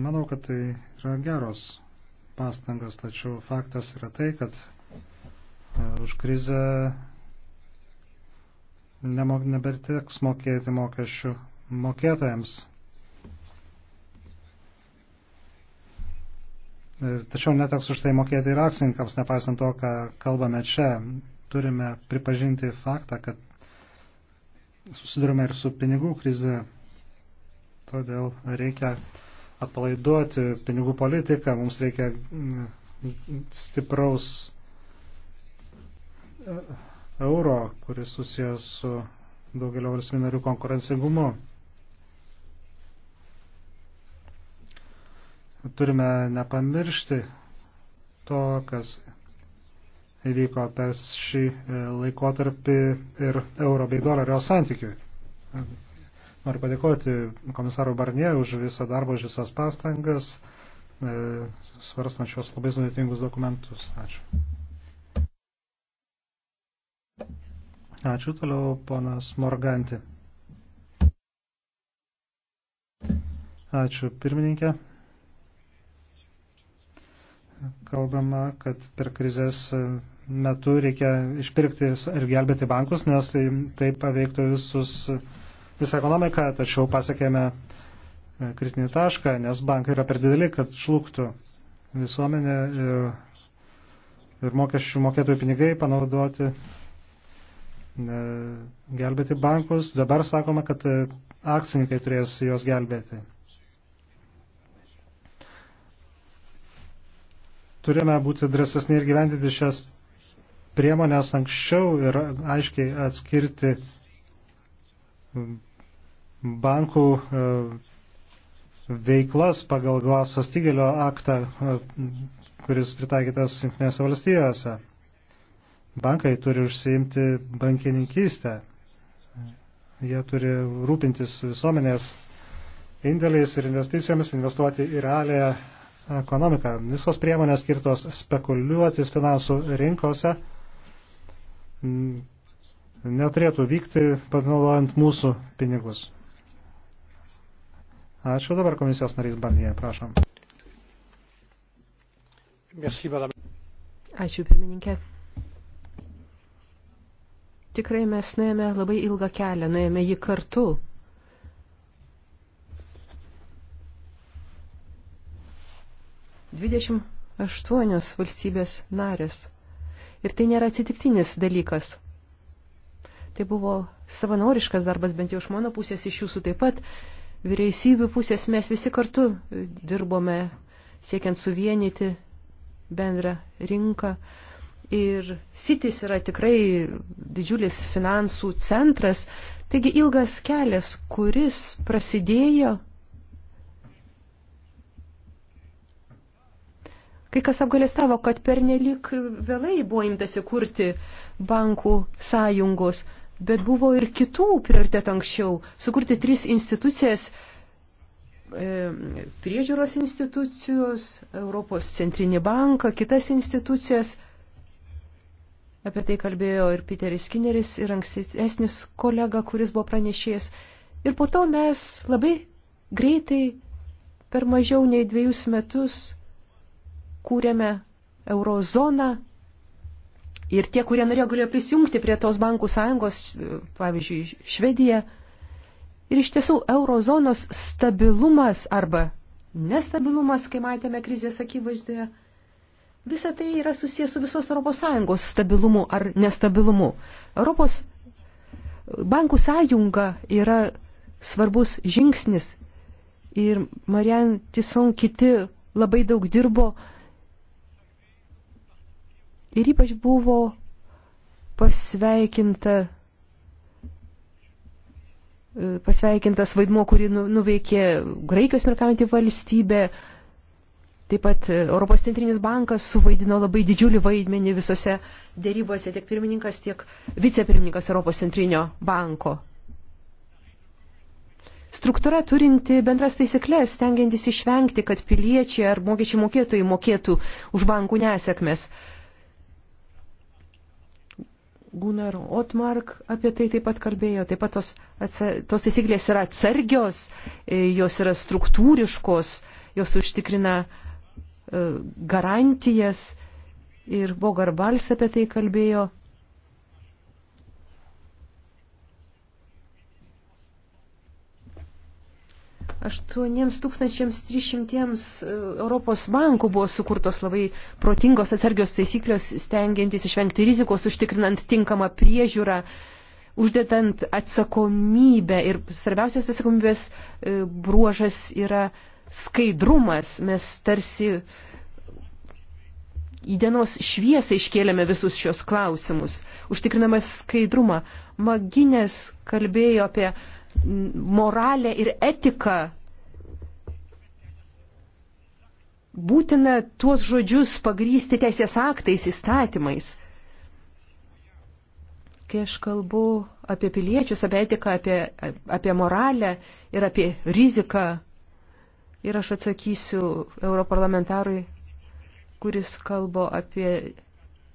Manau, kad tai yra geros pastangos, tačiau faktas yra tai, kad e, už krizę neberteks mokėti mokesčių mokėtojams. Tačiau neteks už tai mokėti ir akcininkams, nepaisant to, ką kalbame čia. Turime pripažinti faktą, kad susidurime ir su pinigų krize. Todėl reikia atpalaiduoti pinigų politiką, mums reikia mm, stipraus e, euro, kuris susijęs su daugelio valstybių narių konkurencingumu. turime nepamiršti to, kas įvyko per šį e, laikotarpį ir euro bei dolerio santykiui. Noriu padėkoti komisarui Barnie už visą darbą, už visas pastangas, e, svarstančios labai sudėtingus dokumentus. Ačiū. Ačiū toliau, ponas Morganti. Ačiū pirmininkė kalbama, kad per krizės metu reikia išpirkti ir gelbėti bankus, nes tai, tai paveiktų visus, visą ekonomiką, tačiau pasiekėme e, kritinį tašką, nes bankai yra per dideli, kad šluktų visuomenė ir, ir mokesčių mokėtojų pinigai panaudoti ne, gelbėti bankus. Dabar sakoma, kad e, akcininkai turės juos gelbėti. turime būti drąsesni ir gyventyti šias priemonės anksčiau ir aiškiai atskirti bankų e, veiklas pagal glaso stygelio aktą, e, kuris pritaikytas Junktinėse valstijose. Bankai turi užsiimti bankininkystę. Jie turi rūpintis visuomenės indėliais ir investicijomis, investuoti į realią ekonomiką. Visos priemonės skirtos spekuliuotis finansų rinkose neturėtų vykti panaudojant mūsų pinigus. Ačiū dabar komisijos narys Barnie, prašom. Ačiū pirmininkė. Tikrai mes nuėjome labai ilgą kelią, nuėjome jį kartu 28 valstybės narės. Ir tai nėra atsitiktinis dalykas. Tai buvo savanoriškas darbas, bent jau iš mano pusės, iš jūsų taip pat. Vyriausybių pusės mes visi kartu dirbome, siekiant suvienyti bendrą rinką. Ir Sitis yra tikrai didžiulis finansų centras, taigi ilgas kelias, kuris prasidėjo Kai kas apgalėstavo, kad pernelik vėlai buvo imtasi kurti bankų sąjungos, bet buvo ir kitų prioritet anksčiau - sukurti tris institucijas e, priežiūros institucijos, Europos centrinį banką, kitas institucijas. Apie tai kalbėjo ir Piteris Skinneris, ir ankstesnis kolega, kuris buvo pranešėjęs. Ir po to mes labai greitai per mažiau nei dviejus metus kūrėme eurozoną ir tie, kurie norėjo, galėjo prisijungti prie tos bankų sąjungos, pavyzdžiui, Švedija. Ir iš tiesų eurozonos stabilumas arba nestabilumas, kai matėme krizės akivaizdoje, visa tai yra susijęs su visos ES stabilumu ar nestabilumu. Europos bankų sąjunga yra svarbus žingsnis ir Marian Tison kiti labai daug dirbo Ir ypač buvo pasveikinta, e, pasveikintas vaidmo, kurį nu, nuveikė Graikijos merkaujantį valstybę. Taip pat e, Europos centrinis bankas suvaidino labai didžiulį vaidmenį visose dėrybose, tiek pirmininkas, tiek vicepirmininkas Europos centrinio banko. Struktūra turinti bendras taisyklės, stengiantis išvengti, kad piliečiai ar mokesčių mokėtojai mokėtų už bankų nesėkmės. Gunnar Otmark apie tai taip pat kalbėjo. Taip pat tos, tos taisyklės yra atsargios, e, jos yra struktūriškos, jos užtikrina e, garantijas. Ir Bogarbals apie tai kalbėjo. 8300 e, Europos bankų buvo sukurtos labai protingos atsargios taisyklės, stengiantis išvengti rizikos, užtikrinant tinkamą priežiūrą, uždėtant atsakomybę. Ir svarbiausias atsakomybės e, bruožas yra skaidrumas. Mes tarsi į dienos šviesą iškėlėme visus šios klausimus, užtikriname skaidrumą. Maginės kalbėjo apie uh, moralę ir etiką. Būtina tuos žodžius pagrysti teisės aktais, įstatymais. Kai aš kalbu apie piliečius, apie etiką, apie, apie moralę ir apie riziką, ir aš atsakysiu europarlamentarui, kuris kalbo apie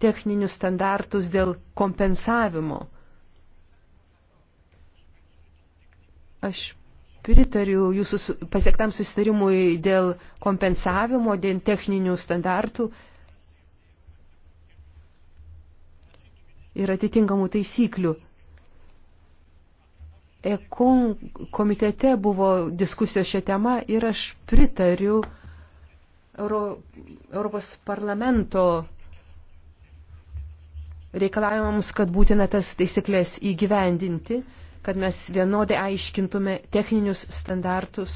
techninius standartus dėl kompensavimo. Aš pritariu jūsų pasiektam susitarimui dėl kompensavimo, dėl techninių standartų ir atitinkamų taisyklių. Ekon komitete buvo diskusijos šią temą ir aš pritariu Euro, Europos parlamento reikalavimams, kad būtina tas taisyklės įgyvendinti kad mes vienodai aiškintume techninius standartus.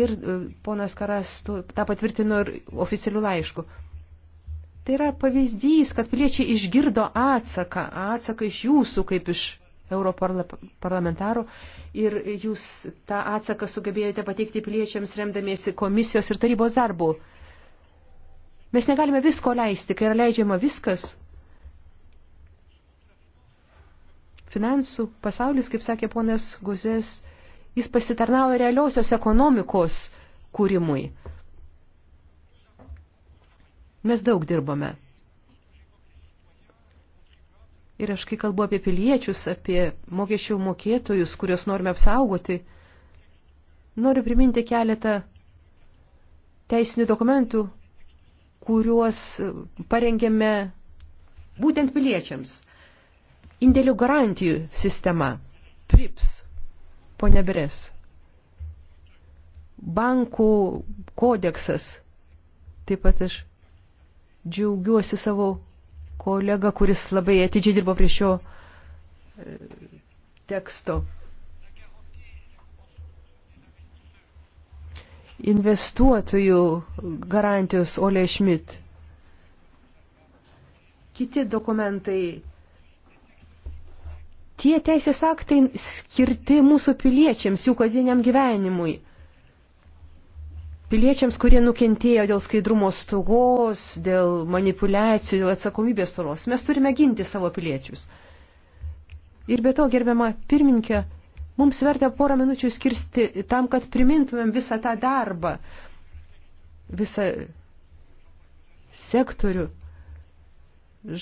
Ir e, ponas Karas tą patvirtino ir oficialių laiškų. Tai yra pavyzdys, kad piliečiai išgirdo atsaką, atsaką iš jūsų kaip iš europarlamentarų ir jūs tą atsaką sugebėjote pateikti piliečiams remdamiesi komisijos ir tarybos darbų. Mes negalime visko leisti, kai yra leidžiama viskas, finansų pasaulis, kaip sakė ponas Guzės, jis pasitarnavo realiosios ekonomikos kūrimui. Mes daug dirbome. Ir aš, kai kalbu apie piliečius, apie mokesčių mokėtojus, kuriuos norime apsaugoti, noriu priminti keletą teisinių dokumentų, kuriuos parengėme būtent piliečiams – Indėlių garantijų sistema, PRIPS, ponia Beres, bankų kodeksas, taip pat aš džiaugiuosi savo kolega, kuris labai atidžiai dirbo prie šio e, teksto. Investuotojų garantijos Ole Schmidt. Kiti dokumentai Tie teisės aktai skirti mūsų piliečiams, jų kasdieniam gyvenimui. Piliečiams, kurie nukentėjo dėl skaidrumo stogos, dėl manipulacijų, dėl atsakomybės tolos. Mes turime ginti savo piliečius. Ir be to, gerbiama pirminkė, mums vertė porą minučių skirsti tam, kad primintumėm visą tą darbą, visą sektorių.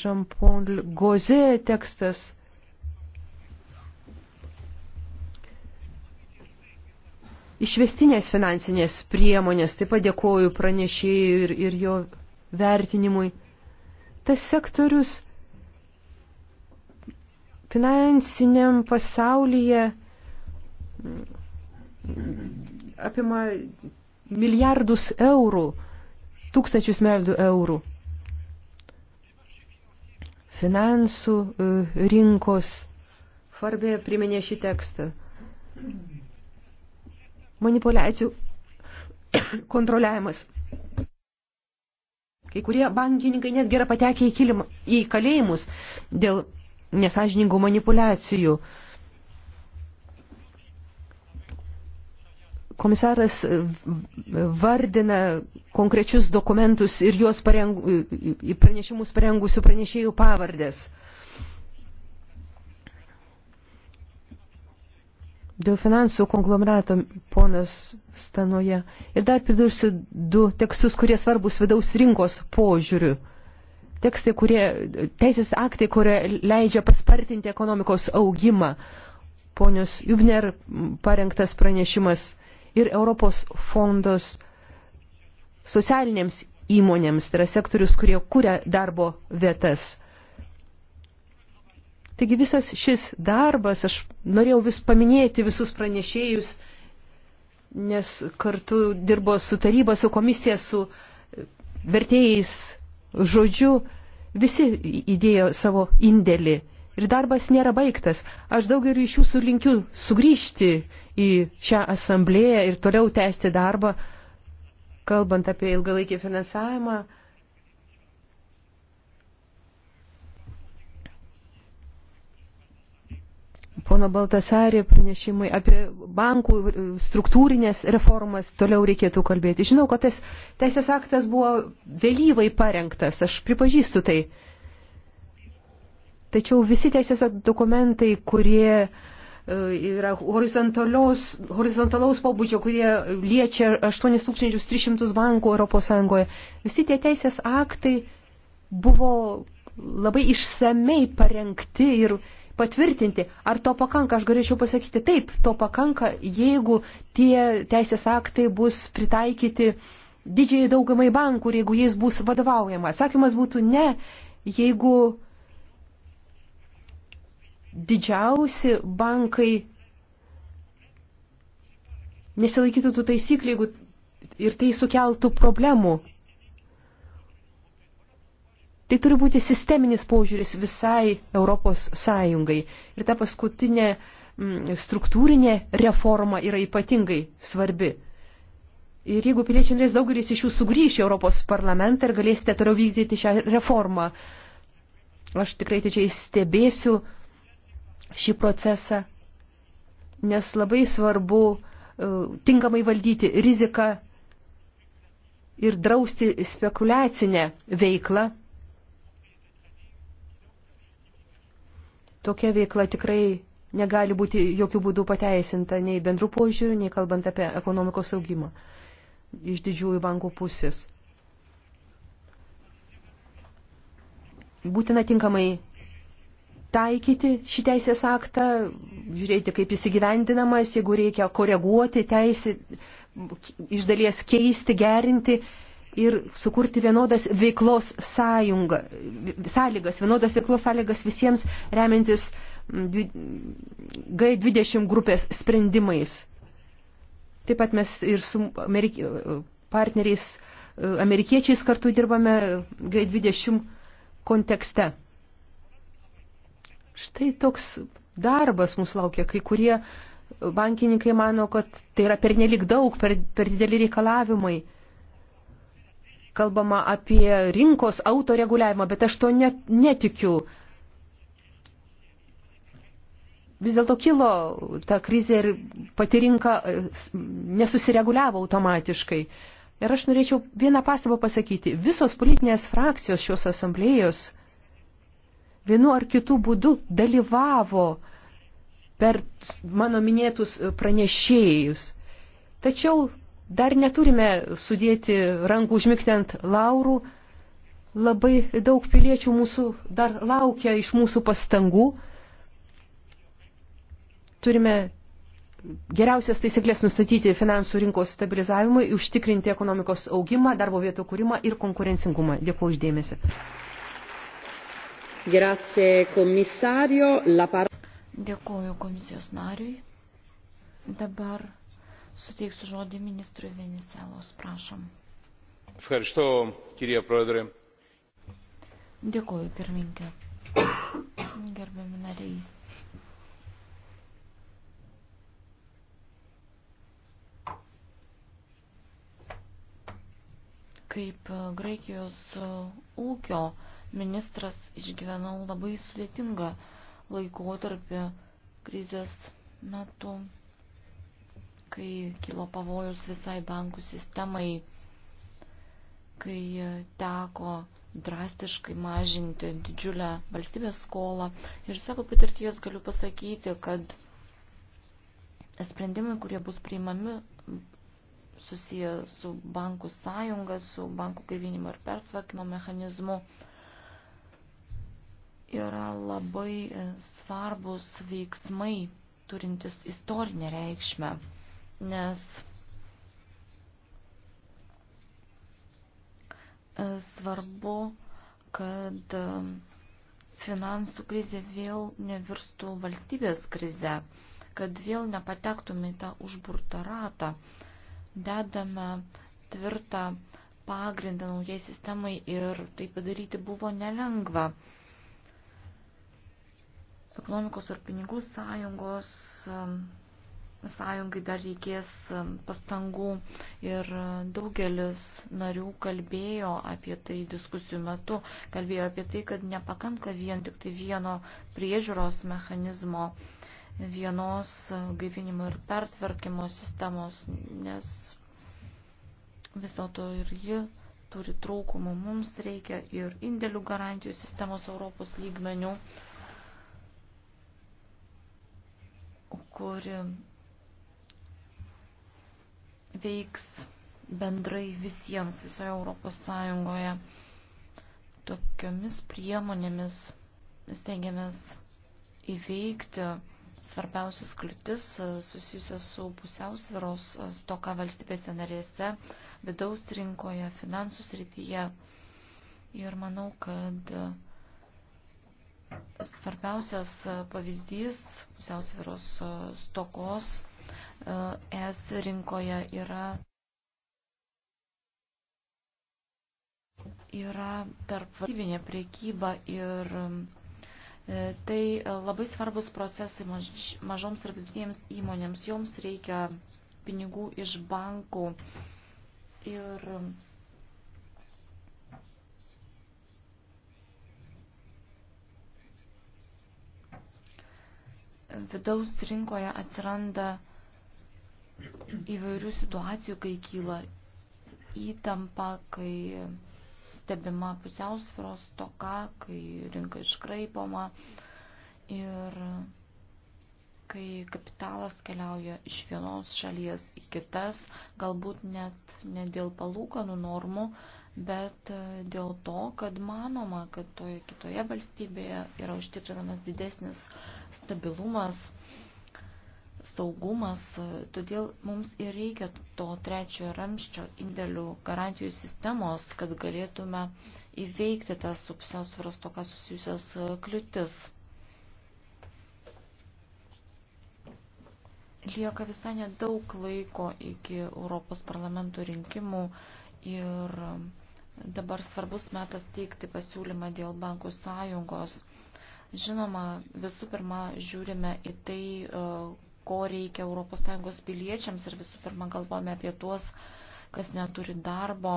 Jean-Paul Gauze tekstas išvestinės finansinės priemonės, taip pat dėkoju pranešėjui ir, ir jo vertinimui. Tas sektorius finansiniam pasaulyje mm, apima milijardus eurų, tūkstančius milijardų eurų. Finansų e, rinkos. Farbė priminė šį tekstą manipulacijų kontroliavimas. Kai kurie bankininkai netgi yra patekę į, kilimą, į kalėjimus dėl nesažiningų manipulacijų. Komisaras vardina konkrečius dokumentus ir juos parengu, pranešimus parengusių pranešėjų pavardės. Dėl finansų konglomerato ponas Stanoje. Ir dar pridursiu du tekstus, kurie svarbus vidaus rinkos požiūriu. Tekstai, kurie, teisės aktai, kurie leidžia paspartinti ekonomikos augimą. Ponios Jubner parengtas pranešimas ir Europos fondos socialinėms įmonėms, tai yra sektorius, kurie kūrė darbo vietas. Taigi visas šis darbas, aš norėjau vis paminėti visus pranešėjus, nes kartu dirbo su taryba, su komisija, su vertėjais žodžiu, visi įdėjo savo indėlį ir darbas nėra baigtas. Aš daugeliu iš jūsų linkiu sugrįžti į šią asamblėją ir toliau tęsti darbą, kalbant apie ilgalaikį finansavimą. pono Baltasarį pranešimui apie bankų struktūrinės reformas toliau reikėtų kalbėti. Žinau, kad tas teisės aktas buvo vėlyvai parengtas, aš pripažįstu tai. Tačiau visi teisės dokumentai, kurie e, yra horizontalaus, horizontalaus pobūdžio, kurie liečia 8300 bankų Europos Sąjungoje, visi tie teisės aktai buvo labai išsamei parengti ir uh, patvirtinti. Ar to pakanka? Aš galėčiau pasakyti taip, to pakanka, jeigu tie teisės aktai bus pritaikyti didžiai daugumai bankų ir jeigu jais bus vadovaujama. Atsakymas būtų ne, jeigu didžiausi bankai nesilaikytų tų taisyklių, jeigu ir tai sukeltų problemų Tai turi būti sisteminis požiūris visai Europos Sąjungai. Ir ta paskutinė mm, struktūrinė reforma yra ypatingai svarbi. Ir jeigu piliečiai norės, daugelis iš jų sugrįš į Europos parlamentą ir galėsite toliau vykdyti šią reformą. Aš tikrai tyčiai stebėsiu šį procesą, nes labai svarbu uh, tinkamai valdyti riziką ir drausti spekuliacinę veiklą Tokia veikla tikrai negali būti jokių būdų pateisinta nei bendrų požiūrių, nei kalbant apie ekonomikos augimą iš didžiųjų bankų pusės. Būtina tinkamai taikyti šį teisės aktą, žiūrėti, kaip jis įgyvendinamas, jeigu reikia koreguoti teisį, iš dalies keisti, gerinti ir sukurti vienodas veiklos sąjunga, sąlygas, vienodas veiklos sąlygas visiems remiantis G20 grupės sprendimais. Taip pat mes ir su Amerik partneriais e, amerikiečiais kartu dirbame G20 kontekste. Štai toks darbas mūsų laukia, kai kurie bankininkai mano, kad tai yra pernelik daug, per, per dideli reikalavimai kalbama apie rinkos autoreguliavimą, bet aš to net, netikiu. Vis dėlto kilo ta krizė ir pati rinka e, nesusireguliavo automatiškai. Ir aš norėčiau vieną pastabą pasakyti. Visos politinės frakcijos šios asamblėjos vienu ar kitu būdu dalyvavo per mano minėtus e, pranešėjus. Tačiau Dar neturime sudėti rankų užmigti ant laurų. Labai daug piliečių mūsų dar laukia iš mūsų pastangų. Turime geriausias taisyklės nustatyti finansų rinkos stabilizavimui, užtikrinti ekonomikos augimą, darbo vietų kūrimą ir konkurencingumą. Dėkuoju uždėmesi. Grazie, komisario. La par... Dėkuoju komisijos nariui. Dabar Suteiksiu žodį ministrui Veniselos, prašom. Ευχαριστώ, κυρία Πρόεδρε. Dėkuoju, pirmininkė. Gerbiami nariai. Kaip e, Graikijos e, ūkio ministras išgyvenau labai sudėtingą laikotarpį krizės metu kai kilo pavojus visai bankų sistemai, kai teko drastiškai mažinti didžiulę valstybės skolą. Ir savo patirties galiu pasakyti, kad sprendimai, kurie bus priimami susiję su bankų sąjunga, su bankų gaivinimo ir pertvarkymo mechanizmu, yra labai svarbus veiksmai turintis istorinę reikšmę nes svarbu, kad finansų krizė vėl nevirstų valstybės krize, kad vėl nepatektume į tą užburtą ratą. Dedame tvirtą pagrindą naujai sistemai ir tai padaryti buvo nelengva. Ekonomikos ir pinigų sąjungos sąjungai dar reikės um, pastangų ir uh, daugelis narių kalbėjo apie tai diskusijų metu, kalbėjo apie tai, kad nepakanka vien tik tai vieno priežiūros mechanizmo, vienos uh, gaivinimo ir pertvarkymo sistemos, nes viso to ir ji turi trūkumų. Mums reikia ir indėlių garantijų sistemos Europos lygmenių, kuri veiks bendrai visiems visoje Europos Sąjungoje. Tokiomis priemonėmis stengiamės įveikti svarbiausias kliūtis e, susijusias su pusiausviros e, stoka valstybėse narėse, vidaus rinkoje, finansų srityje. Ir manau, kad e, svarbiausias pavyzdys pusiausviros stokos E, ES rinkoje yra, yra tarp valstybinė priekyba ir e, tai labai svarbus procesai mažoms ir vidutinėms įmonėms. Joms reikia pinigų iš bankų ir vidaus rinkoje atsiranda įvairių situacijų, kai kyla įtampa, kai stebima pusiausvėros toka, kai rinka iškraipoma ir kai kapitalas keliauja iš vienos šalies į kitas, galbūt net ne dėl palūkanų normų, bet dėl to, kad manoma, kad toje kitoje valstybėje yra užtikrinamas didesnis stabilumas saugumas, todėl mums ir reikia to trečiojo ramščio indėlių garantijų sistemos, kad galėtume įveikti tas su pusiausvėros toka susijusias e, kliūtis. Lieka visai nedaug laiko iki Europos parlamento rinkimų ir dabar svarbus metas teikti pasiūlymą dėl bankų sąjungos. Žinoma, visų pirma, žiūrime į tai, e, ko reikia ES piliečiams ir visų pirma galvojame apie tuos, kas neturi darbo.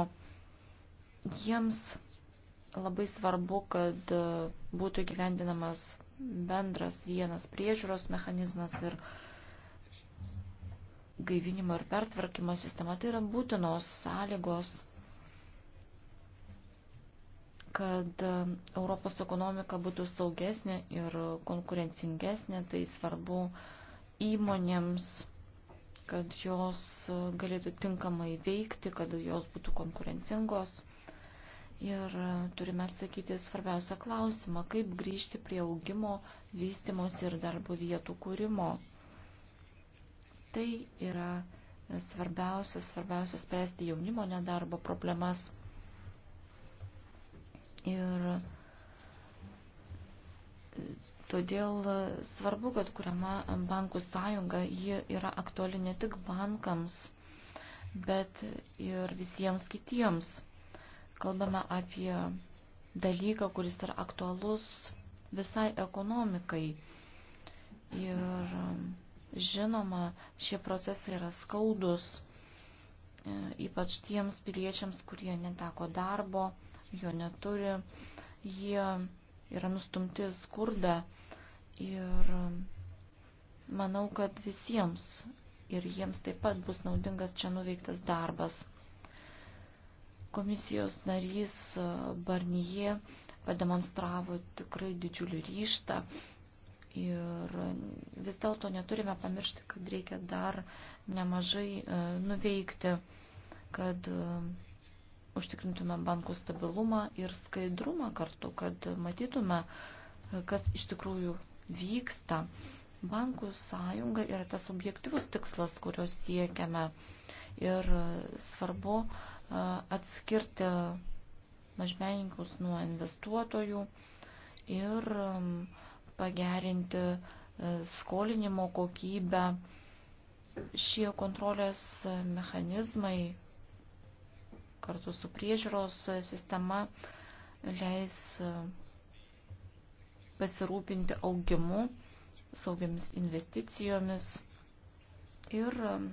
Jiems labai svarbu, kad būtų gyvendinamas bendras vienas priežiūros mechanizmas ir gaivinimo ir pertvarkymo sistema. Tai yra būtinos sąlygos kad Europos ekonomika būtų saugesnė ir konkurencingesnė, tai svarbu uh, įmonėms, kad jos galėtų tinkamai veikti, kad jos būtų konkurencingos. Ir turime atsakyti svarbiausią klausimą, kaip grįžti prie augimo, vystimos ir darbo vietų kūrimo. Tai yra svarbiausia, svarbiausia spręsti jaunimo nedarbo problemas. Ir Todėl e, svarbu, kad kuriama bankų sąjunga, ji yra aktuali ne tik bankams, bet ir visiems kitiems. Kalbame apie dalyką, kuris yra aktualus visai ekonomikai. Ir e, žinoma, šie procesai yra skaudus, e, ypač tiems piliečiams, kurie neteko darbo, jo neturi, jie yra nustumti skurdą Ir um, manau, kad visiems ir jiems taip pat bus naudingas čia nuveiktas darbas. Komisijos narys uh, Barnyje pademonstravo tikrai didžiulį ryštą ir vis dėlto neturime pamiršti, kad reikia dar nemažai uh, nuveikti, kad uh, užtikrintume bankų stabilumą ir skaidrumą kartu, kad matytume, kas iš tikrųjų vyksta. Bankų sąjunga yra tas objektivus tikslas, kurio siekiame. Ir svarbu atskirti mažmeninkus nuo investuotojų ir pagerinti e, skolinimo kokybę. Šie kontrolės mechanizmai kartu su priežiūros sistema leis pasirūpinti augimu, saugiamis investicijomis. Ir um,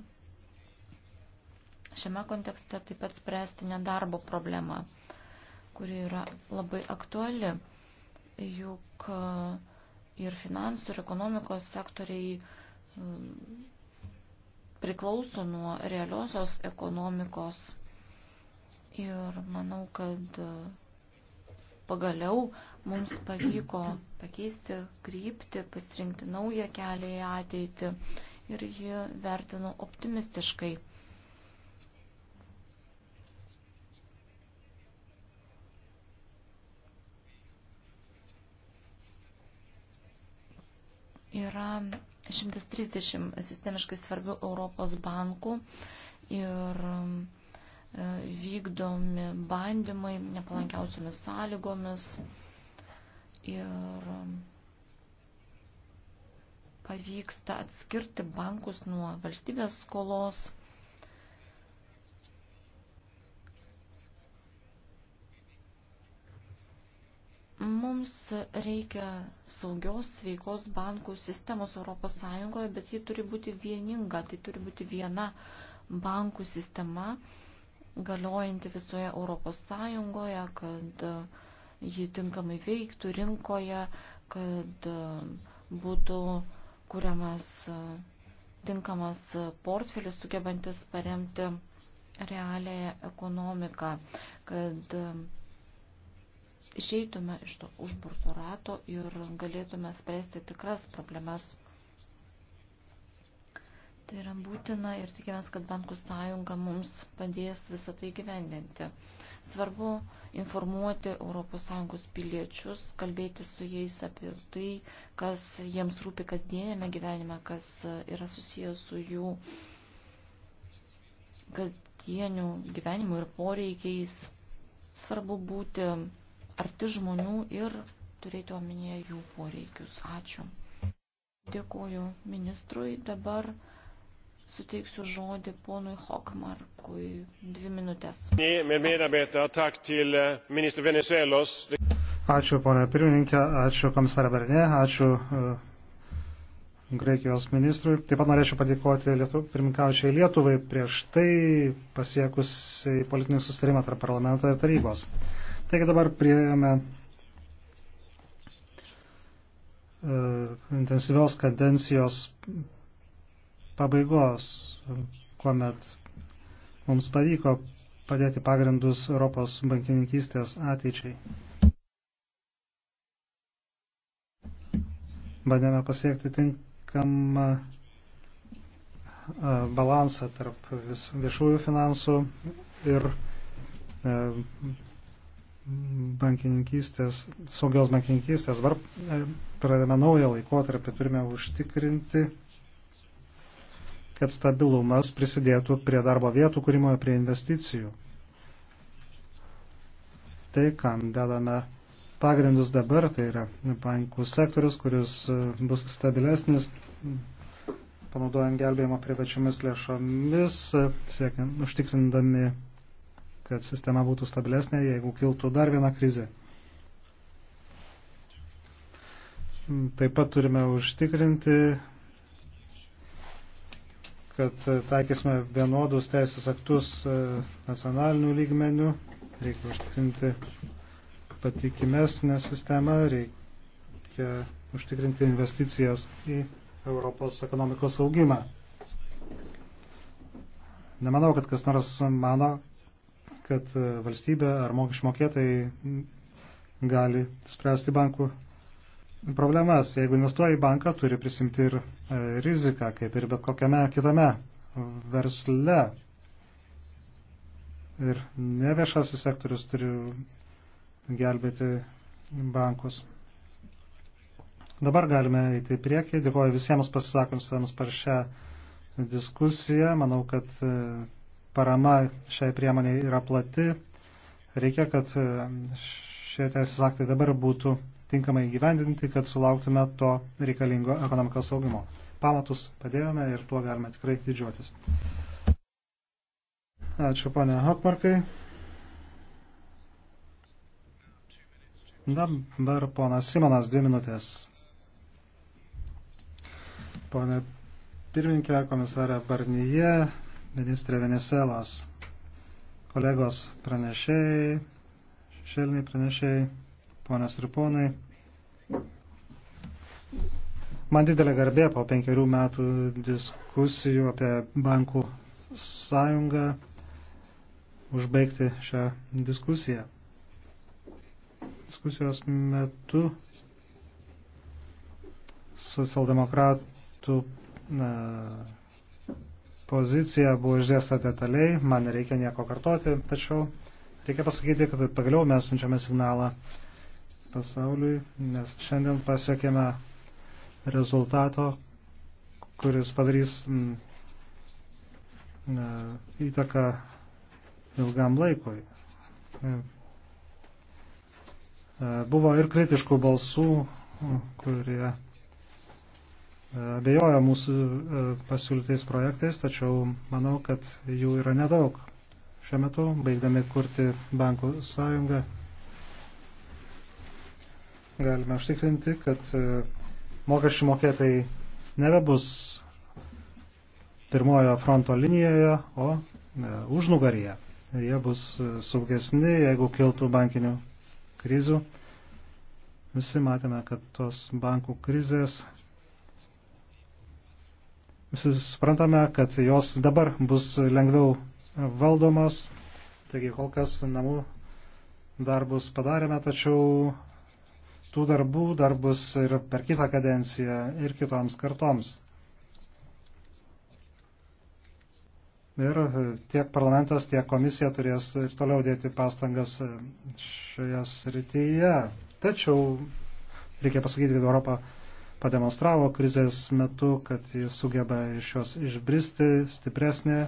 šiame kontekste taip pat spręsti nedarbo problemą, kuri yra labai aktuali, juk uh, ir finansų, ir ekonomikos sektoriai um, priklauso nuo realiosios ekonomikos. Ir manau, kad uh, pagaliau mums pavyko pakeisti kryptį, pasirinkti naują kelią į ateitį ir jį vertinu optimistiškai. Yra 130 sistemiškai svarbių Europos bankų ir E, vykdomi bandymai nepalankiausiamis sąlygomis ir e, pavyksta atskirti bankus nuo valstybės skolos. Mums reikia saugios, sveikos bankų sistemos Europos Sąjungoje, bet ji turi būti vieninga, tai turi būti viena bankų sistema, galiojanti visoje Europos Sąjungoje, kad e, ji tinkamai veiktų rinkoje, kad e, būtų kuriamas e, tinkamas portfelis, sugebantis paremti realiąją ekonomiką, kad išeitume iš to užburto rato ir galėtume spręsti tikras problemas Tai yra būtina ir tikimės, kad bankų sąjunga mums padės visą tai gyvendinti. Svarbu informuoti ES piliečius, kalbėti su jais apie tai, kas jiems rūpi kasdienėme gyvenime, kas yra susijęs su jų kasdieniu gyvenimu ir poreikiais. Svarbu būti arti žmonių ir turėti omenyje jų poreikius. Ačiū. Dėkuoju ministrui. Dabar suteiksiu žodį ponui Hokmarkui dvi minutės. Eh, ačiū ponė pirmininkė, ačiū komisarė Bernė, ačiū eh, Graikijos ministrui. Taip pat norėčiau padėkoti Lietu, pirmininkaučiai Lietuvai prieš tai pasiekus politinį sustarimą tarp parlamento ir tarybos. Taigi dabar prieėjome eh, intensyvios kadencijos pabaigos, kuomet mums pavyko padėti pagrindus Europos bankininkystės ateičiai. Bandėme pasiekti tinkamą e, balansą tarp viešųjų finansų ir e, bankininkystės, saugios bankininkystės. Dabar e, pradedame naują laikotarpį, turime užtikrinti kad stabilumas prisidėtų prie darbo vietų kūrimo ir prie investicijų. Tai, kam dedame pagrindus dabar, tai yra bankų sektorius, kuris e, bus stabilesnis, panaudojant gelbėjimo privačiomis lėšomis, e, siekiant užtikrindami, kad sistema būtų stabilesnė, jeigu kiltų dar viena krizė. Taip pat turime užtikrinti kad e, taikysime vienodus teisės aktus e, nacionalinių lygmenių, reikia užtikrinti patikimesnę sistemą, reikia užtikrinti investicijas į Europos ekonomikos augimą. Nemanau, kad kas nors mano, kad e, valstybė ar mokesčių mokėtojai gali spręsti bankų problemas. Jeigu investuoji į banką, turi prisimti ir e, riziką, kaip ir bet kokiame kitame versle. Ir ne viešasis sektorius turi gelbėti bankus. Dabar galime eiti į priekį. Dėkuoju visiems pasisakymsams per šią diskusiją. Manau, kad e, parama šiai priemoniai yra plati. Reikia, kad e, šie teisės aktai dabar būtų tinkamai gyvendinti, kad sulauktume to reikalingo ekonomikos augimo. Pamatus padėjome ir tuo galime tikrai didžiuotis. Ačiū, ponė Hotmarkai. Dabar ponas Simonas, dvi minutės. Pone pirmininkė, komisarė Barnyje, ministrė Veniselos, kolegos pranešėjai, šelniai pranešėjai ponios ir ponai. Man didelė garbė po penkerių metų diskusijų apie bankų sąjungą užbaigti šią diskusiją. Diskusijos metu socialdemokratų na, pozicija buvo išdėsta detaliai, man nereikia nieko kartoti, tačiau reikia pasakyti, kad pagaliau mes siunčiame signalą pasauliui, nes šiandien pasiekėme rezultato, kuris padarys mm, e, įtaką ilgam laikui. E, e, buvo ir kritiškų balsų, kurie abejoja mūsų pasiūlytais projektais, tačiau manau, kad jų yra nedaug. Šiuo metu, baigdami kurti bankų sąjungą, galime užtikrinti, kad e, mokesčių mokėtai nebebus pirmojo fronto linijoje, o e, užnugaryje. Jie bus e, saugesni, jeigu kiltų bankinių krizių. Visi matėme, kad tos bankų krizės, visi suprantame, kad jos dabar bus lengviau valdomos. Taigi kol kas namų darbus padarėme, tačiau tų darbų dar bus ir per kitą kadenciją ir kitoms kartoms. Ir tiek parlamentas, tiek komisija turės ir toliau dėti pastangas šioje srityje. Tačiau reikia pasakyti, kad Europa pademonstravo krizės metu, kad jis sugeba iš jos išbristi stipresnė.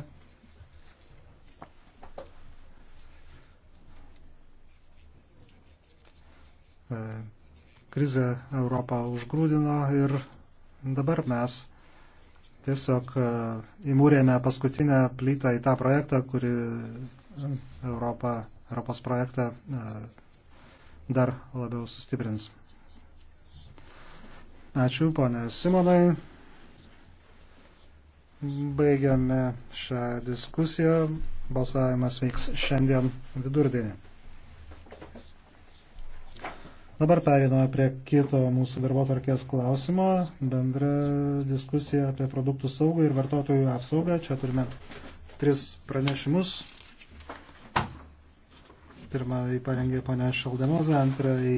E, Krize Europą užgrūdino ir dabar mes tiesiog e, įmūrėme paskutinę plytą į tą projektą, kuri Europą, Europos projektą e, dar labiau sustiprins. Ačiū, ponė Simonai. Baigiame šią diskusiją. Balsavimas veiks šiandien vidurdienį. Dabar periname prie kito mūsų darbo tarkės klausimo, bendra diskusija apie produktų saugą ir vartotojų apsaugą. Čia turime tris pranešimus. Pirmąjį parengė ponia Šaldemoza, antrąjį